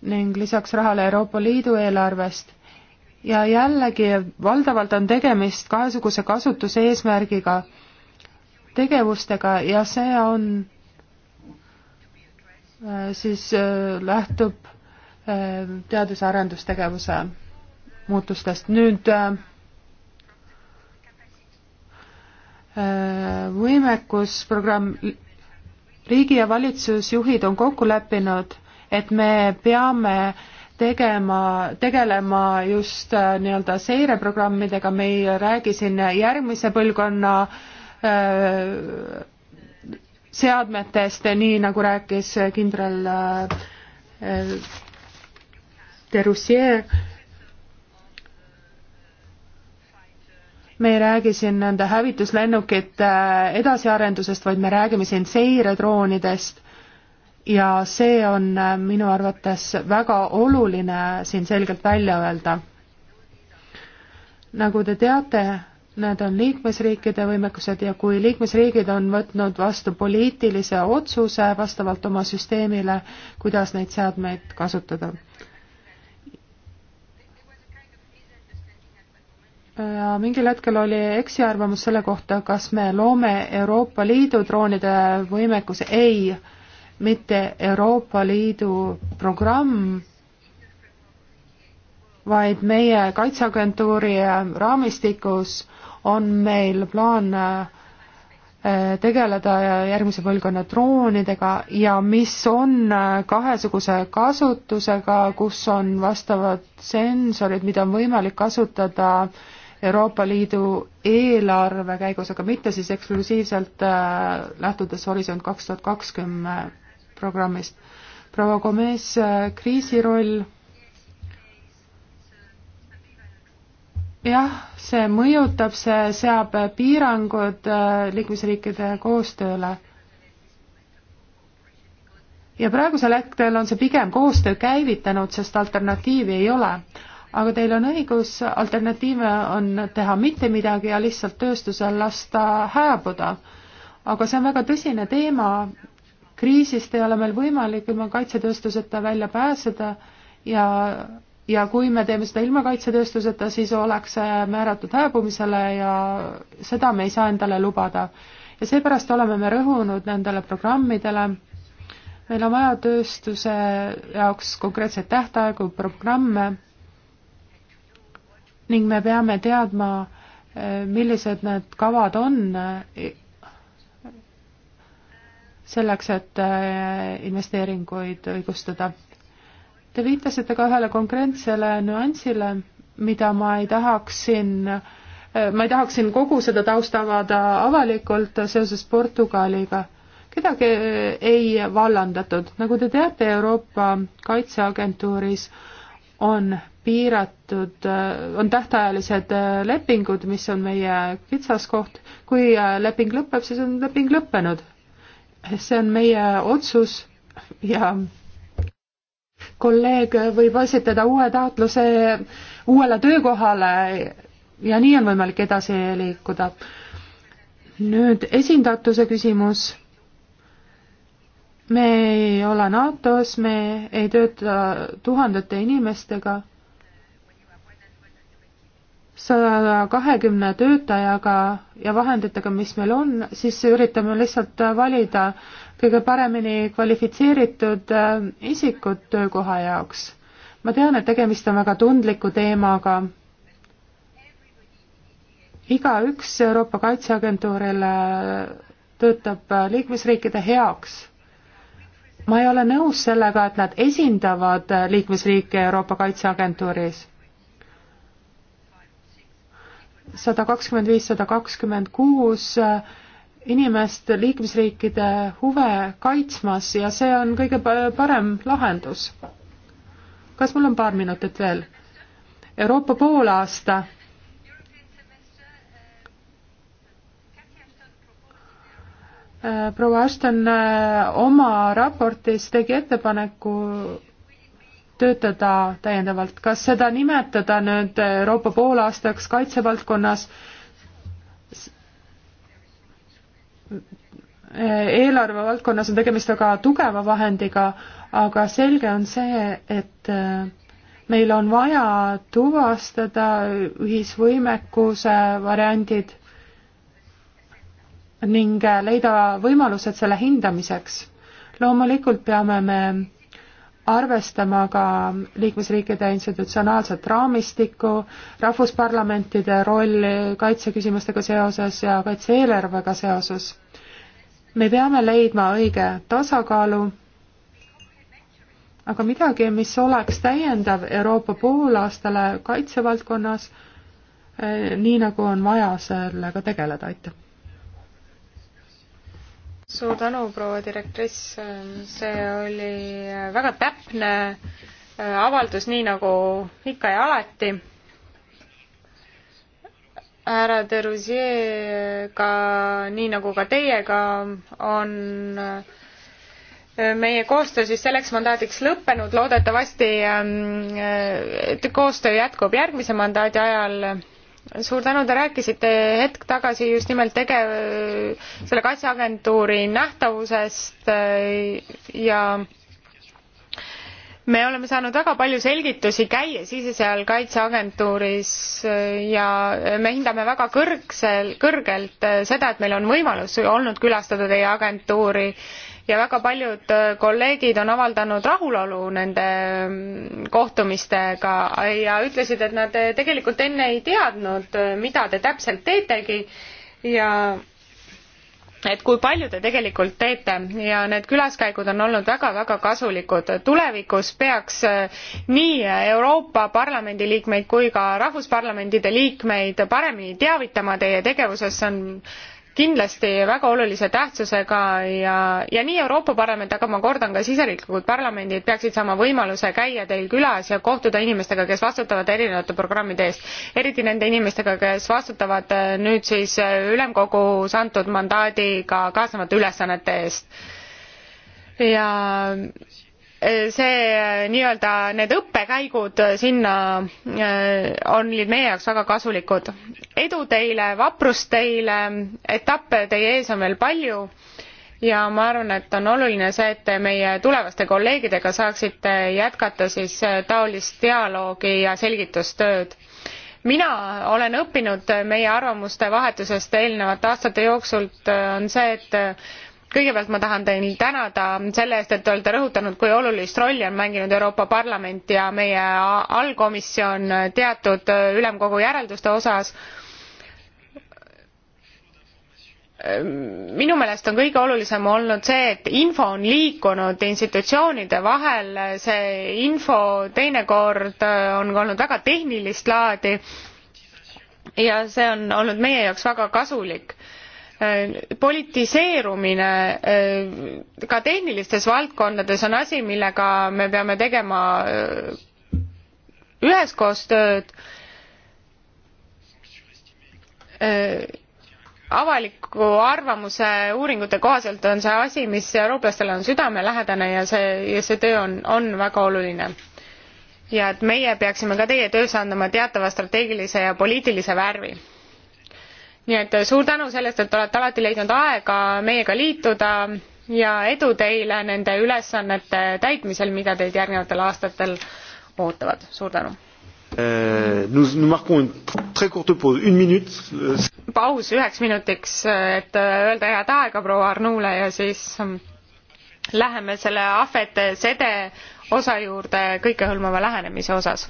C: ning lisaks rahale Euroopa Liidu eelarvest ja jällegi valdavalt on tegemist kahesuguse kasutuse eesmärgiga tegevustega ja see on äh, siis äh, lähtub äh, teadus- ja arendustegevuse muutustest. nüüd võimekusprogramm, riigi ja valitsusjuhid on kokku leppinud, et me peame tegema, tegelema just äh, nii-öelda seireprogrammidega, me ei räägi siin järgmise põlvkonna öö, äh, seadmetest, nii nagu rääkis kindral äh, Derussier. me ei räägi siin nende hävituslennukite edasiarendusest, vaid me räägime siin seiredroonidest ja see on äh, minu arvates väga oluline siin selgelt välja öelda. nagu te teate, need on liikmesriikide võimekused ja kui liikmesriigid on võtnud vastu poliitilise otsuse vastavalt oma süsteemile, kuidas neid seadmeid kasutada. ja mingil hetkel oli eksiarvamus selle kohta, kas me loome Euroopa Liidu droonide võimekuse, ei mitte Euroopa Liidu programm, vaid meie Kaitseagentuuri raamistikus on meil plaan äh, tegeleda järgmise põlvkonna droonidega ja mis on äh, kahesuguse kasutusega, kus on vastavad sensorid, mida on võimalik kasutada Euroopa Liidu eelarve käigus, aga mitte siis eksklusiivselt äh, lähtudes Horisont kaks tuhat kakskümmend programmist. proua Gomez, äh, kriisi roll. jah, see mõjutab, see seab piirangud äh, liikmesriikide koostööle. ja praegusel hetkel on see pigem koostöö käivitanud, sest alternatiivi ei ole aga teil on õigus, alternatiive on teha mitte midagi ja lihtsalt tööstusel lasta hääbuda. aga see on väga tõsine teema kriisist ei ole meil võimalik ilma kaitsetööstuseta välja pääseda ja, ja kui me teeme seda ilma kaitsetööstuseta, siis oleks see määratud hääbumisele ja seda me ei saa endale lubada. ja seepärast oleme me rõhunud nendele programmidele, meil on vaja tööstuse jaoks konkreetseid tähtaegu, programme ning me peame teadma, eh, millised need kavad on selleks, et äh, investeeringuid õigustada. Te viitasite ka ühele konkreetsele nüansile, mida ma ei tahaks siin, äh, ma ei tahaks siin kogu seda tausta avada avalikult seoses Portugaliga. kedagi äh, ei vallandatud, nagu te teate, Euroopa Kaitseagentuuris on piiratud, on tähtajalised lepingud, mis on meie kitsaskoht. kui leping lõpeb, siis on leping lõppenud see on meie otsus ja kolleeg võib esitada uue taotluse uuele töökohale ja nii on võimalik edasi liikuda. nüüd esindatuse küsimus. me ei ole NATO-s, me ei tööta tuhandete inimestega saja kahekümne töötajaga ja vahenditega, mis meil on, siis üritame lihtsalt valida kõige paremini kvalifitseeritud äh, isikud töökoha jaoks. ma tean, et tegemist on väga tundliku teemaga. igaüks Euroopa Kaitseagentuurile äh, töötab äh, liikmesriikide heaks ma ei ole nõus sellega, et nad esindavad liikmesriike Euroopa Kaitseagentuuris sada kakskümmend viis, sada kakskümmend kuus inimest liikmesriikide huve kaitsmas ja see on kõige parem lahendus. kas mul on paar minutit veel? Euroopa poolaasta. proua Ashton äh, oma raportis tegi ettepaneku töötada täiendavalt. kas seda nimetada nüüd Euroopa poolaastaks kaitsevaldkonnas eelarve valdkonnas on tegemist väga tugeva vahendiga, aga selge on see, et äh, meil on vaja tuvastada ühisvõimekuse variandid ning leida võimalused selle hindamiseks. loomulikult peame me arvestama ka liikmesriikide institutsionaalset raamistikku, rahvusparlamentide rolli kaitseküsimustega seoses ja kaitse-eelarvega seoses. me peame leidma õige tasakaalu, aga midagi, mis oleks täiendav Euroopa poolaastale kaitsevaldkonnas, eh, nii nagu on vaja sellega tegeleda, aitäh!
A: suur tänu, proua direktriss, see oli väga täpne äh, avaldus, nii nagu ikka ja alati. härra de Rousier'ga, nii nagu ka teiega, on äh, meie koostöö siis selleks mandaadiks lõppenud, loodetavasti ähm, äh, koostöö jätkub järgmise mandaadi ajal suur tänu, te rääkisite hetk tagasi just nimelt tegev, selle kaitseagentuuri nähtavusest äh, ja me oleme saanud väga palju selgitusi käies ise seal kaitseagentuuris äh, ja me hindame väga kõrgsel, kõrgelt äh, seda, et meil on võimalus olnud külastada teie agentuuri ja väga paljud äh, kolleegid on avaldanud rahulolu nende mm, kohtumistega ja ütlesid, et nad äh, tegelikult enne ei teadnud, äh, mida te täpselt teetegi ja et kui palju te tegelikult teete ja need külaskäigud on olnud väga-väga kasulikud. tulevikus peaks nii Euroopa Parlamendi liikmeid kui ka rahvusparlamendide liikmeid paremini teavitama teie tegevusest, see on kindlasti väga olulise tähtsusega ja, ja nii Euroopa Parlament, aga ma kordan, ka siseriiklikud parlamendid peaksid saama võimaluse käia teil külas ja kohtuda inimestega, kes vastutavad erinevate programmide eest. eriti nende inimestega, kes vastutavad äh, nüüd siis äh, ülemkogus antud mandaadiga kaasnevate ülesannete eest. ja see äh, nii-öelda need õppekäigud sinna äh, olid meie jaoks väga kasulikud. edu teile, vaprust teile, etappe teie ees on veel palju ja ma arvan, et on oluline see, et te meie tulevaste kolleegidega saaksite jätkata siis äh, taolist dialoogi ja selgitustööd mina olen õppinud meie arvamuste vahetusest eelnevate aastate jooksul on see et kõigepealt ma tahan teid tänada selle eest et te olete rõhutanud kui olulist rolli on mänginud euroopa parlament ja meie allkomisjon teatud ülemkogu järelduste osas. minu meelest on kõige olulisem olnud see et info on liikunud institutsioonide vahel see info teinekord on olnud väga tehnilist laadi ja see on olnud meie jaoks väga kasulik Äh, politiseerumine äh, ka tehnilistes valdkondades on asi, millega me peame tegema äh, üheskoos tööd. avaliku arvamuse uuringute kohaselt on see asi, mis eurooplastele on südamelähedane ja see, ja see töö on, on väga oluline ja et meie peaksime ka teie töös andma teatava strateegilise ja poliitilise värvi nii et äh, suur tänu sellest, et olete alati leidnud aega meiega liituda ja edu teile nende ülesannete täitmisel, mida teid järgnevatel aastatel ootavad. suur tänu
B: euh,. Nous, nous marquons une très courte pause, une minute.
A: paus üheks minutiks, et äh, öelda head aega proua Arnule ja siis ähm, läheme selle ahvete sede osa juurde kõikehõlmava lähenemise osas.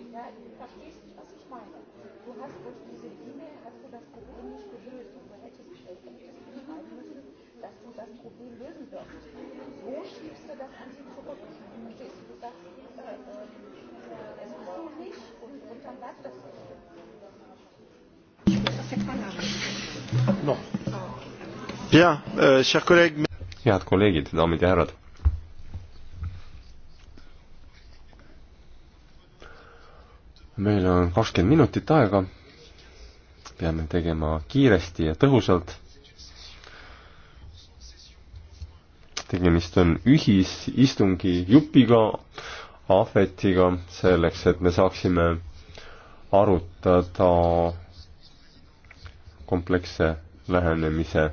A: ja, verstehst nicht, was ich meine. Du hast durch diese E-Mail hast du das Problem nicht gelöst und du hättest eigentlich schreiben müssen, dass du das Problem lösen wirst. So schiebst du das an sie zurück. Verstehst du? Du sagst, äh, äh, es ist so nicht und, und dann bleibt das so.
B: No. Bien, euh, chers collègues. Head kolleegid, daamid ja härrad meil on kakskümmend minutit aega. peame tegema kiiresti ja tõhusalt. tegemist on ühisistungi jupiga, ahvetiga, selleks et me saaksime arutada kompleksse lähenemise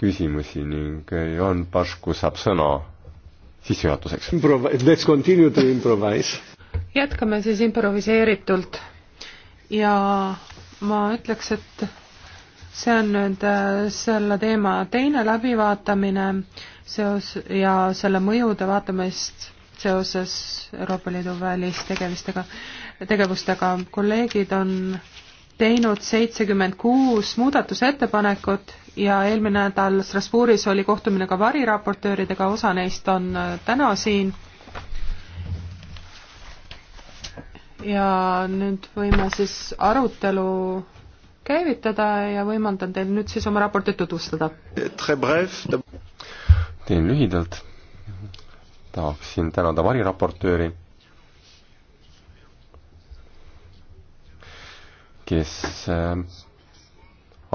B: küsimusi ning Jaan Pašku saab sõna sissejuhatuseks. Let's continue to improvise
C: jätkame siis improviseeritult ja ma ütleks, et see on nüüd äh, selle teema teine läbivaatamine seos ja selle mõjude vaatamist seoses Euroopa Liidu välistegevustega, tegevustega. kolleegid on teinud seitsekümmend kuus muudatusettepanekut ja eelmine nädal Strasbourgis oli kohtumine ka variraportööridega, osa neist on äh, täna siin ja nüüd võime siis arutelu käivitada ja võimaldan teil nüüd siis oma raportit tutvustada.
B: teen lühidalt, tahaksin tänada variraportööri, kes äh,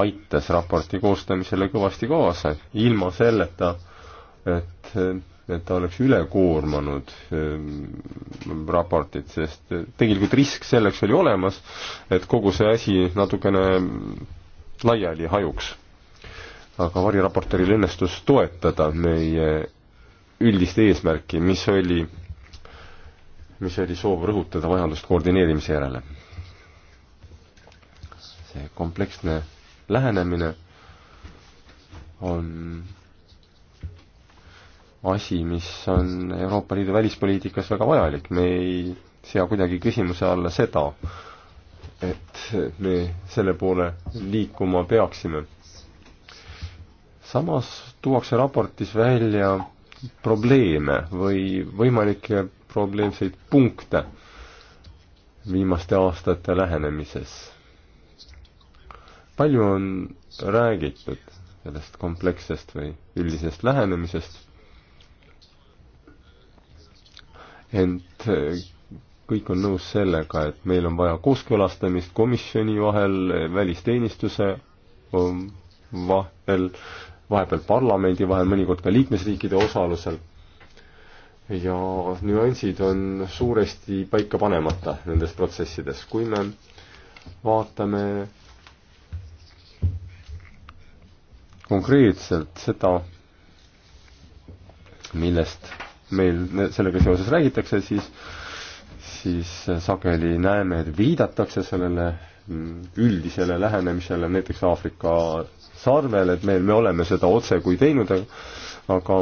B: aitas raporti koostamisele kõvasti kaasa, ilma selleta, et äh, et ta oleks üle koormanud ehm, raportit, sest tegelikult risk selleks oli olemas, et kogu see asi natukene laiali hajuks. aga variraportoril õnnestus toetada meie üldist eesmärki, mis oli, mis oli soov rõhutada vajadust koordineerimise järele. see kompleksne lähenemine on asi, mis on Euroopa Liidu välispoliitikas väga vajalik, me ei sea kuidagi küsimuse alla seda, et me selle poole liikuma peaksime. samas tuuakse raportis välja probleeme või võimalikke probleemseid punkte viimaste aastate lähenemises. palju on räägitud sellest komplekssest või üldisest lähenemisest ent eh, kõik on nõus sellega, et meil on vaja kooskõlastamist komisjoni vahel, eh, välisteenistuse um, vahel, vahepeal parlamendi vahel, mõnikord ka liikmesriikide osalusel. ja nüansid on suuresti paika panemata nendes protsessides, kui me vaatame konkreetselt seda, millest meil sellega seoses räägitakse, siis siis sageli näeme, et viidatakse sellele üldisele lähenemisele, näiteks Aafrika sarvel, et meil, me oleme seda otsekui teinud, aga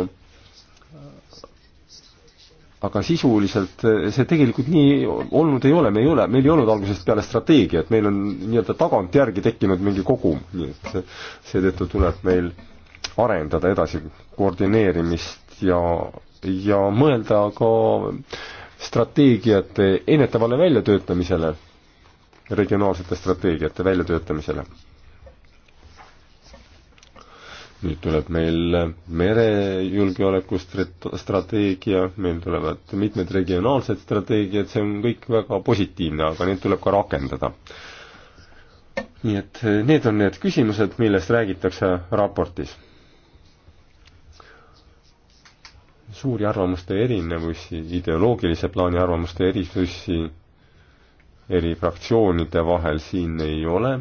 B: aga sisuliselt see tegelikult nii olnud ei ole, me ei ole, meil ei olnud algusest peale strateegiat, meil on nii-öelda tagantjärgi tekkinud mingi kogum, nii et seetõttu tuleb meil arendada edasi koordineerimist ja ja mõelda ka strateegiate ennetavale väljatöötamisele, regionaalsete strateegiate väljatöötamisele. nüüd tuleb meil merejulgeoleku strateegia, meil tulevad mitmed regionaalsed strateegiad, see on kõik väga positiivne, aga neid tuleb ka rakendada nii et need on need küsimused, millest räägitakse raportis. suuri arvamuste erinevusi, ideoloogilise plaani arvamuste erisusi eri fraktsioonide vahel siin ei ole.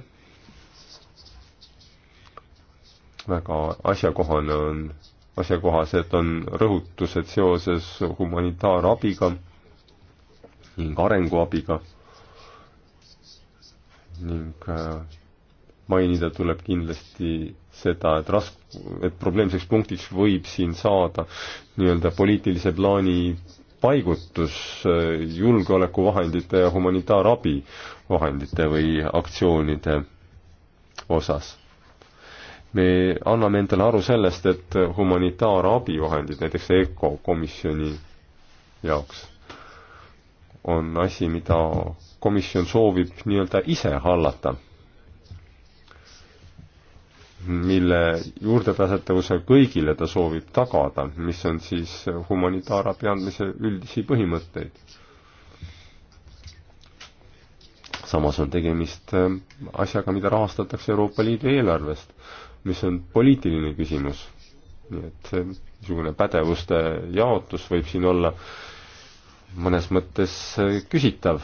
B: väga asjakohane on, asjakohased on rõhutused seoses humanitaarabiga ning arenguabiga ning äh, mainida tuleb kindlasti seda, et ras-, et probleemseks punktiks võib siin saada nii-öelda poliitilise plaani paigutus äh, julgeolekuvahendite ja humanitaarabi vahendite või aktsioonide osas. me anname endale aru sellest, et humanitaarabivahendid, näiteks EKO komisjoni jaoks, on asi, mida komisjon soovib nii-öelda ise hallata mille juurdepääsetavuse kõigile ta soovib tagada, mis on siis humanitaarabi andmise üldisi põhimõtteid. samas on tegemist äh, asjaga, mida rahastatakse Euroopa Liidu eelarvest, mis on poliitiline küsimus. nii et äh, niisugune pädevuste jaotus võib siin olla mõnes mõttes äh, küsitav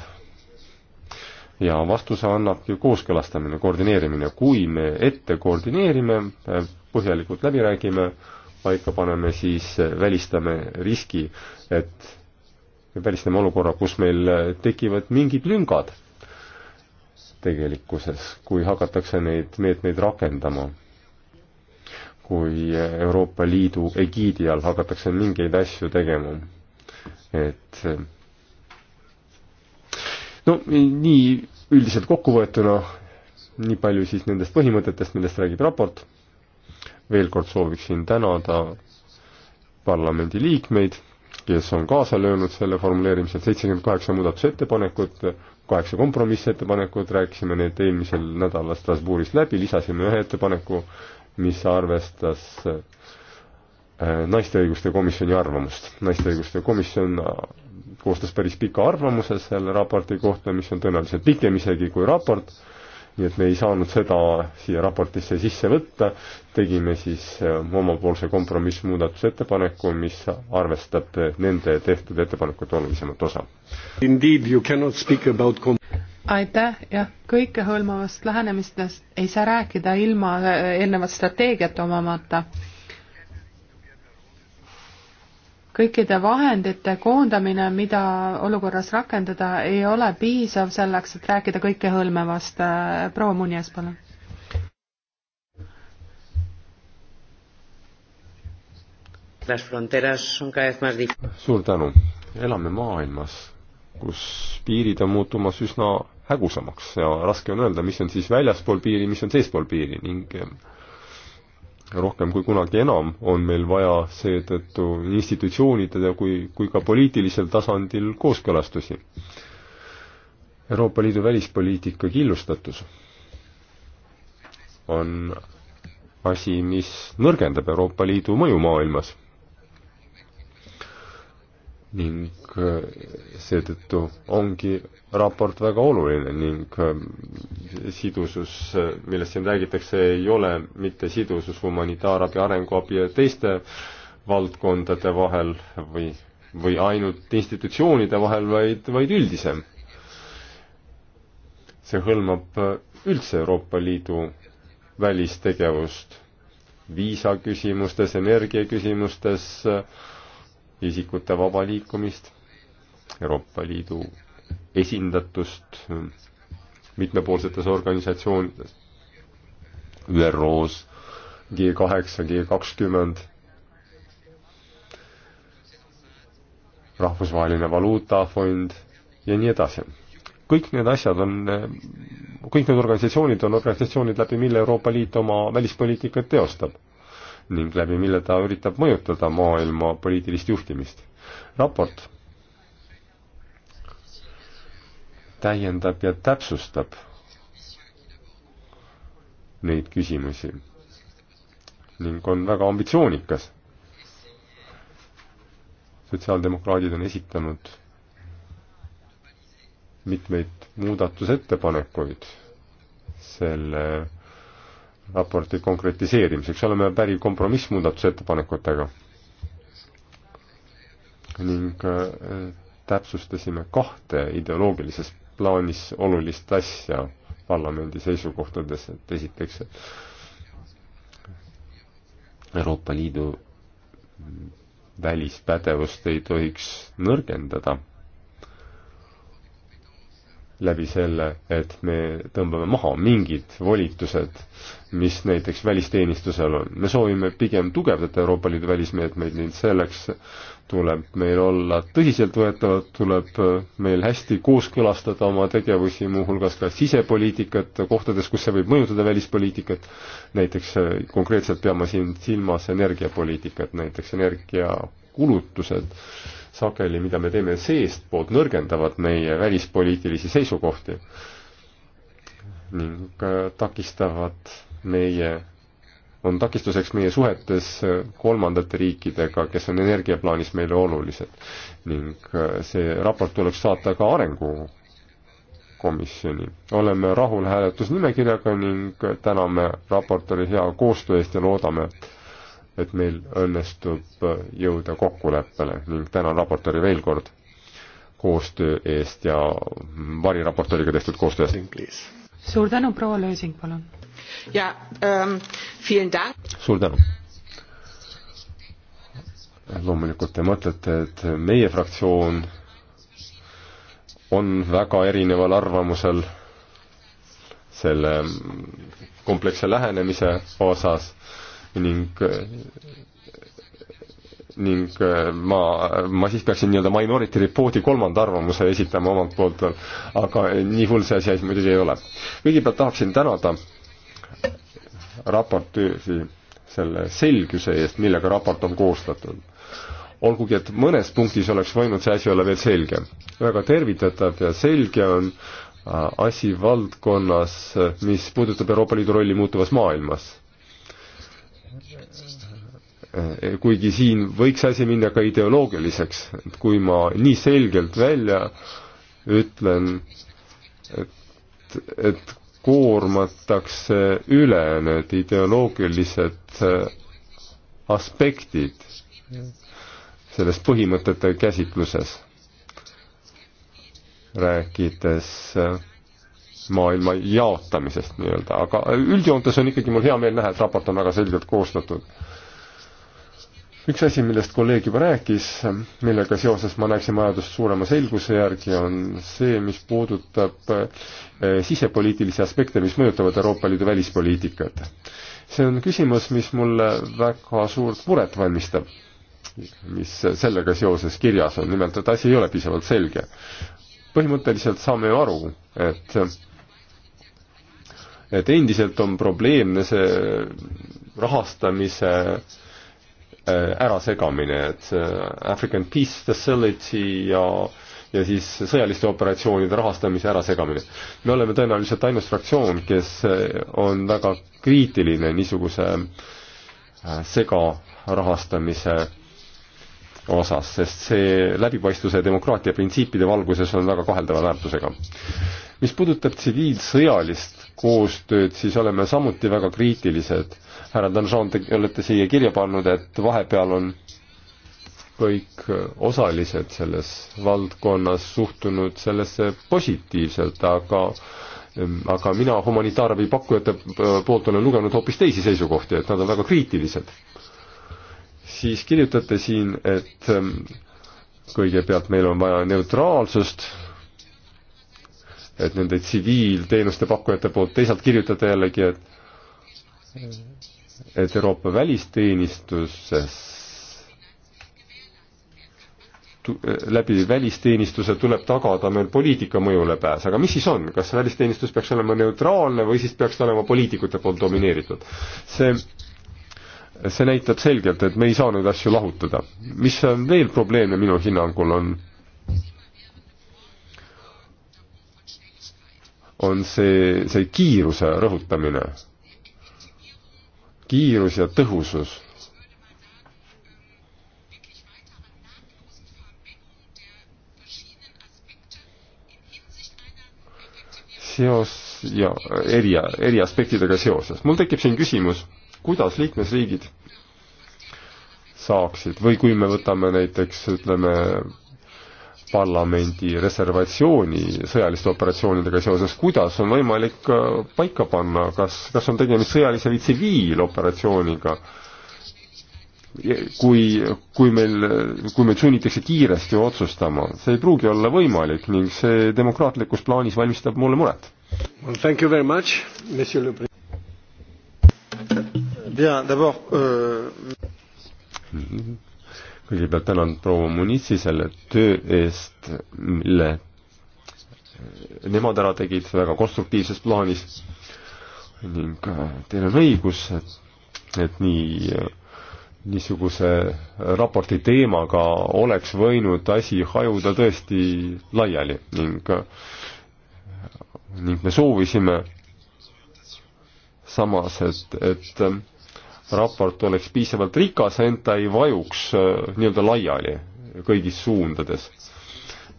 B: ja vastuse annabki kooskõlastamine, koordineerimine. kui me ette koordineerime, põhjalikult läbi räägime, paika paneme, siis välistame riski, et välistame olukorra, kus meil tekivad mingid lüngad tegelikkuses, kui hakatakse neid meetmeid rakendama. kui Euroopa Liidu egiidi all hakatakse mingeid asju tegema. et no nii üldiselt kokkuvõetuna, nii palju siis nendest põhimõtetest, millest räägib raport. veel kord sooviksin tänada parlamendi liikmeid, kes on kaasa löönud selle formuleerimisel, seitsekümmend kaheksa muudatusettepanekut, kaheksa kompromissettepanekut, rääkisime need eelmisel nädalal Strasbourgis läbi, lisasime ühe ettepaneku, mis arvestas äh, naiste õiguste komisjoni arvamust. naiste õiguste komisjon koostas päris pika arvamuse selle raporti kohta, mis on tõenäoliselt pikem isegi kui raport, nii et me ei saanud seda siia raportisse sisse võtta, tegime siis äh, omapoolse kompromissmuudatusettepaneku, mis arvestab nende tehtud ettepanekute olulisemat osa.
C: aitäh, jah, kõikehõlmavast lähenemistest ei saa rääkida ilma äh, eelnevat strateegiat omamata kõikide vahendite koondamine, mida olukorras rakendada, ei ole piisav selleks, et rääkida kõikehõlmevast. Äh, proua Munjas, palun.
B: suur tänu. elame maailmas, kus piirid on muutumas üsna hägusamaks ja raske on öelda, mis on siis väljaspool piiri, mis on seespool piiri ning rohkem kui kunagi enam on meil vaja seetõttu institutsioonidele kui, kui ka poliitilisel tasandil kooskõlastusi. Euroopa Liidu välispoliitika killustatus on asi, mis nõrgendab Euroopa Liidu mõju maailmas ning äh, seetõttu ongi raport väga oluline ning äh, sidusus, äh, millest siin räägitakse, ei ole mitte sidusus humanitaarabi, arenguabi ja teiste valdkondade vahel või, või ainult institutsioonide vahel, vaid, vaid üldisem. see hõlmab üldse Euroopa Liidu välistegevust viisaküsimustes, energiaküsimustes äh,, isikute vaba liikumist, Euroopa Liidu esindatust mitmepoolsetes organisatsioonides, ÜRO-s, G kaheksa, G kakskümmend, rahvusvaheline valuutafond ja nii edasi. kõik need asjad on, kõik need organisatsioonid on organisatsioonid läbi, mille Euroopa Liit oma välispoliitikat teostab ning läbi mille ta üritab mõjutada maailma poliitilist juhtimist. raport täiendab ja täpsustab neid küsimusi ning on väga ambitsioonikas. sotsiaaldemokraadid on esitanud mitmeid muudatusettepanekuid selle raporti konkretiseerimiseks, oleme päri kompromissmuudatusettepanekutega. ning äh, täpsustasime kahte ideoloogilises plaanis olulist asja parlamendi seisukohtades, et esiteks Euroopa Liidu välispädevust ei tohiks nõrgendada läbi selle, et me tõmbame maha mingid volitused, mis näiteks välisteenistusel on. me soovime pigem tugevdada Euroopa Liidu välismeetmeid ning selleks tuleb meil olla tõsiseltvõetavad, tuleb meil hästi kooskõlastada oma tegevusi, muuhulgas ka sisepoliitikat kohtades, kus see võib mõjutada välispoliitikat. näiteks äh, konkreetselt peame siin silmas energiapoliitikat, näiteks energiakulutused sageli, mida me teeme seestpoolt, nõrgendavad meie välispoliitilisi seisukohti ning äh, takistavad meie, on takistuseks meie suhetes äh, kolmandate riikidega, kes on energiaplaanis meile olulised. ning äh, see raport tuleks saata ka arengukomisjoni. oleme rahul hääletusnimekirjaga ning täname raportööri hea koostöö eest ja loodame, et et meil õnnestub jõuda kokkuleppele ning tänan raportööri veel kord koostöö eest ja variraportööriga tehtud koostöö eest.
C: suur tänu, proua Lösing, palun. ja ähm,,
B: suur tänu. loomulikult te mõtlete, et meie fraktsioon on väga erineval arvamusel selle kompleksse lähenemise osas ning ning äh, ma, ma siis peaksin nii-öelda minority report'i kolmanda arvamuse esitama omalt poolt veel, aga äh, nii hull see asi muidugi ei ole. kõigepealt tahaksin tänada raportööri selle selguse eest, millega raport on koostatud. olgugi, et mõnes punktis oleks võinud see asi olla veel selgem. väga tervitatav ja selge on äh, asi valdkonnas, mis puudutab Euroopa Liidu rolli muutuvas maailmas Äh, kuigi siin võiks asi minna ka ideoloogiliseks, et kui ma nii selgelt välja ütlen, et, et koormatakse üle need ideoloogilised äh, aspektid selles põhimõtete käsitluses, rääkides äh, maailma jaotamisest nii-öelda, aga üldjoontes on ikkagi mul hea meel näha, et raport on väga selgelt koostatud üks asi, millest kolleeg juba rääkis, millega seoses ma näeksin vajadust suurema selguse järgi, on see, mis puudutab eh, sisepoliitilisi aspekte, mis mõjutavad Euroopa Liidu välispoliitikat. see on küsimus, mis mulle väga suurt muret valmistab, mis sellega seoses kirjas on, nimelt et asi ei ole piisavalt selge. põhimõtteliselt saame ju aru, et et endiselt on probleemne see rahastamise äh, Äh, ärasegamine, et äh, African Peace Facility ja ja siis sõjaliste operatsioonide rahastamise ärasegamine. me oleme tõenäoliselt ainus fraktsioon, kes äh, on väga kriitiline niisuguse segarahastamise osas, sest see läbipaistvuse ja demokraatia printsiipide valguses on väga kaheldava väärtusega. mis puudutab tsiviilsõjalist koostööd, siis oleme samuti väga kriitilised härra Danjon, te olete siia kirja pannud, et vahepeal on kõik osalised selles valdkonnas suhtunud sellesse positiivselt, aga aga mina humanitaarabi pakkujate poolt olen lugenud hoopis teisi seisukohti, et nad on väga kriitilised. siis kirjutate siin, et kõigepealt meil on vaja neutraalsust, et nende tsiviilteenuste pakkujate poolt, teisalt kirjutate jällegi,
C: et
B: et Euroopa välisteenistuses läbi välisteenistuse tuleb tagada meil poliitika mõjule pääs, aga mis siis on, kas välisteenistus peaks olema neutraalne või siis peaks ta olema poliitikute poolt domineeritud? see, see näitab selgelt, et me ei saa neid asju lahutada. mis on veel probleemne minu hinnangul, on on see, see kiiruse rõhutamine kiirus ja tõhusus. seos ja eri, eri aspektidega seoses. mul tekib siin küsimus, kuidas liikmesriigid saaksid või kui me võtame näiteks ütleme parlamendi reservatsiooni sõjaliste operatsioonidega seoses, kuidas on võimalik äh, paika panna, kas, kas on tegemist sõjalise või tsiviiloperatsiooniga? kui, kui meil, kui meid sunnitakse kiiresti otsustama, see ei pruugi olla võimalik ning see demokraatlikus plaanis valmistab mulle muret well,. Thank you very much, monsieur le president. Bien, d'abord euh.... Mm-hmm kõigepealt tänan proua Munitsi selle töö eest, mille nemad ära tegid väga konstruktiivses plaanis ning äh, teil on õigus, et, et nii äh, niisuguse raporti teemaga oleks võinud asi hajuda tõesti laiali ning äh, ning me soovisime samas, et, et raport oleks piisavalt rikas, ent ta ei vajuks äh, nii-öelda laiali kõigis suundades.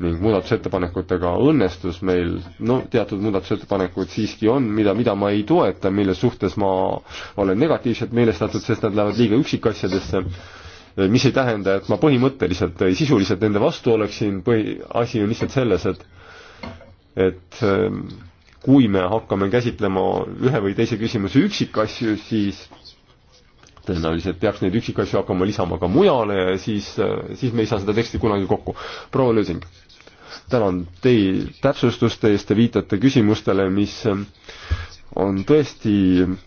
B: ning muudatusettepanekutega õnnestus meil, no teatud muudatusettepanekud siiski on, mida, mida ma ei toeta, mille suhtes ma olen negatiivselt meelestatud, sest nad lähevad liiga üksikasjadesse, äh, mis ei tähenda, et ma põhimõtteliselt, äh, sisuliselt nende vastu oleksin, põhi, asi on lihtsalt selles, et et ähm, kui me hakkame käsitlema ühe või teise küsimuse üksikasju, siis tõenäoliselt peaks neid üksikasju hakkama lisama ka mujale ja siis, siis me ei saa seda teksti kunagi kokku. proua Lösing, tänan teie täpsustuste eest, te viitate küsimustele, mis ähm, on tõesti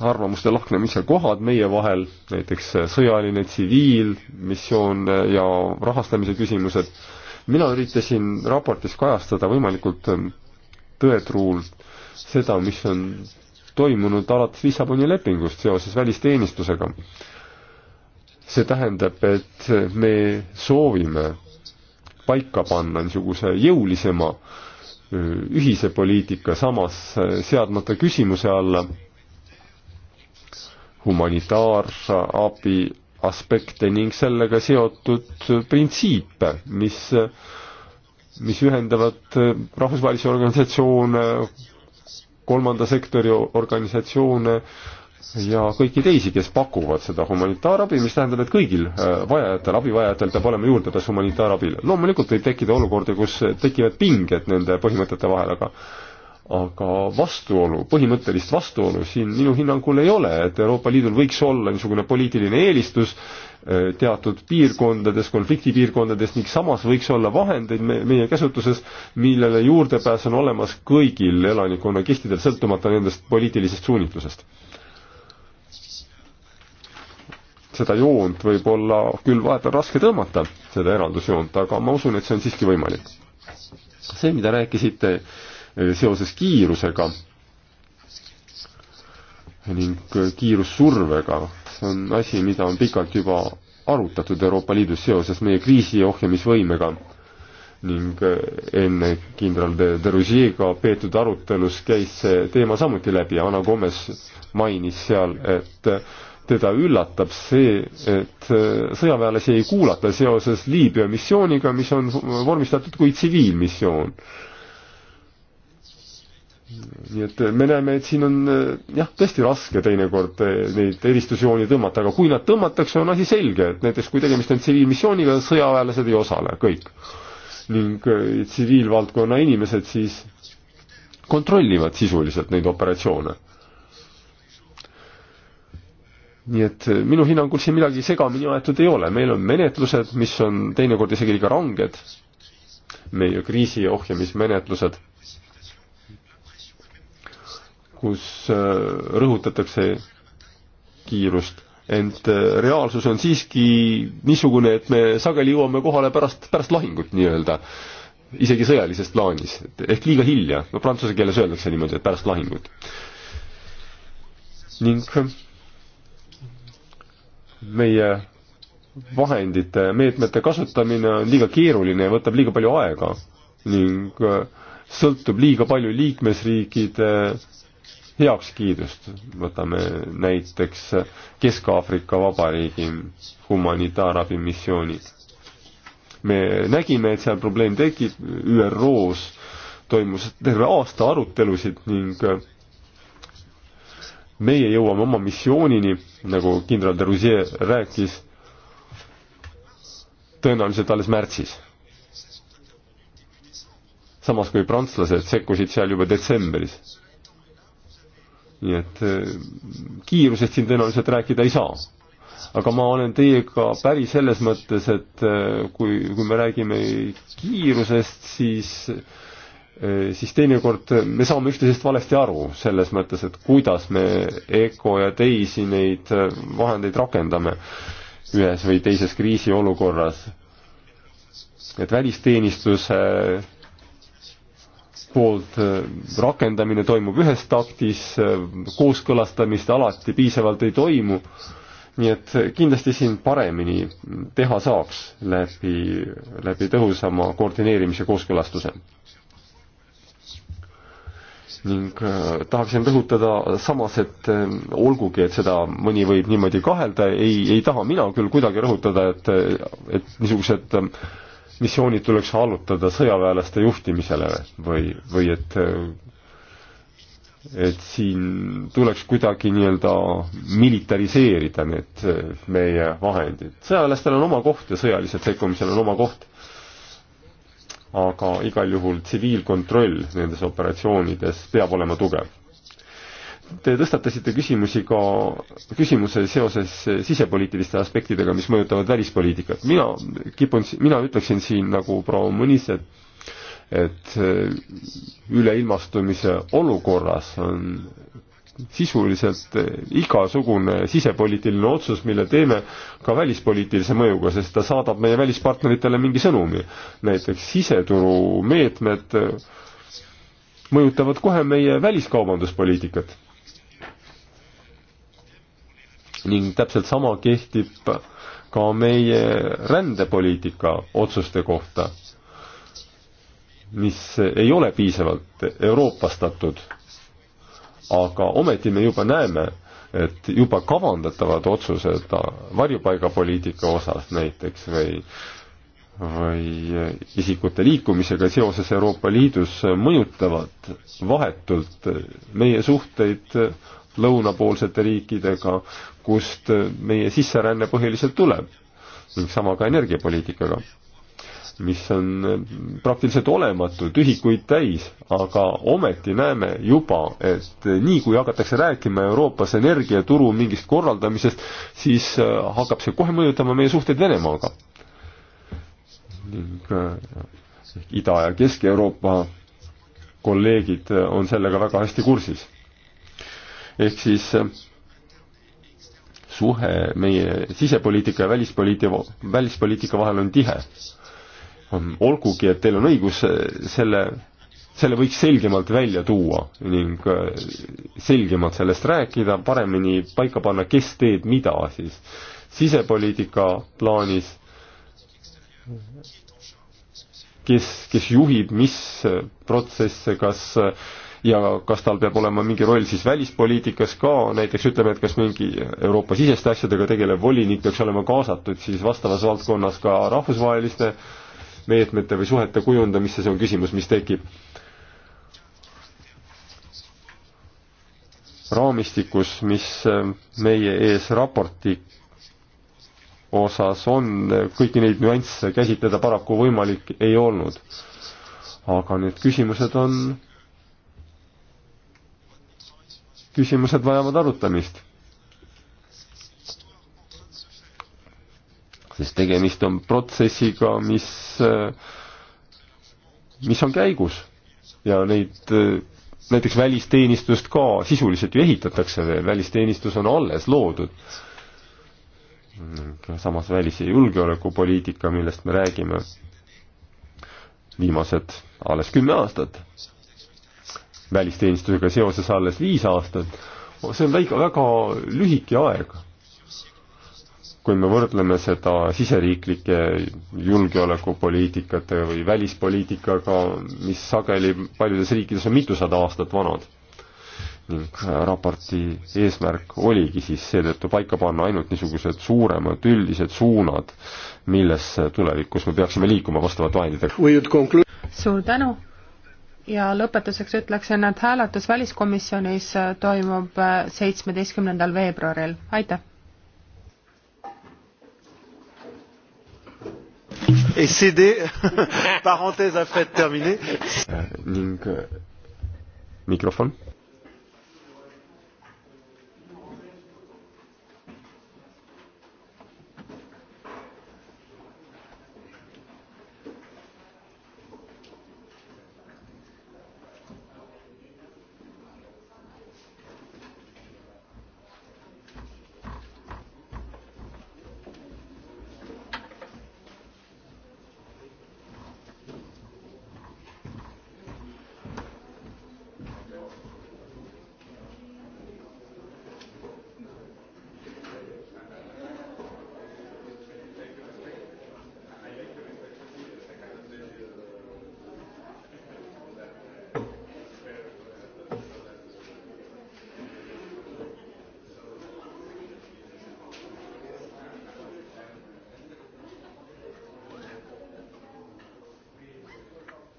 B: arvamuste lahknemise kohad meie vahel, näiteks äh, sõjaline tsiviilmissioon äh, ja rahastamise küsimused. mina üritasin raportis kajastada võimalikult ähm, tõetruult seda, mis on toimunud alates Lissaboni lepingust seoses välisteenistusega. see tähendab, et me soovime paika panna niisuguse jõulisema ühise poliitika, samas seadmata küsimuse alla humanitaarabi aspekte ning sellega seotud printsiipe, mis mis ühendavad rahvusvahelisi organisatsioone, kolmanda sektori organisatsioone ja kõiki teisi, kes pakuvad seda humanitaarabi, mis tähendab, et kõigil äh, vajajatel, abivajajatel peab olema juurdepääs humanitaarabile. loomulikult võib tekkida olukordi, kus tekivad pinged nende põhimõtete vahel, aga aga vastuolu, põhimõttelist vastuolu siin minu hinnangul ei ole, et Euroopa Liidul võiks olla niisugune poliitiline eelistus eh, teatud piirkondades, konfliktipiirkondades ning samas võiks olla vahendeid me, meie käsutuses, millele juurdepääs on olemas kõigil elanikkonnakihtidel, sõltumata nendest poliitilisest suunitlusest. seda joont võib olla küll vahepeal raske tõmmata, seda eraldusjoont, aga ma usun, et see on siiski võimalik. see, mida rääkisite äh, seoses kiirusega ning kiirussurvega. see on asi, mida on pikalt juba arutatud Euroopa Liidus seoses meie kriisi ohjamisvõimega ning äh, enne kindral de, de Rougier'ga peetud arutelus käis see teema samuti läbi ja Ana Gomes mainis seal, et äh, teda üllatab see, et äh, sõjaväelasi ei kuulata seoses Liibüa missiooniga, mis on vormistatud kui tsiviilmissioon nii et äh, me näeme, et siin on äh, jah, tõesti raske teinekord äh, neid eristusjooni tõmmata, aga kui nad tõmmatakse, on asi selge, et näiteks kui tegemist on tsiviilmissiooniga, sõjaväelased ei osale, kõik. ning tsiviilvaldkonna inimesed siis kontrollivad sisuliselt neid operatsioone. nii et minu hinnangul siin midagi segamini aetud ei ole, meil on menetlused, mis on teinekord isegi liiga ranged, meie kriisi ohjamismenetlused kus äh, rõhutatakse kiirust. ent äh, reaalsus on siiski niisugune, et me sageli jõuame kohale pärast, pärast lahingut nii-öelda, isegi sõjalises plaanis, ehk liiga hilja, no prantsuse keeles öeldakse niimoodi, et pärast lahingut. ning äh, meie vahendite, meetmete kasutamine on liiga keeruline ja võtab liiga palju aega ning sõltub liiga palju liikmesriikide heakskiidust. võtame näiteks Kesk-Aafrika Vabariigi humanitaarabimissiooni. me nägime, et seal probleem tekib, ÜRO-s toimus terve aasta arutelusid ning meie jõuame oma missioonini, nagu kindral de Rousier rääkis, tõenäoliselt alles märtsis samas kui prantslased sekkusid seal juba detsembris nii et äh, kiirusest siin tõenäoliselt rääkida ei saa. aga ma olen teiega päri selles mõttes, et äh, kui, kui me räägime kiirusest, siis äh, siis teinekord me saame üksteisest valesti aru, selles mõttes, et kuidas me EKO ja teisi neid vahendeid rakendame ühes või teises kriisiolukorras. et välisteenistuse poolt äh, rakendamine toimub ühes taktis, äh, kooskõlastamist alati piisavalt ei toimu, nii et kindlasti siin paremini teha saaks läbi, läbi tõhusama koordineerimise kooskõlastuse. ning äh, tahaksin rõhutada samas, et olgugi, et seda mõni võib niimoodi kahelda, ei, ei taha mina küll kuidagi rõhutada, et, et niisugused äh, missioonid tuleks allutada sõjaväelaste juhtimisele või, või et et siin tuleks kuidagi nii-öelda militariseerida need meie vahendid. sõjaväelastel on oma koht ja sõjalised sekkumisel on oma koht. aga igal juhul tsiviilkontroll nendes operatsioonides peab olema tugev Te tõstatasite küsimusi ka, küsimuse seoses sisepoliitiliste aspektidega, mis mõjutavad välispoliitikat. mina kipun, mina ütleksin siin nagu proua Mõnis, et, et äh, üleilmastumise olukorras on sisuliselt äh, igasugune sisepoliitiline otsus, mille teeme ka välispoliitilise mõjuga, sest ta saadab meie välispartneritele mingi sõnumi. näiteks siseturu meetmed äh, mõjutavad kohe meie väliskaubanduspoliitikat ning täpselt sama kehtib ka meie rändepoliitika otsuste kohta, mis ei ole piisavalt euroopastatud. aga ometi me juba näeme, et juba kavandatavad otsused varjupaigapoliitika osas näiteks või või isikute liikumisega seoses Euroopa Liidus mõjutavad vahetult meie suhteid lõunapoolsete riikidega kust äh, meie sisseränne põhiliselt tuleb ning sama ka energiapoliitikaga, mis on äh, praktiliselt olematu, tühikuid täis, aga ometi näeme juba, et äh, nii kui hakatakse rääkima Euroopas energiaturu mingist korraldamisest, siis hakkab see kohe mõjutama meie suhteid Venemaaga. ning Ida- ja Kesk-Euroopa kolleegid on sellega väga hästi kursis. ehk siis suhe meie sisepoliitika ja välispoliitika, välispoliitika vahel on tihe. olgugi, et teil on õigus, selle, selle võiks selgemalt välja tuua ning äh, selgemalt sellest rääkida, paremini paika panna, kes teeb mida siis sisepoliitika plaanis, kes, kes juhib mis protsesse, kas äh, ja kas tal peab olema mingi roll siis välispoliitikas ka, näiteks ütleme, et kas mingi Euroopa-siseste asjadega tegelev volinik peaks olema kaasatud siis vastavas valdkonnas ka rahvusvaheliste meetmete või suhete kujundamisse, see on küsimus, mis tekib. raamistikus, mis meie ees raporti osas on, kõiki neid nüansse käsitleda paraku võimalik ei olnud. aga need küsimused on küsimused vajavad arutamist. sest tegemist on protsessiga, mis, mis on käigus ja neid näiteks välisteenistust ka sisuliselt ju ehitatakse veel, välisteenistus on alles loodud. samas välis- ja julgeolekupoliitika, millest me räägime viimased alles kümme aastat välisteenistusega seoses alles viis aastat, see on väike, väga lühike aeg. kui me võrdleme seda siseriiklike julgeolekupoliitikate või välispoliitikaga, mis sageli paljudes riikides on mitusada aastat vanad. ning äh, raporti eesmärk oligi siis seetõttu paika panna ainult niisugused suuremad üldised suunad, milles tulevikus me peaksime liikuma vastavalt vahenditega.
C: suur tänu! ja lõpetuseks ütleksin, et hääletus väliskomisjonis äh, toimub äh, seitsmeteistkümnendal veebruaril, aitäh!
B: et céder parenthèse à Fred terminée. Äh, ning mikrofon.